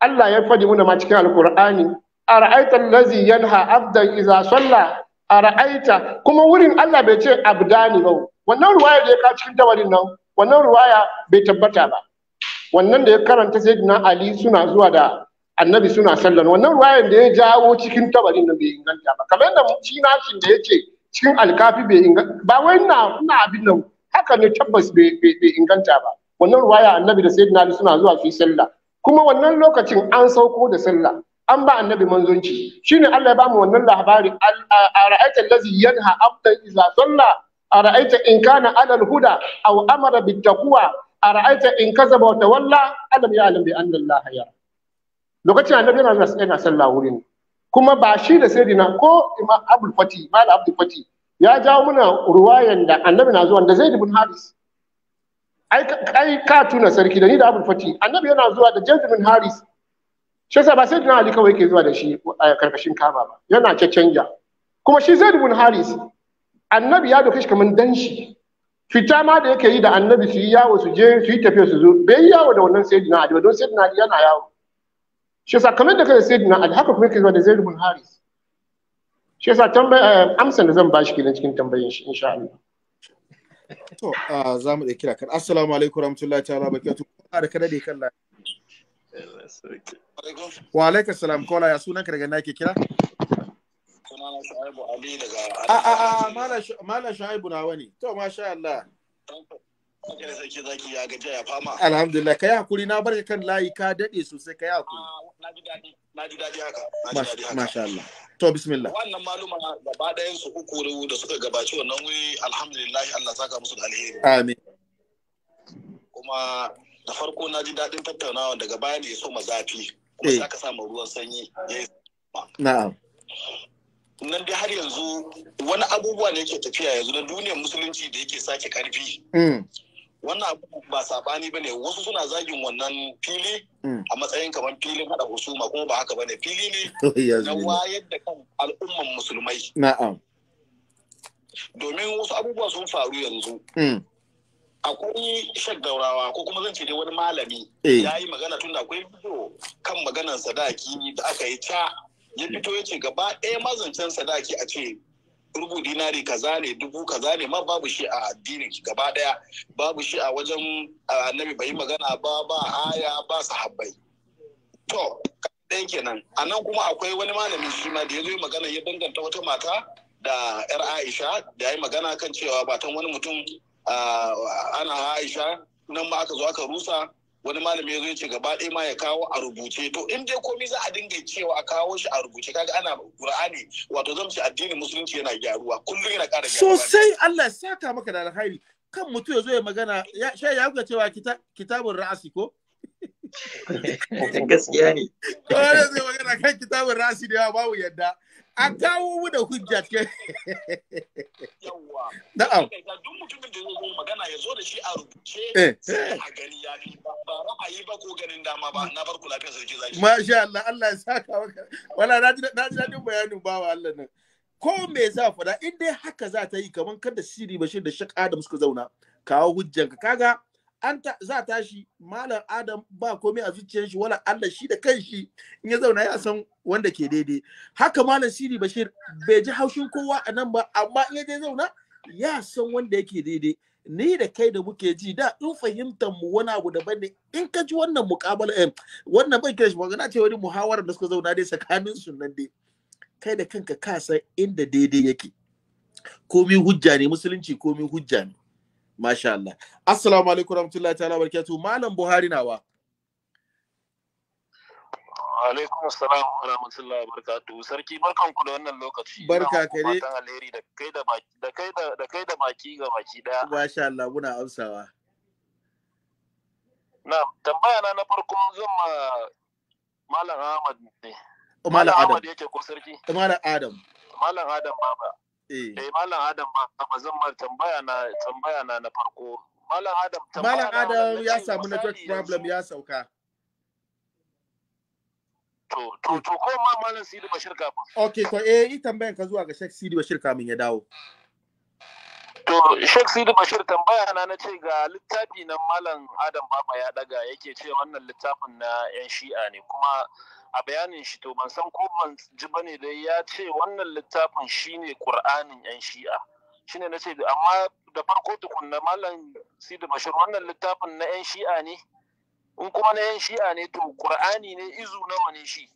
Allah ya faɗi muna ma cikin alqur'ani ara'aita allazi yanha abdan idza salla ara'aita kuma wurin Allah bai ce abdani ba wannan ruwaya da ya ka cikin tawarin nan wannan ruwaya bai tabbata ba wannan da ya karanta sayyidina ali suna zuwa da annabi suna sallan wannan ruwayan da ya jawo cikin tabarin nan bai inganta ba kamar yadda shi nashin da ya ce cikin alkafi bai inganta ba wai na na abin nan haka ne tabbas bai inganta ba wannan ruwaya annabi da sayyidina ali suna zuwa su yi sallah kuma wannan lokacin an sauko da sallah an ba annabi manzonci shine Allah ya ba mu wannan labari ara'aita allazi yanha abda iza salla ara'aita in kana ala alhuda aw amara bittaqwa ara'aita in kazaba wa tawalla alam ya'lam bi anna allaha ya lokacin annabi yana sallah wurin kuma ba shi da dina ko ima abul fati da abul fati ya jawo muna ruwayan da annabi na zuwa da zaid ibn haris ai kai ka tuna sarki da ni da abul fati annabi yana zuwa da zaid bin haris shi yasa ba dina ali kawai ke zuwa da shi karkashin kaba ba yana canja kuma shi zaid ibn haris annabi ya doke shi kaman dan shi fita ma da yake yi da annabi su yi yawo su je su yi tafiya su zo bai yawo da wannan sayyidina ali ba don sayyidina ali yana yawo shi yasa kamar da kai sayyidina ali haka kuma yake zuwa da zaid haris shi yasa tambayar eh, da zan bashi cikin tambayin shi insha Allah to za mu da kira kan assalamu alaikum rahmatullahi ta'ala da kada dai wa alaikum salam kola ya sunan ka daga kira sunana Ali daga a a a mala Shu'aibu na wani to masha Allah Alhamdulillah kai hakuri na bar kan layi ka dade sosai kai hakuri. Ah, na ji dadi, na ji dadi haka, na ji haka. Masha Allah. To bismillah. Wannan maluma gaba ɗayan su uku da suka gabaci wannan wuri alhamdulillah Allah saka musu da alheri. Amin. Kuma da farko na ji dadin tattaunawa daga bayan ne ya so mazafi. Kuma eh. sai sa samu ruwan sanyi Na'am. nan dai har yanzu wani abubuwa ne yake tafiya yanzu na duniyar musulunci da yake sake karfi. Mm. wannan abu ba sabani bane wasu suna zagin wannan fili hmm. a matsayin kamar filin hada husuma kuma ba haka bane fili ne oh, na wayar da kan al'umman musulmai na'am domin wasu abubuwa sun faru yanzu hmm. akwai shak ko kuma zan ce dai wani malami eh. ya yi magana tun da akwai bidiyo kan maganar sadaki da aka yi ta ya fito ya ce gaba ɗaya mazancen sadaki a ce rubu dinari kaza ne dubu ka zane ma babu shi a addinin gaba daya babu shi a wajen annabi bai magana ba ba aya ba sahabbai to dan kenan anan kuma akwai wani malami shi ma da ya zo yi magana ya danganta wata mata da yar aisha da yayi magana kan cewa batan wani mutum ana aisha nan ma aka zo aka rusa wani malami ya zo ce gaba ɗaya ma ya kawo a rubuce to in dai komai za a dinga cewa a kawo shi a rubuce kaga ana qur'ani wato zan ce addinin musulunci yana gyaruwa kullum yana ƙara gyaruwa sosai Allah ya saka maka da alkhairi kan mutum ya zo ya magana ya shi ya ga cewa kitabun ra'asi ko gaskiya ne ko zai magana kan kitabun ra'asi da yawa babu yadda an kawo mu da hujja ke yawa na'am duk mutumin da zai magana ya zo da shi a rubuce eh, eh. sai a gani ya fi ba ra'ayi ba ko ganin dama ba na bar barku lafiya sarki zaki masha Allah Allah ya saka maka wala na ji na ji dadin bayanin bawa Allah nan ko me za faɗa in dai haka za ta yi kamar kada Siri Bashir da Shak Adam suka zauna kawo hujjanka kaga an ta za tashi malam adam ba komai a zuciyar shi wala Allah shi da kan shi in ya zauna ya san wanda ke daidai haka malam siri bashir bai ji haushin kowa a nan ba amma in ya je zauna ya san wanda yake daidai ni da kai da muke ji da in fahimtar mu wani abu daban ne in ka ji wannan muƙabala eh wannan bai kira shi magana ce wani muhawara da suka zauna dai tsakanin su nan dai kai da kanka ka san inda daidai yake komi hujja ne musulunci komi hujja ne Masha Allah. Assalamu alaikum warahmatullahi ta'ala barkatu. Malam Buhari nawa. Alaikum assalam wa rahmatullahi barkatu. Sarki barkan ku da wannan lokaci. Barka ka ne. alheri da kai da baki da kai da da kai da baki ga baki da. Masha Allah muna amsawa. Na tambaya na na farko zan ma Malam Ahmad ne. Oh, Malam Adam. Malam Adam yake ko sarki? Malam Adam. Malam Adam baba. Eh. eh malam adam ba zan mar tambaya na tambaya na na farko malam adam tambaya malam adam ya samu network problem ya sauka to to to ko ma malam sidi bashir kafin okay to eh yi tambayan ka zuwa ga shek sidi bashir kamin ya dawo To, Sheikh Sidi Bashir tambaya na na ce ga littafi na Malam Adam Baba ya daga yake ce wannan littafin na 'yan shi'a ne kuma a bayanin shi to ban san ko ban ji bane dai ya ce wannan littafin shine Qur'anin yan Shi'a shine na ce amma da farko tukunna malam Sidi Bashir wannan littafin na yan Shi'a ne in kuma na yan Shi'a ne to Qur'ani ne izu nawa ne shi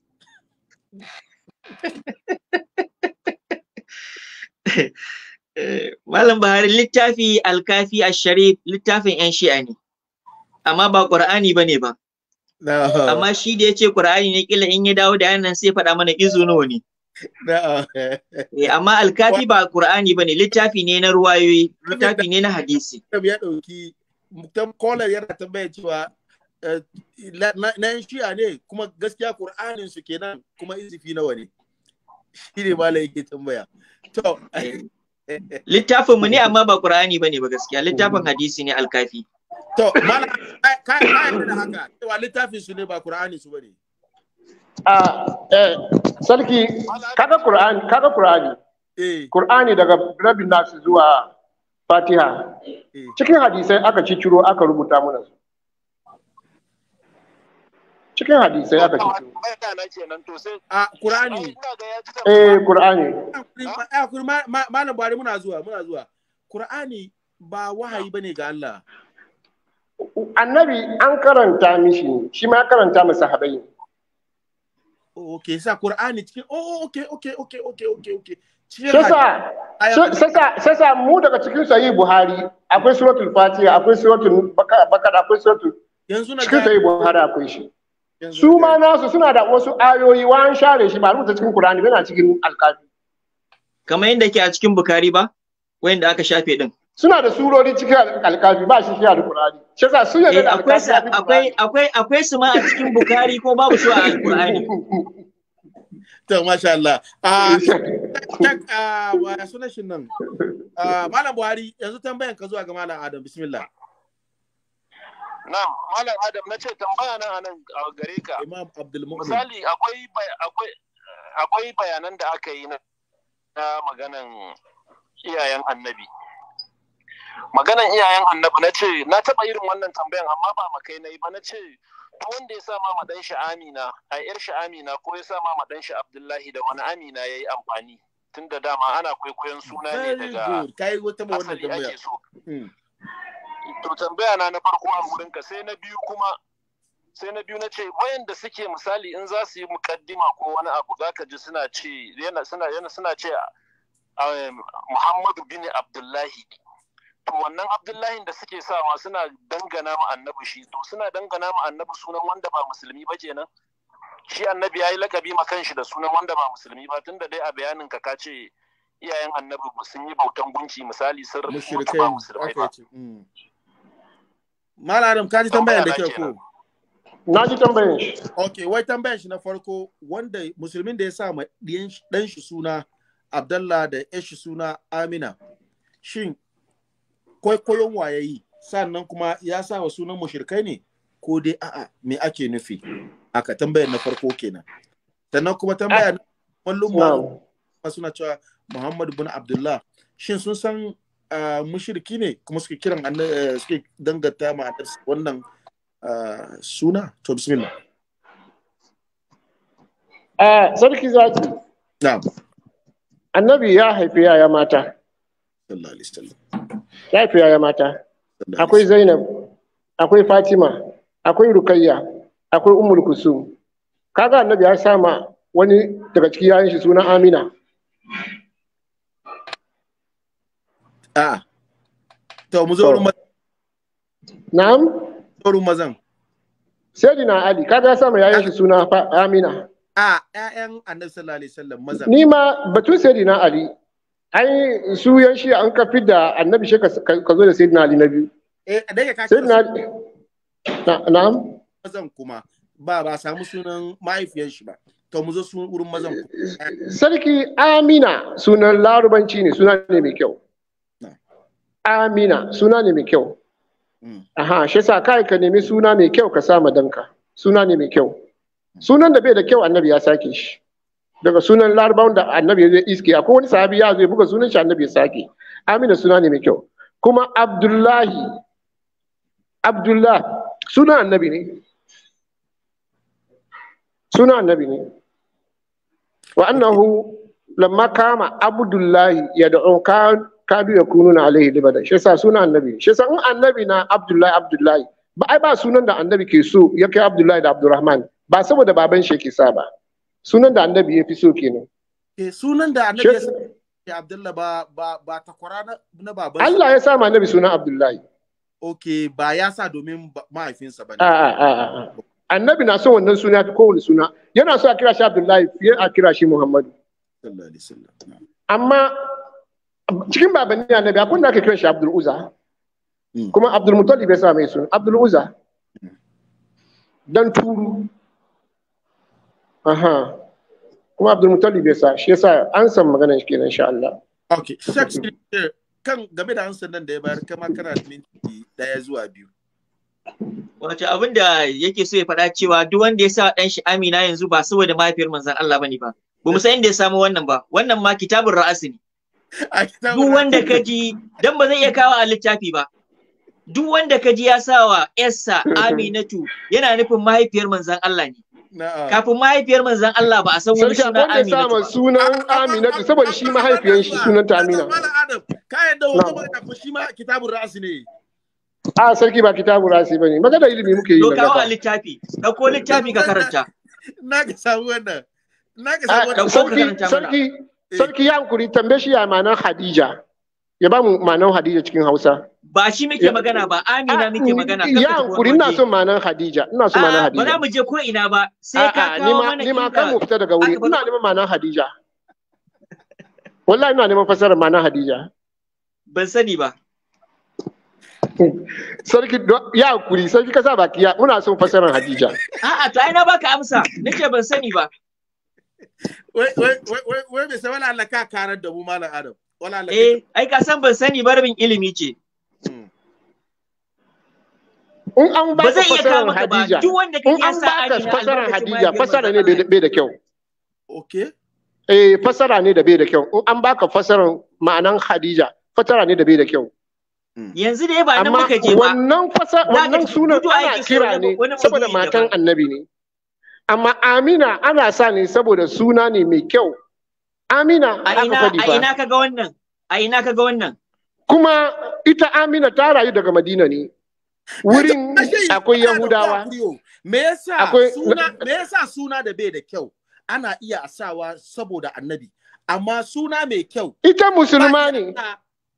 Malam Bahari littafi alkafi a sharif littafin yan Shi'a ne amma ba Qur'ani bane ba Amma shi da ya ce Kur'ani ne kila in ya dawo da yanan sai faɗa mana izu nawa ne. Eh, amma alkafi ba Kur'ani ba ne littafi ne na ruwayoyi littafi ne na hadisi. Ya ɗauki mutum kolar yana tambaya cewa eh, na yan shi'a ne kuma gaskiya Kur'anin su kenan kuma izifi nawa ne. Shi ne ma yake tambaya. Eh, littafin mu ne amma ba Kur'ani ba ne ba gaskiya littafin hadisi ne alkafi To, mana ka yarda da haka, cewa littafin su ne ba Qur'ani su bane. A ah, eh, sarki kada Qur'ani, kada Qur'ani. Eh. Qur'ani daga rabbin nasu zuwa Fatiha. Eh. Cikin hadisai aka ciciro aka rubuta mana su. Cikin hadisai aka ciciro. A Qur'ani. Eh Qur'ani. Malam Bari muna zuwa, muna zuwa. Qur'ani ba wahayi bane ga Allah. annabi an karanta mishi ne shi ma karanta masa habayi ne sa qur'ani cikin oh, oh ok ok ok ok ok ok sasa sasa sasa mu daga cikin sayi buhari akwai suratul fatiha akwai suratul bakara akwai suratul yanzu na cikin sayi buhari akwai shi su ma nasu suna da wasu ayoyi wa an share shi ba rubuta cikin qur'ani yana cikin alkafi kamar yadda ke a cikin bukari ba wayanda aka shafe din suna da surori cikin alƙafi ba shi da alƙur'ani shi yasa su yadda eh, da alƙafi akwai akwai akwai su ma a cikin bukari ko babu su a alƙur'ani to masha Allah a ah, ah, wa sunan shin nan ah, malam Buhari yanzu tambayan ka zuwa ga malam Adam bismillah Na'am, Malam Adam na ce tambaya na anan gare ka. Imam Abdul Mu'min. Misali akwai akwai akwai bayanan da aka yi na maganan iyayen Annabi. maganan iyayen annabi na ce na taɓa irin wannan tambayan amma ba makai na yi ba na ce to wanda ya sa ma madan shi amina a yar shi amina ko ya sa ma madan shi abdullahi da wani amina ya yi amfani tun da dama ana kwaikwayon suna ne daga asali ake so hmm. to tambaya na na farko a wurinka sai na biyu kuma sai na biyu na ce wayanda suke misali in za su yi mukaddima ko wani abu za ka ji suna ce yana suna ce um, Muhammadu bin Abdullahi to wannan abdullahi da suke sawa suna dangana ma annabi shi to suna dangana ma annabi sunan wanda ba musulmi ba kenan shi annabi ya yi lakabi ma kanshi da sunan wanda ba musulmi ba tunda dai a bayanin ka ka ce iyayen annabi sun yi bautan gunki misali sun rubuta ba musulmai ba mm. Malam ka ji tambayar da ke ko? Na ji tambayar shi. Ok, wai tambayar shi na farko wanda musulmin da ya sa ma ɗan shi suna Abdallah da ya shi suna Amina. Shin kwaikwayon wa yi sannan kuma ya sa wa sunan mushrikai ne ko dai a'a me ake nufi aka tambayar na farko kenan sannan kuma tambaya na mallum ma suna cewa Muhammad bin Abdullah shin sun san mushriki ne kuma suke kiran eh, suke dangata ma wannan suna to bismillah sarki zaki na'am annabi ya haifi yaya mata sallallahu alaihi wasallam ya mata akwai zainab akwai fatima akwai rukayya akwai umul kusum kaga annabi ya sama wani daga cikin yayin shi suna amina a ah. to mu zo rumma na'am zo zan sai dina ali kaga ya sama yayin shi suna amina a ah, ƴaƴan annabi sallallahu alaihi wasallam mazan ni ma batun sai dina ali ai su yan shi an ka da annabi shi ka zo da sayyidina ali na biyu eh ka sayyidina na'am mazan kuma ba ba samu sunan mahaifiyar shi ba to mu zo sun mazan sarki amina sunan larubanci ne suna ne mai kyau amina suna ne mai kyau hmm. aha shi sa kai ka nemi suna mai kyau ka sa madanka suna ne mai kyau hmm. sunan da bai da kyau annabi ya sake shi daga sunan larabawan da annabi zai iske a wani sahabi ya zai buga sunan shi annabi ya sake amina suna ne mai kyau kuma abdullahi abdullah suna annabi ne Suna annabi ne wa annahu lamma kama abdullahi ya da'u kadu ya kununa alaihi libada shi sa suna annabi shi sa in annabi na abdullahi abdullahi ba ai ba sunan da annabi ke so ya kai abdullahi da abdurrahman ba saboda baban shi yake sa ba sunan da annabi ya fi so kenan eh, sunan da annabi ya Abdullahi ba ba ba takwara na baban Allah ya sa annabi sunan Abdullahi okay ba ya sa domin mahaifinsa ba ne. a'a ah, a'a ah, ah, annabi na so wannan suna fi kowane suna yana so a kira shi Abdullahi fiye a kira shi Muhammadu amma cikin babanni annabi akwai da aka kira shi Abdul Uzza hmm. kuma Abdul Muttalib ya sa mai suna Abdul hmm. dan turu aha kuma abdul mutallib ya sa shi yasa an san maganar shi kenan insha Allah okay shek kan game da ansan nan da ya bayar kama kana da minti daya zuwa biyu wato abin da yake so ya faɗa cewa duk wanda ya sa ɗan shi amina yanzu ba saboda mahaifiyar manzon Allah bane ba ba mu san inda ya samu wannan ba wannan ma kitabun ra'asi ne duk wanda ka ji dan ba zai iya kawo a littafi ba duk wanda ka ji ya sawa yarsa aminatu yana nufin mahaifiyar manzon Allah ne kafin mahaifiyar manzan Allah ba a san wani suna Amina ba sunan Aminatu saboda shi mahaifiyar shi sunan ta Amina ka yadda wani ba kafin shi ma kitabun ra'asi ne a sarki ba kitabun ra'asi ne, magana ilimi muke yi dokawa na ga samu sarki sarki ya tambaye shi ya Hadija ya ba mu ma'anar Hadija cikin Hausa. Ba shi muke magana ba, Amina muke ah, magana. Ya hankuri ina son ma'anar ah, Hadija, ina son ma'anar Hadija. Ba za mu je ko ina ba, sai ka kawo mana ina. Ni mu fita daga wuri, ina neman ma'anar Hadija. Wallahi ina neman fasarar ma'anar Hadija. Ban sani ba. Sarki ya hankuri, sarki ka sa baki ya, muna son fasarar Hadija. A'a, to ai baka amsa, nake ban sani ba. Wai wai wai wai bai sai wala Allah ka karar da mu malam Adam. Eh, ai ka san ban sani barbin ilimi ce. Hmm. In an ba ka fasarar Hadija, in an ba ka fasarar Hadija, fasara ne bai da kyau. Okay. Eh, fasara ne da bai da kyau. In an ba ka fasarar ma'anan Hadija, fasara ne da bai da kyau. Hmm. Yanzu da ya ba nan muka je ba. Wannan wannan sunan ana kira ne saboda matan annabi ne. Amma Amina ana sa ne saboda suna ne mai kyau Amina a ina a ina kaga wannan a ina kaga wannan kuma ita Amina ta rayu daga Madina ne wurin akwai Yahudawa me yasa akwai suna me yasa suna da bai da kyau ana iya asawa saboda annabi amma suna mai kyau ita musulma ne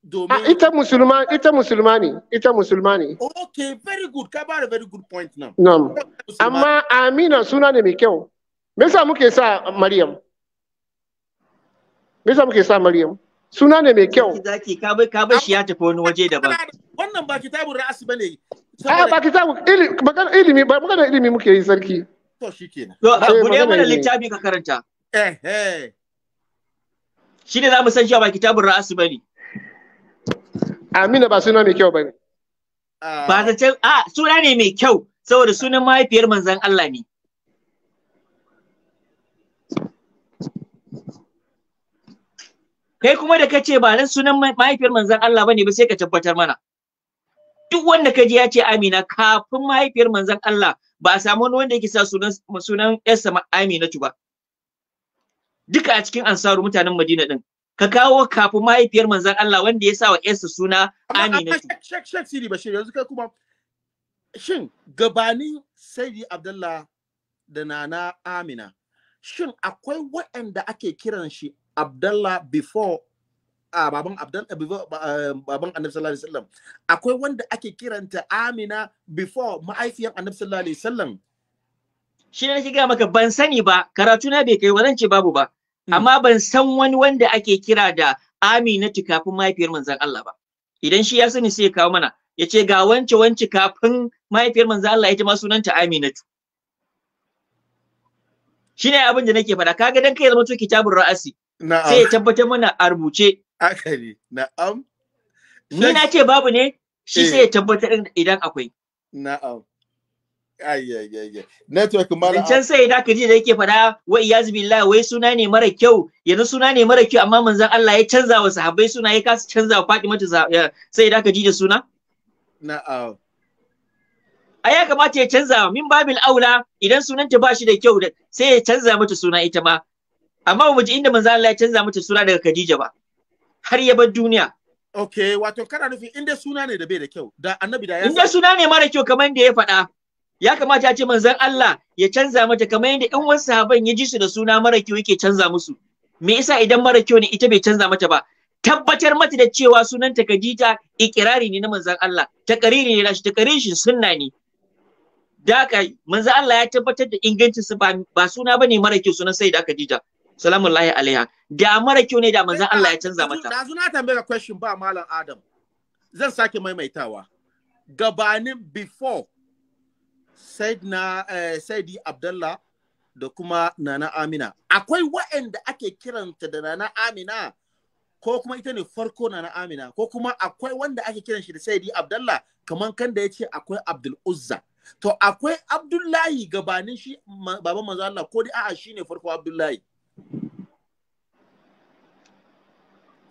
domin ita musulma ita musulma ne ita musulma ne okay very good ka ba da very good point now amma Amina suna ne mai kyau me yasa muke sa Maryam me yasa muke sa Maryam suna ne mai kyau zaki ka bai ka bai shi ya tafi wani waje daban wannan ba kitabun ra'asi bane eh ba kitabu... ilimi magana ilimi ba magana ilimi muke yi sarki to shikenan to eh, bude mana littafi ka karanta eh eh shi ne za mu san shi ba kitabun ra'asi bane Amina ba suna mai kyau bane ah. ba ce. a ah, suna ne mai kyau saboda sunan mahaifiyar manzon Allah ne kai kuma da kace ba nan sunan mahaifiyar manzon Allah bane ba sai ka tabbatar mana duk wanda ka ji ya ce Amina kafin mahaifiyar manzon Allah ba a samu wani wanda yake sa sunan sunan yarsa Aminatu ba duka a cikin ansaru mutanen Madina din ka kawo kafin mahaifiyar manzan Allah wanda ya sa wa yarsa suna Aminatu. Shek Shek Siri yanzu kai kuma shin gabanin Sayyidi Abdullah da Nana Amina shin akwai waɗanda ake kiran shi abdallah before a ah, baban abdallah eh, before eh, baban annabi sallallahu alaihi wasallam akwai wanda ake kiranta amina before ma'aifiyan annabi sallallahu alaihi wasallam shi ne gaya maka ban sani ba karatu na bai kai wannan ce babu ba hmm. amma ban san wani wanda ake kira da aminatu kafin mahaifiyar manzon Allah ba idan shi ya sani sai ya kawo mana ya ce ga wance wance kafin mahaifiyar manzon Allah ita ma sunanta Aminatu shine abin da nake faɗa kaga dan kai zama to kitabur ra'asi Na'am. Sai ya tabbatar mana a rubuce. Haka Na'am. Ni na ce babu ne, shi eh. sai ya tabbatar idan akwai. Na'am. Ayyayyayya. Network mara. Can sai da ji da yake fada wa iyaz billah wai suna ne mara kyau, yanzu suna ne mara kyau amma manzon Allah ya canza wa sahabbai suna ya kasa canza wa Fatima ta sai da ji da suna? Na'am. A ya kamata ya canza min babil aula idan sunanta ba shi da kyau sai ya canza mata suna ita ma amma ba mu ji inda manzo Allah ya canza mata suna daga Khadija ba har ya bar duniya okay wato kana nufin inda suna ne da bai da kyau da annabi da ya inda suna ne mara kyau kamar da ya faɗa ya kamata a ce manzon Allah ya canza mata kamar yadda ɗan wasu sahaban ya ji su da suna mara kyau yake canza musu me yasa idan mara kyau ne ita bai canza mata ba tabbatar mata da cewa ta Khadija ikirari ne na manzon Allah takariri ne nashi takarin shi sunna ne da haka manzon Allah ya tabbatar da ingancin su ba suna bane mara kyau sunan sai da Khadija salamun lahi alaiha da mara kyau ne da manzan Allah ya canza mata da na tambaye question ba malam Adam zan sake maimaitawa gabanin before na eh, Saidi Abdullah da kuma Nana Amina akwai waɗanda ake kiranta da Nana Amina ko kuma ita ne farko Nana Amina ko kuma akwai wanda ake kiran shi da Saidi Abdullah kaman kan da ya ce akwai Abdul Uzza to akwai Abdullahi gabanin shi baban manzo Allah ko dai a'a shine farko Abdullahi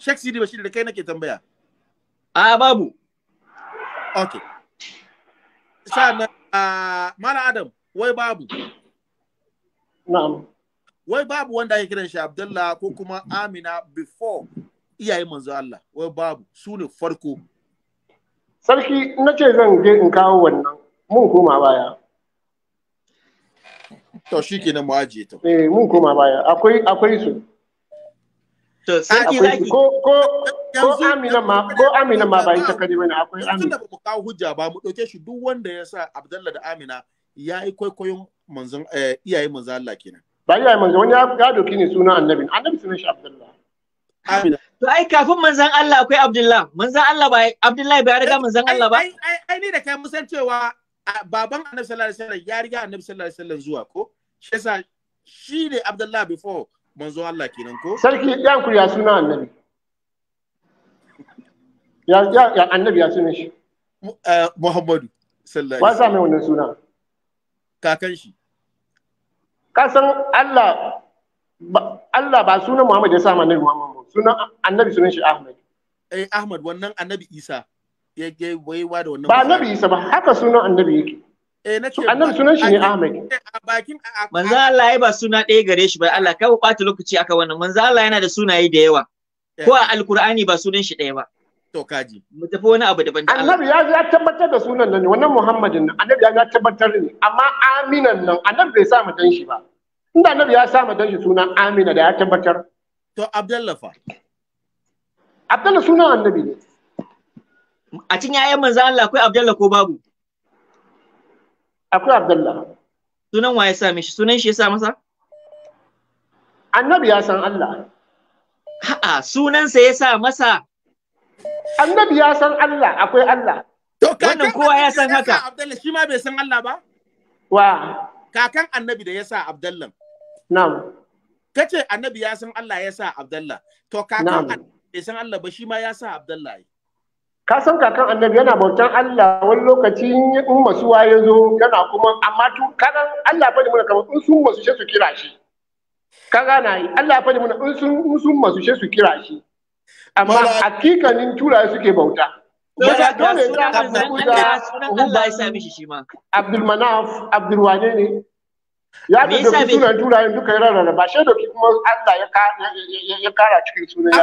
Sheikh Sidi Bashir da kai nake tambaya. A babu. Okay. Sa'annan a Mala Adam wai babu. Na'am. Wai babu wanda ake kiran shi Abdullah ko kuma Amina before iyaye manzo Allah wai babu su ne farko. Sarki na ce zan je in kawo wannan mun koma baya. To shi kenan mu ajiye ta. Eh mun koma baya akwai akwai su. To sarki Ko Amina ma ko yi ma ba ita akwai Amina. Tunda ba mu kawo hujja ba mu ɗauke shi duk wanda ya sa Abdalla da Amina ya yi kwaikwayon manzon eh, iyaye manzon Allah kenan. Ba iyaye manzon wani ya doki ne suna Annabi. Annabi sunan shi Abdullah. Ah, Amina. To ai kafin manzon Allah akwai Abdullah. Manzon Allah ba Abdullah ba riga manzon Allah ba. Ai ai ni da kai mun san cewa baban Annabi sallallahu alaihi wasallam ya riga Annabi sallallahu alaihi wasallam zuwa ko? Shi yasa shi ne Abdullah before manzo Allah kenan ko sarki ya ku ya suna annabi ya ya annabi ya suna shi eh, Muhammadu sallallahu alaihi wasallam ba wannan suna kakan shi Kasan Allah Allah ba sunan Muhammad ya sa annabi Muhammad sunan annabi sunan shi Ahmad eh Ahmad wannan annabi Isa ya ya waiwa da wannan ba annabi Isa ba haka sunan annabi yake Eh na ce annabi sunan shi ne Ahmed. Bakin manzo Allah ya ba suna ɗaya gare shi ba Allah kai ɓata lokaci aka wannan manzo Allah yana da sunaye da yawa. Eh. Ko a Alkur'ani ba sunan shi ɗaya ba. To kaji. Mu tafi wani abu daban da Annabi ya ya tabbatar da sunan nan ne wannan Muhammadin nan Annabi ya ya tabbatar ne amma Aminan nan Annabi bai sa mu dan shi ba. Inda Annabi ya sa mu dan shi sunan Amina da ya tabbatar. To Abdullahi fa. Abdullah sunan Annabi ne. A cikin 'ya'yan manzo Allah akwai Abdullahi ko babu? akwai Abdullah sunan wa ya sa mishi sunan shi ya sa masa annabi ya san Allah a'a sunansa ya sa masa annabi ya san Allah akwai Allah to wannan kowa ya san haka Abdullah shi ma bai san Allah ba wa kakan annabi da ya sa Abdullah na'am kace annabi ya san Allah ya sa Abdullah to kakan bai san Allah ba shi ma ya sa Abdullah ka san kakan annabi yana bautan Allah wani lokaci in masuwa ya zo yana kuma amma tun kanan Allah fadi muna kamar in sun masu su kira shi ka gana yi Allah fadi muna in sun in sun masu su kira shi amma hakikanin turaye suke bauta daga dole za a kusa Abdul Manaf Abdul wane ne ya da dauki sunan duka ya kuma Allah ya kara cikin sunan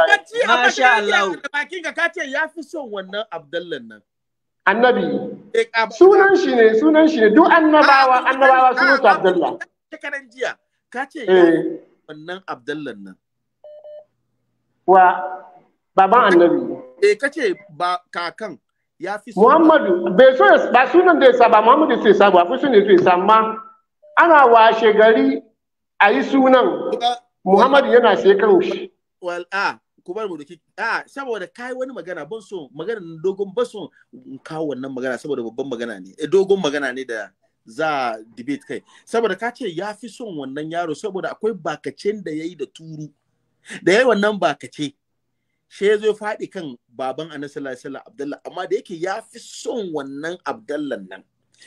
yayi annabi eh, sunan shi ne sunan shi ne duk annabawa ah, annabawa ah, sunan su ah, eh. wa baban annabi eh kace ba kakan Muhammadu bai so ba sunan da ya saba Muhammadu sai saba fi sunan da ya saba ana washe gari a yi sunan Muhammadu yana sai kan shi. Well, ah, ku mu ah, saboda kai wani magana ban so magana dogon ban so kawo wannan magana saboda babban magana ne. E dogon magana ne da za debate kai. Saboda ka ce ya fi son wannan yaro saboda akwai bakacin da ya yi da turu. Da ya yi wannan bakace. Shi ya zo faɗi kan baban Anasala sallallahu Abdallah amma da yake ya fi son wannan Abdallah nan.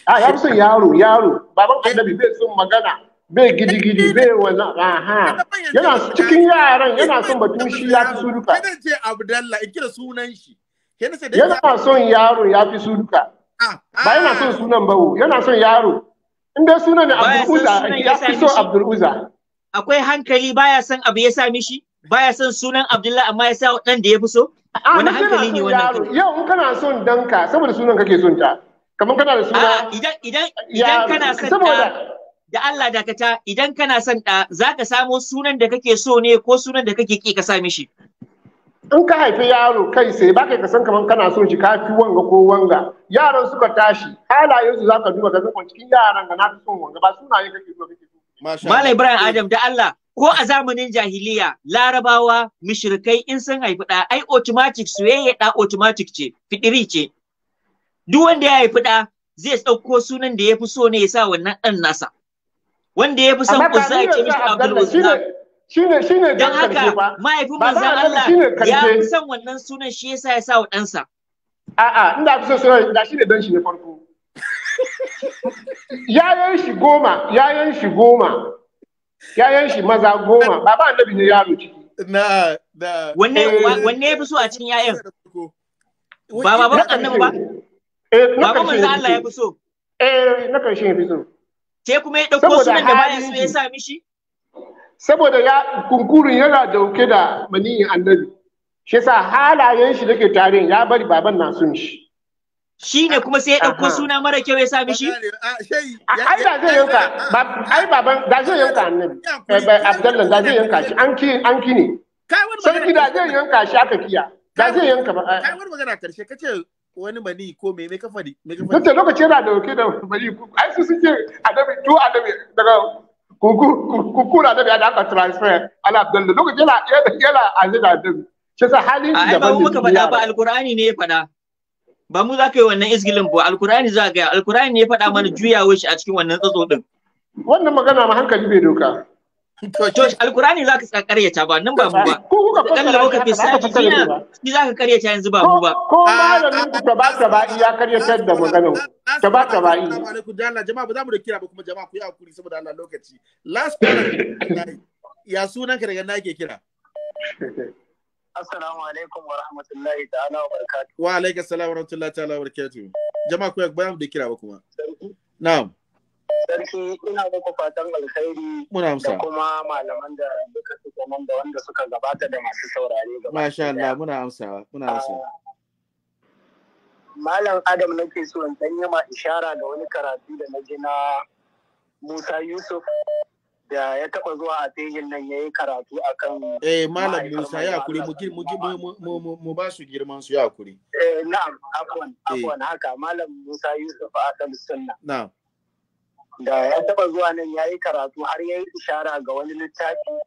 a ya son yaro yaro baban annabi bai son magana bai gidi-gidi bai wannan aha yana cikin yaran yana son batun shi ya fi su duka kada ce abdallah in kira sunan shi yana son yaro ya fi su duka ah, ba ah. yana son sunan bawo yana son yaro in dai sunan ne abdul uza ya fi so abdul uza akwai hankali baya son abu ya sami shi baya son sunan abdullahi amma ya sa dan da ya fi so ah, wani hankali ne wannan yau in kana son danka saboda sunan kake son ta kamar kana da suna idan idan idan kana son saboda da Allah dakata idan kana son da zaka samo sunan da kake so ne ko sunan da kake ki ka sa mishi in ka haifi yaro kai sai ba kai san kamar kana son shi kafi wanga ko wanga yaran suka tashi halayen su zaka duba ka kwan cikin yaran ga na fi son wanga ba sunaye kake so kake so Malam Ibrahim Adam da Allah ko a zamanin jahiliya larabawa mishirkai in sun haifi da ai automatic soyayya da automatic ce fitiri ce duk wanda ya haifi ɗa zai ɗauko sunan da ya fi so ne ya sa wannan ɗan nasa wanda ya fi son za a ce mishi abdul uzza shine shine dan haka mahaifin manzon Allah ya fi son wannan sunan shi ya sa ya sa wa ɗansa a'a inda fi son sunan da shine dan shi ne farko yayan shi goma yayan shi goma yayan shi maza goma baba annabi ne yaro ciki na na wanne eh. wanne ya fi so a cikin yayan ba baban annabi ba eh na karshe manzo Allah ya fi so eh na karshen ya fi so ke kuma ya dauko sunan da baya so ya sa mishi saboda ya kunkurin yana dauke da maniyin annabi shi sa halayen shi ke tare ya bari baban na sun shi shi ne kuma sai ya ɗauko suna mara kyau ya sa mishi? Ai da zai yanka, ai baban da zai yanka annabi, eh, Abdallah da zai yanka shi, an kini. Sarki da zai yanka shi aka kiya, da zai yanka ba. Kai wani magana karshe kace wani mani ko me me kafa me kafa tunda lokaci yana dauke da mani ai su suke adabi to adabi daga kukura adabi da aka transfer ala abdalla lokaci yana yana azida adabi shi sa halin shi daban ne ba faɗa ba alqur'ani ne ya faɗa ba mu za ka yi wannan isgilin ba alqur'ani za ka yi alqur'ani ne ya faɗa mana juyawar shi a cikin wannan tsatso din wannan magana ma hankali bai doka Josh, Alkurani za ka karyata ba, nan ba mu ba. Kalla ka fi shi za ka karyata yanzu ba mu ba. Ko malamin ku ta ba ya karyatar da ta ba ka daga Assalamu alaikum wa rahmatullahi ta'ala wa barakatuh. Wa alaikum assalam wa rahmatullahi ta'ala wa barakatuh. Jama'a ku ya ba da kira ba kuma. Na'am. sarki ina muku fatan alkhairi da kuma malaman da duka suka nan da wanda suka gabata da masu saurare gaba. Masha Allah muna amsawa muna ah, amsawa. Malam Adam nake so in dan yi ma ishara da wani karatu da na ji na Musa Yusuf da ya taba zuwa a fejin nan yayi karatu akan eh malam Musa ya kuri mu mu ba su girman su ya kuri eh na'am afwan eh. afwan haka malam Musa Yusuf a kan sunna na'am da ya taba zuwa nan ya yi karatu har ya yi ishara ga wani littafi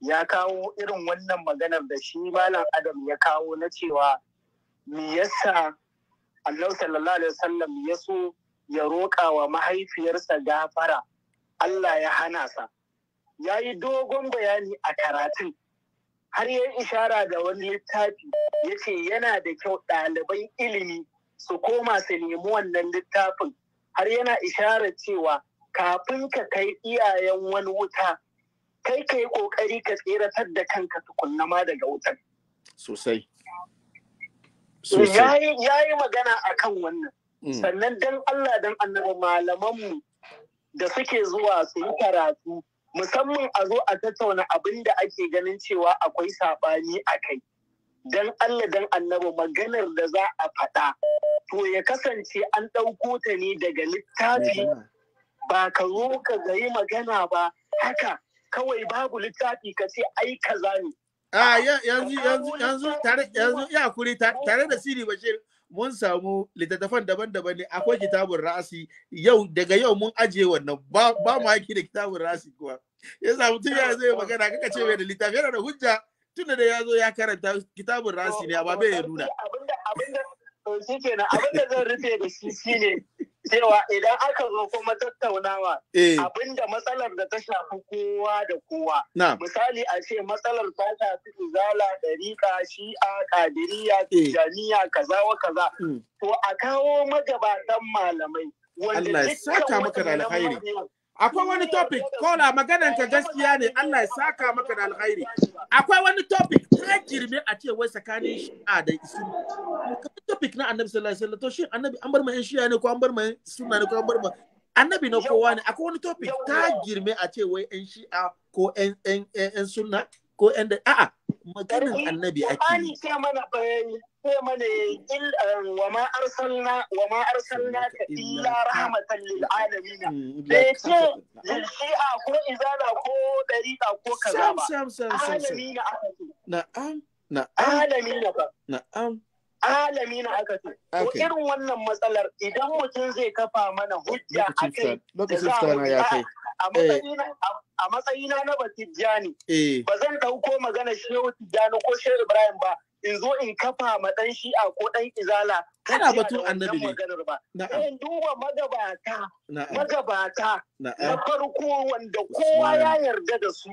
ya kawo irin wannan maganar da shi malam adam ya kawo na cewa me yasa Allah sallallahu alaihi wasallam ya so ya roƙa wa mahaifiyarsa gafara Allah ya hana sa ya yi dogon bayani a karatun har ya ishara da wani littafi ya ce yana da kyau ɗalibai ilimi su koma su nemi wannan littafin har yana ishara cewa kafin ka kai iyayen wani wuta kai ka yi ƙoƙari ka tseratar da kanka tukunna ma daga wutar. Sosai. Ya yi magana a kan wannan. Mm. Sannan don Allah don annaba malamanmu da suke zuwa su yi karatu musamman a zo a tattauna abin da ake ganin cewa akwai saɓani a kai. dan Allah dan annaba maganar da za a faɗa to ya kasance an ɗauko ta ne daga littafi eh, eh. ba ka zo ka gayi magana ba haka kawai babu littafi ka ce ai ka zani a ah, yanzu yanzu yanzu tare yanzu ya kuri tare da Siri Bashir mun samu littattafan daban-daban ne akwai kitabun ra'asi yau daga yau mun ajiye wannan ba mu aiki da kitabun ra'asi kuwa samu mutum ya zai magana kaka ce mai da littafi yana da hujja tunda da ya zo ya karanta kitabun rasi ne ba bai ya nuna shi abinda zan rufe da shi shine cewa idan aka zo kuma tattaunawa eh. abinda matsalar da ta shafi kowa da kowa misali a ce matsalar ta shafi izala dariƙa shi'a kadiriya eh. tijaniya kaza wa kaza hmm. to a kawo magabatan malamai wanda Allah ya saka maka da alkhairi akwai wani topic kola maganan ka gaskiya ne Allah ya saka maka da alkhairi akwai wani topic ta girme a ce wai tsakanin shi'a da isu topic na annabi sallallahu alaihi wasallam to shi annabi an bar mai shi'a ne ko an bar mai sunna ne ko an bar mai annabi na kowa ne akwai wani topic ta girme a ce wai yan shi'a ko yan yan sunna ko yan a'a maganan annabi ake yi sai mana sai mana il um, wa ma arsalna wa ma arsalna ka illa rahmatan lil alamin mm, ce shi'a ko izala ko dariqa ko kaza ba sam sam sam na'am na'am alamin ba na'am alami na aka ce. Ko irin wannan matsalar idan mutum zai kafa mana hujja a kai. Lokacin ya kai. Eh. a matsayina na batijjani eh. ba zan ɗauko magana shehu tijjani ko shehu ibrahim ba in zo in kafa ma ɗan shi'a ko ɗan izala kana batun annabi ne in duba magabata magabata na farko wanda kowa ya yarda da su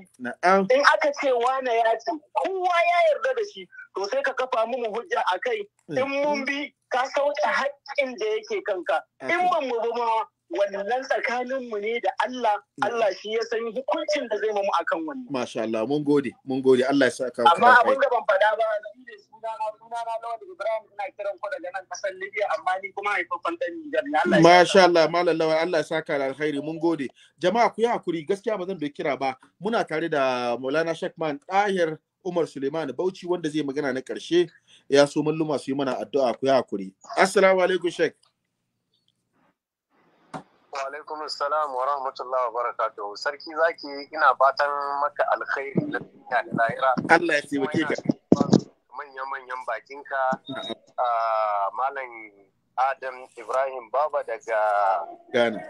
in aka ce wane ya ce kowa ya yarda da shi to sai ka kafa mu hujja kai. Mm. in mun bi ka sauke haƙƙin da yake kanka in ban mu ma wannan mu ne da Allah Allah shi ya san hukuncin da zai mamu akan wannan masha Allah mun gode mun gode Allah ya saka amma abin da ban faɗa ba suna sunana lawa da Ibrahim ina kiran ku daga nan kasan Libya amma ni kuma haifafan dan Niger ne Allah masha Allah malam lawa Allah ya saka da alkhairi mun gode jama'a ku yi hakuri gaskiya ba zan bai kira ba muna tare da Maulana Shekman Tahir Umar Suleiman Bauchi wanda zai magana na karshe ya so malluma su yi mana addu'a ku yi hakuri assalamu alaikum Sheikh Wa alaikum wa rahmatullahi wa barakatuhu. Sarki zaki ina fatan maka alkhairi na duniya da lahira. Allah ya taimake ka. Manya-manyan bakinka ah, Malam Adam Ibrahim Baba daga Ghana.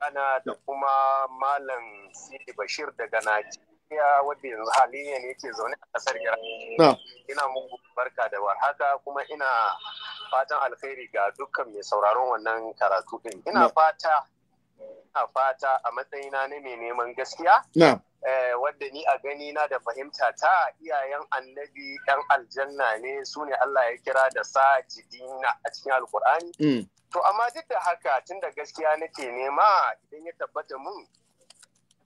Ghana da kuma Malam Sidi Bashir daga Najeriya. Najeriya wadda yanzu hali ne yake zaune a kasar Iran. Ina muku barka da warhaka kuma ina fatan alkhairi ga dukkan mai sauraron wannan karatu din. Ina fata ina fata a matsayina na mai neman gaskiya. Eh, wadda ni a gani na da fahimta ta iyayen annabi ɗan aljanna ne su ne Allah ya kira da Jidina a cikin alkur'ani. Mm. To amma duk da haka tun da gaskiya nake nema idan ya tabbata mun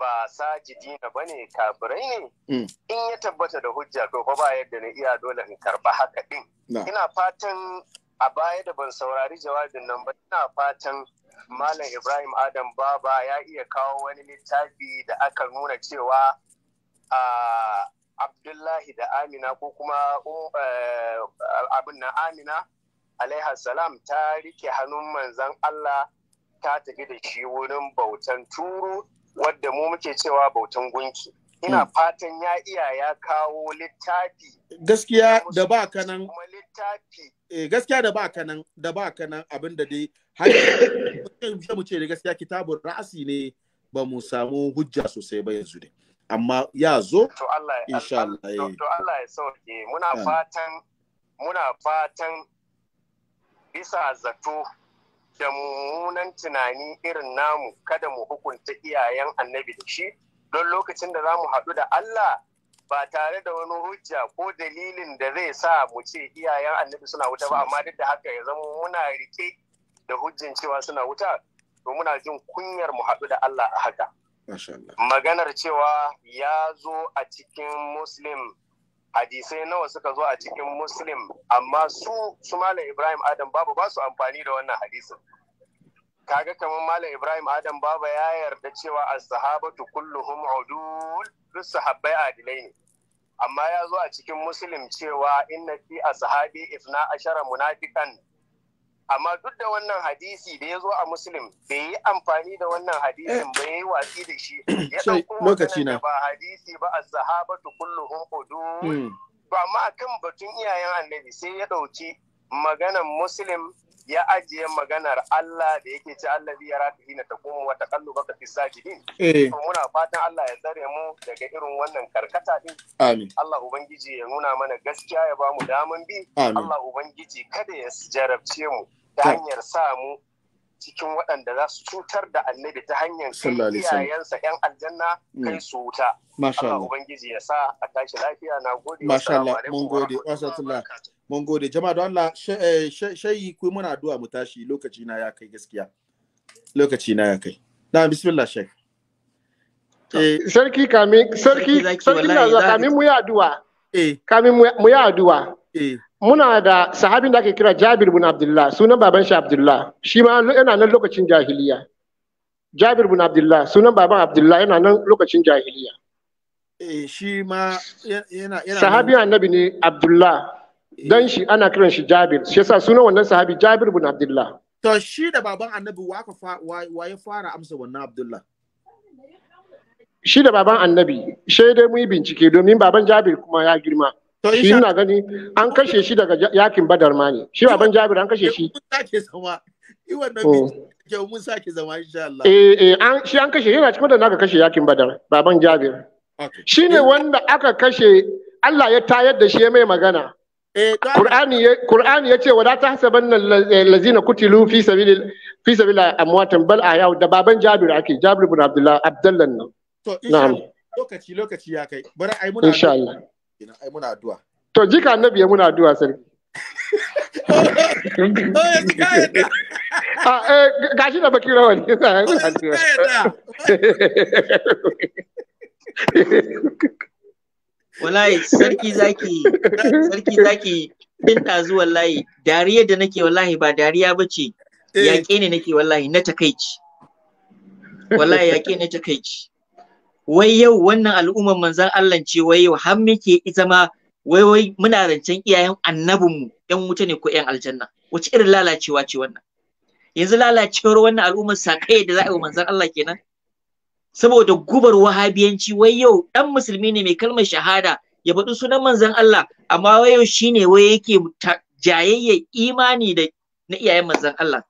ba sajidina ba ne kabirai mm. ne in ya tabbata da hujja to ba yadda na iya dole in karba haka din ina fatan a baya da ban saurari jawabin nan ba ina fatan malam ibrahim adam baba ya iya kawo wani littafi da aka nuna cewa a abdullahi da amina ko kuma um, eh, abin na amina alaiha salam ta rike hannun manzan allah ta tafi da shi wurin bautan turu wadda mu muke cewa bautan gunki ina hmm. fatan ya iya ya kawo littafi gaskiya da ba kanan eh gaskiya da ba kanan da ba kanan abin da dai har da mu ce da gaskiya kitabun ra'asi ne ba mu samu hujja sosai ba yanzu dai amma ya zo insha Allah eh. to Allah ya sauke muna fatan muna fatan bisa zato da mummunan tunani irin namu kada mu hukunta iyayen annabi da shi don lokacin da za mu haɗu da Allah ba tare da wani hujja ko dalilin da zai sa mu ce iyayen annabi suna wuta ba amma duk da haka ya zama muna rike da hujjin cewa suna wuta to muna jin kunyar mu haɗu da Allah a haka maganar cewa ya zo a cikin muslim hadisai nawa suka zo a cikin muslim amma su su malam ibrahim adam babu ba su amfani da wannan hadisin kaga kamar malam ibrahim adam babu ya yarda cewa as-sahabatu kulluhum udul duk sahabbai adilai ne amma ya zo a cikin muslim cewa inna fi ashabi ifna ashara munafiqan amma duk da wannan hadisi da ya zo a muslim bai yi amfani da wannan hadisin ba ya yi watsi da shi ya eh, da ba hadisi ba hmm. a sahabatu kulluhum udud Ba amma akan batun iyayen annabi sai ya ɗauki maganar muslim ya ajiye maganar Allah da yake ci Allah ya rata hina ta koma wata kallo baka fi sajidin. ko eh. muna fatan Allah ya tsare mu daga irin wannan karkata din. Amin. Allah ubangiji ya nuna mana gaskiya ya ba mu daman bi. Allah ubangiji kada ya jarabce mu. ta hanyar samu cikin waɗanda za su cutar da annabi ta hanyar kai iyayensa yan aljanna mm. kai su wuta. Masha Allah. Ubangiji ya sa a tashi lafiya na gode. Masha Allah mun gode. Wasatullah. Mun gode. Jama'a don Allah eh, shayi ku muna addu'a mu tashi lokaci na ya kai gaskiya. Lokaci na ya kai. Na bismillah shek. Eh, sarki kamin sarki sarki na eh. kamin mu ya addu'a. Kamin mu ya addu'a. muna da sahabin da ake kira Jabir bin Abdullah sunan baban shi Abdullah shi ma yana nan lokacin jahiliya Jabir bin Abdullah sunan baban Abdullah yana nan lokacin jahiliya eh shi ma yana yana sahabi annabi ne Abdullah eh. dan shi ana kiran shi Jabir shi yasa sunan wannan sahabi Jabir bin Abdullah to shi da baban annabi wa ka wa ya fara amsa wannan Abdullah shi da baban annabi shi dai mu yi bincike domin baban Jabir kuma ya girma shi na gani an kashe shi daga yakin badar ma ne shi baban jabir an kashe shi mun sake zama oh. insha Allah eh eh an shi an kashe yana cikin da naka kashe yakin badar baban jabir shi ne wanda aka kashe Allah ya tayar da shi ya mai magana eh, Qur'ani ya ce wala tahsabanna allazina eh, kutilu fi sabilil fi sabilillah amwatan bal ahyaw da baban Jabir ake Jabir ibn Abdullah Abdullah nan to insha Allah lokaci lokaci ya kai bari ai muna insha Allah kenan ai muna addu'a to jika annabi ya muna addu'a sarki ah, eh, gashi da baki rawa wallahi sarki zaki sarki zaki din tazu layi, dariya da nake wallahi ba dariya bace eh. yaƙe ne nake wallahi na takaici wallahi yaƙe na takaici wai yau wannan al'umman manzan Allah ce wai yau har muke ita ma wai wai muna rancen iyayen annabinmu yan wuta ne ko yan aljanna wace irin lalacewa ce wannan yanzu lalacewar wannan al'ummar sakai da za a yi manzan Allah kenan saboda gubar wahabiyanci wai yau dan musulmi ne mai kalmar shahada ya faɗi sunan manzan Allah amma wai yau shine wai yake jayayyar imani da na iyayen manzan Allah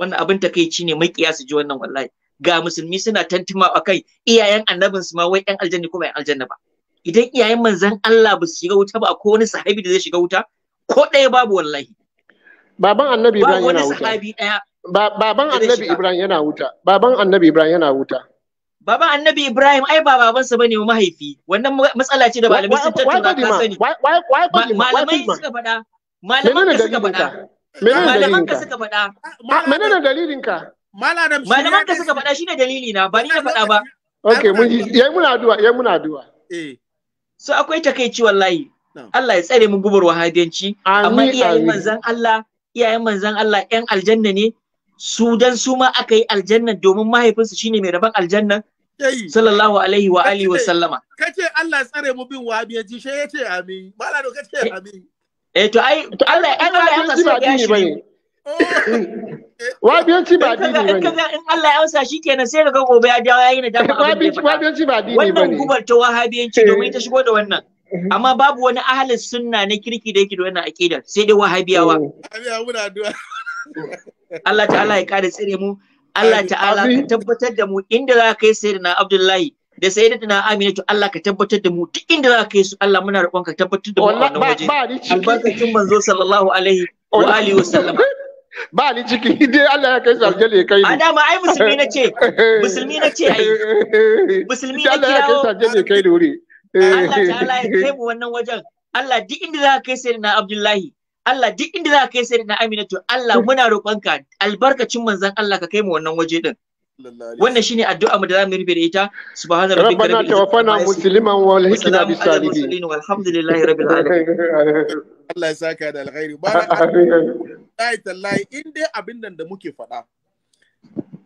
wannan abin takaici ne mai su ji wannan wallahi ga musulmi suna tantuma a kai iyayen annabin su ma wai yan aljanna ko bai aljanna ba idan iyayen manzon Allah ba su shiga wuta ba ko wani sahabi da zai shiga wuta ko ɗaya babu wallahi baban annabi Ibrahim yana wuta sahabi baban annabi Ibrahim yana wuta baban annabi Ibrahim yana wuta Baban annabi Ibrahim ai ba sa bane mahaifi wannan matsala ce da malamai sun tattauna ka sani malamai suka faɗa malamai suka faɗa malaman ka suka faɗa menene dalilinka? Malaram Malaman da suka faɗa shine dalili na ba ni na faɗa ba. Okay, mun yayi muna addu'a, yayi muna addu'a. Eh. So akwai takeici wallahi. Allah ya tsare mu gubar wahabiyanci amma iyayen manzan Allah iyayen manzan Allah ƴan aljanna ne su dan su ma aka yi aljanna domin mahaifinsu shine mai rabon aljanna sallallahu alaihi wa alihi wa sallama kace Allah tsare mu bin wahabiyanci sai yace amin malado kace eh. amin eh to ai Allah ya Allah ya sa ya shi Wabiyanci ba dini ba ne. In Allah ya amsa shi kenan sai ga gobe ya dawo ya yi nadama. Wabiyanci ba dini ba Wannan gubar ta wahabiyanci domin ta shigo da wannan. Eh. Amma babu wani ahalin sunna na kirki da yake da wannan aƙidar sai dai wahabiyawa. Eh. Allah ta'ala ya kare tsire mu. Allah ta'ala ka tabbatar da mu inda za ka yi sayyidina Abdullahi da sayyidatuna to Allah ka tabbatar da mu duk inda za ka yi su Allah muna roƙon ka tabbatar da mu a wannan waje. Albarkacin manzo sallallahu alaihi wa alihi wa sallam. ba ni ciki dai Allah ya kai su aljanna ya kai ni a dama ai musulmi na ce musulmi na ce ai musulmi na Allah ya kai su aljanna ya kai ni wuri Allah ta'ala ya kai mu wannan wajen Allah duk inda za ka kai sai na Abdullahi Allah duk inda za ka kai sai na Aminatu Allah muna roƙonka albarkacin manzon Allah ka kai mu wannan waje din wannan shine addu'a mu da zamu rubuta da ita subhana rabbika rabbil alamin rabbana tawaffana wa wal alal bisalihin walhamdulillahi rabbil alamin Allah ya saka da alkhairi ba na tallahi in dai abin nan da muke faɗa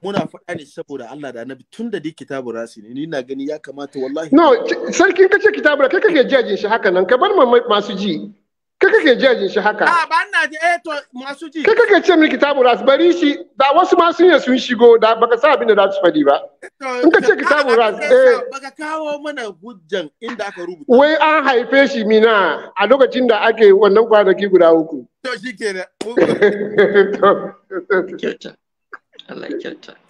muna faɗa ne saboda Allah da Annabi tun da dai kitabu rasi ne ni na gani ya kamata wallahi no sarkin kace kitabu kai kake jajin shi haka nan ka bar masu ji kai kake jejin shi haka a ah, ba ina je eh to masu ji kai kake ce min kitabu ras bari shi da wasu masu yin sun shigo da baka sa abin da za su fadi ba in ka ce kitabu ah, ras eh baka kawo mana hujjan inda aka rubuta wai an haife shi mina a lokacin da ake wannan kwanaki guda uku to shikenan Allah ya kyauta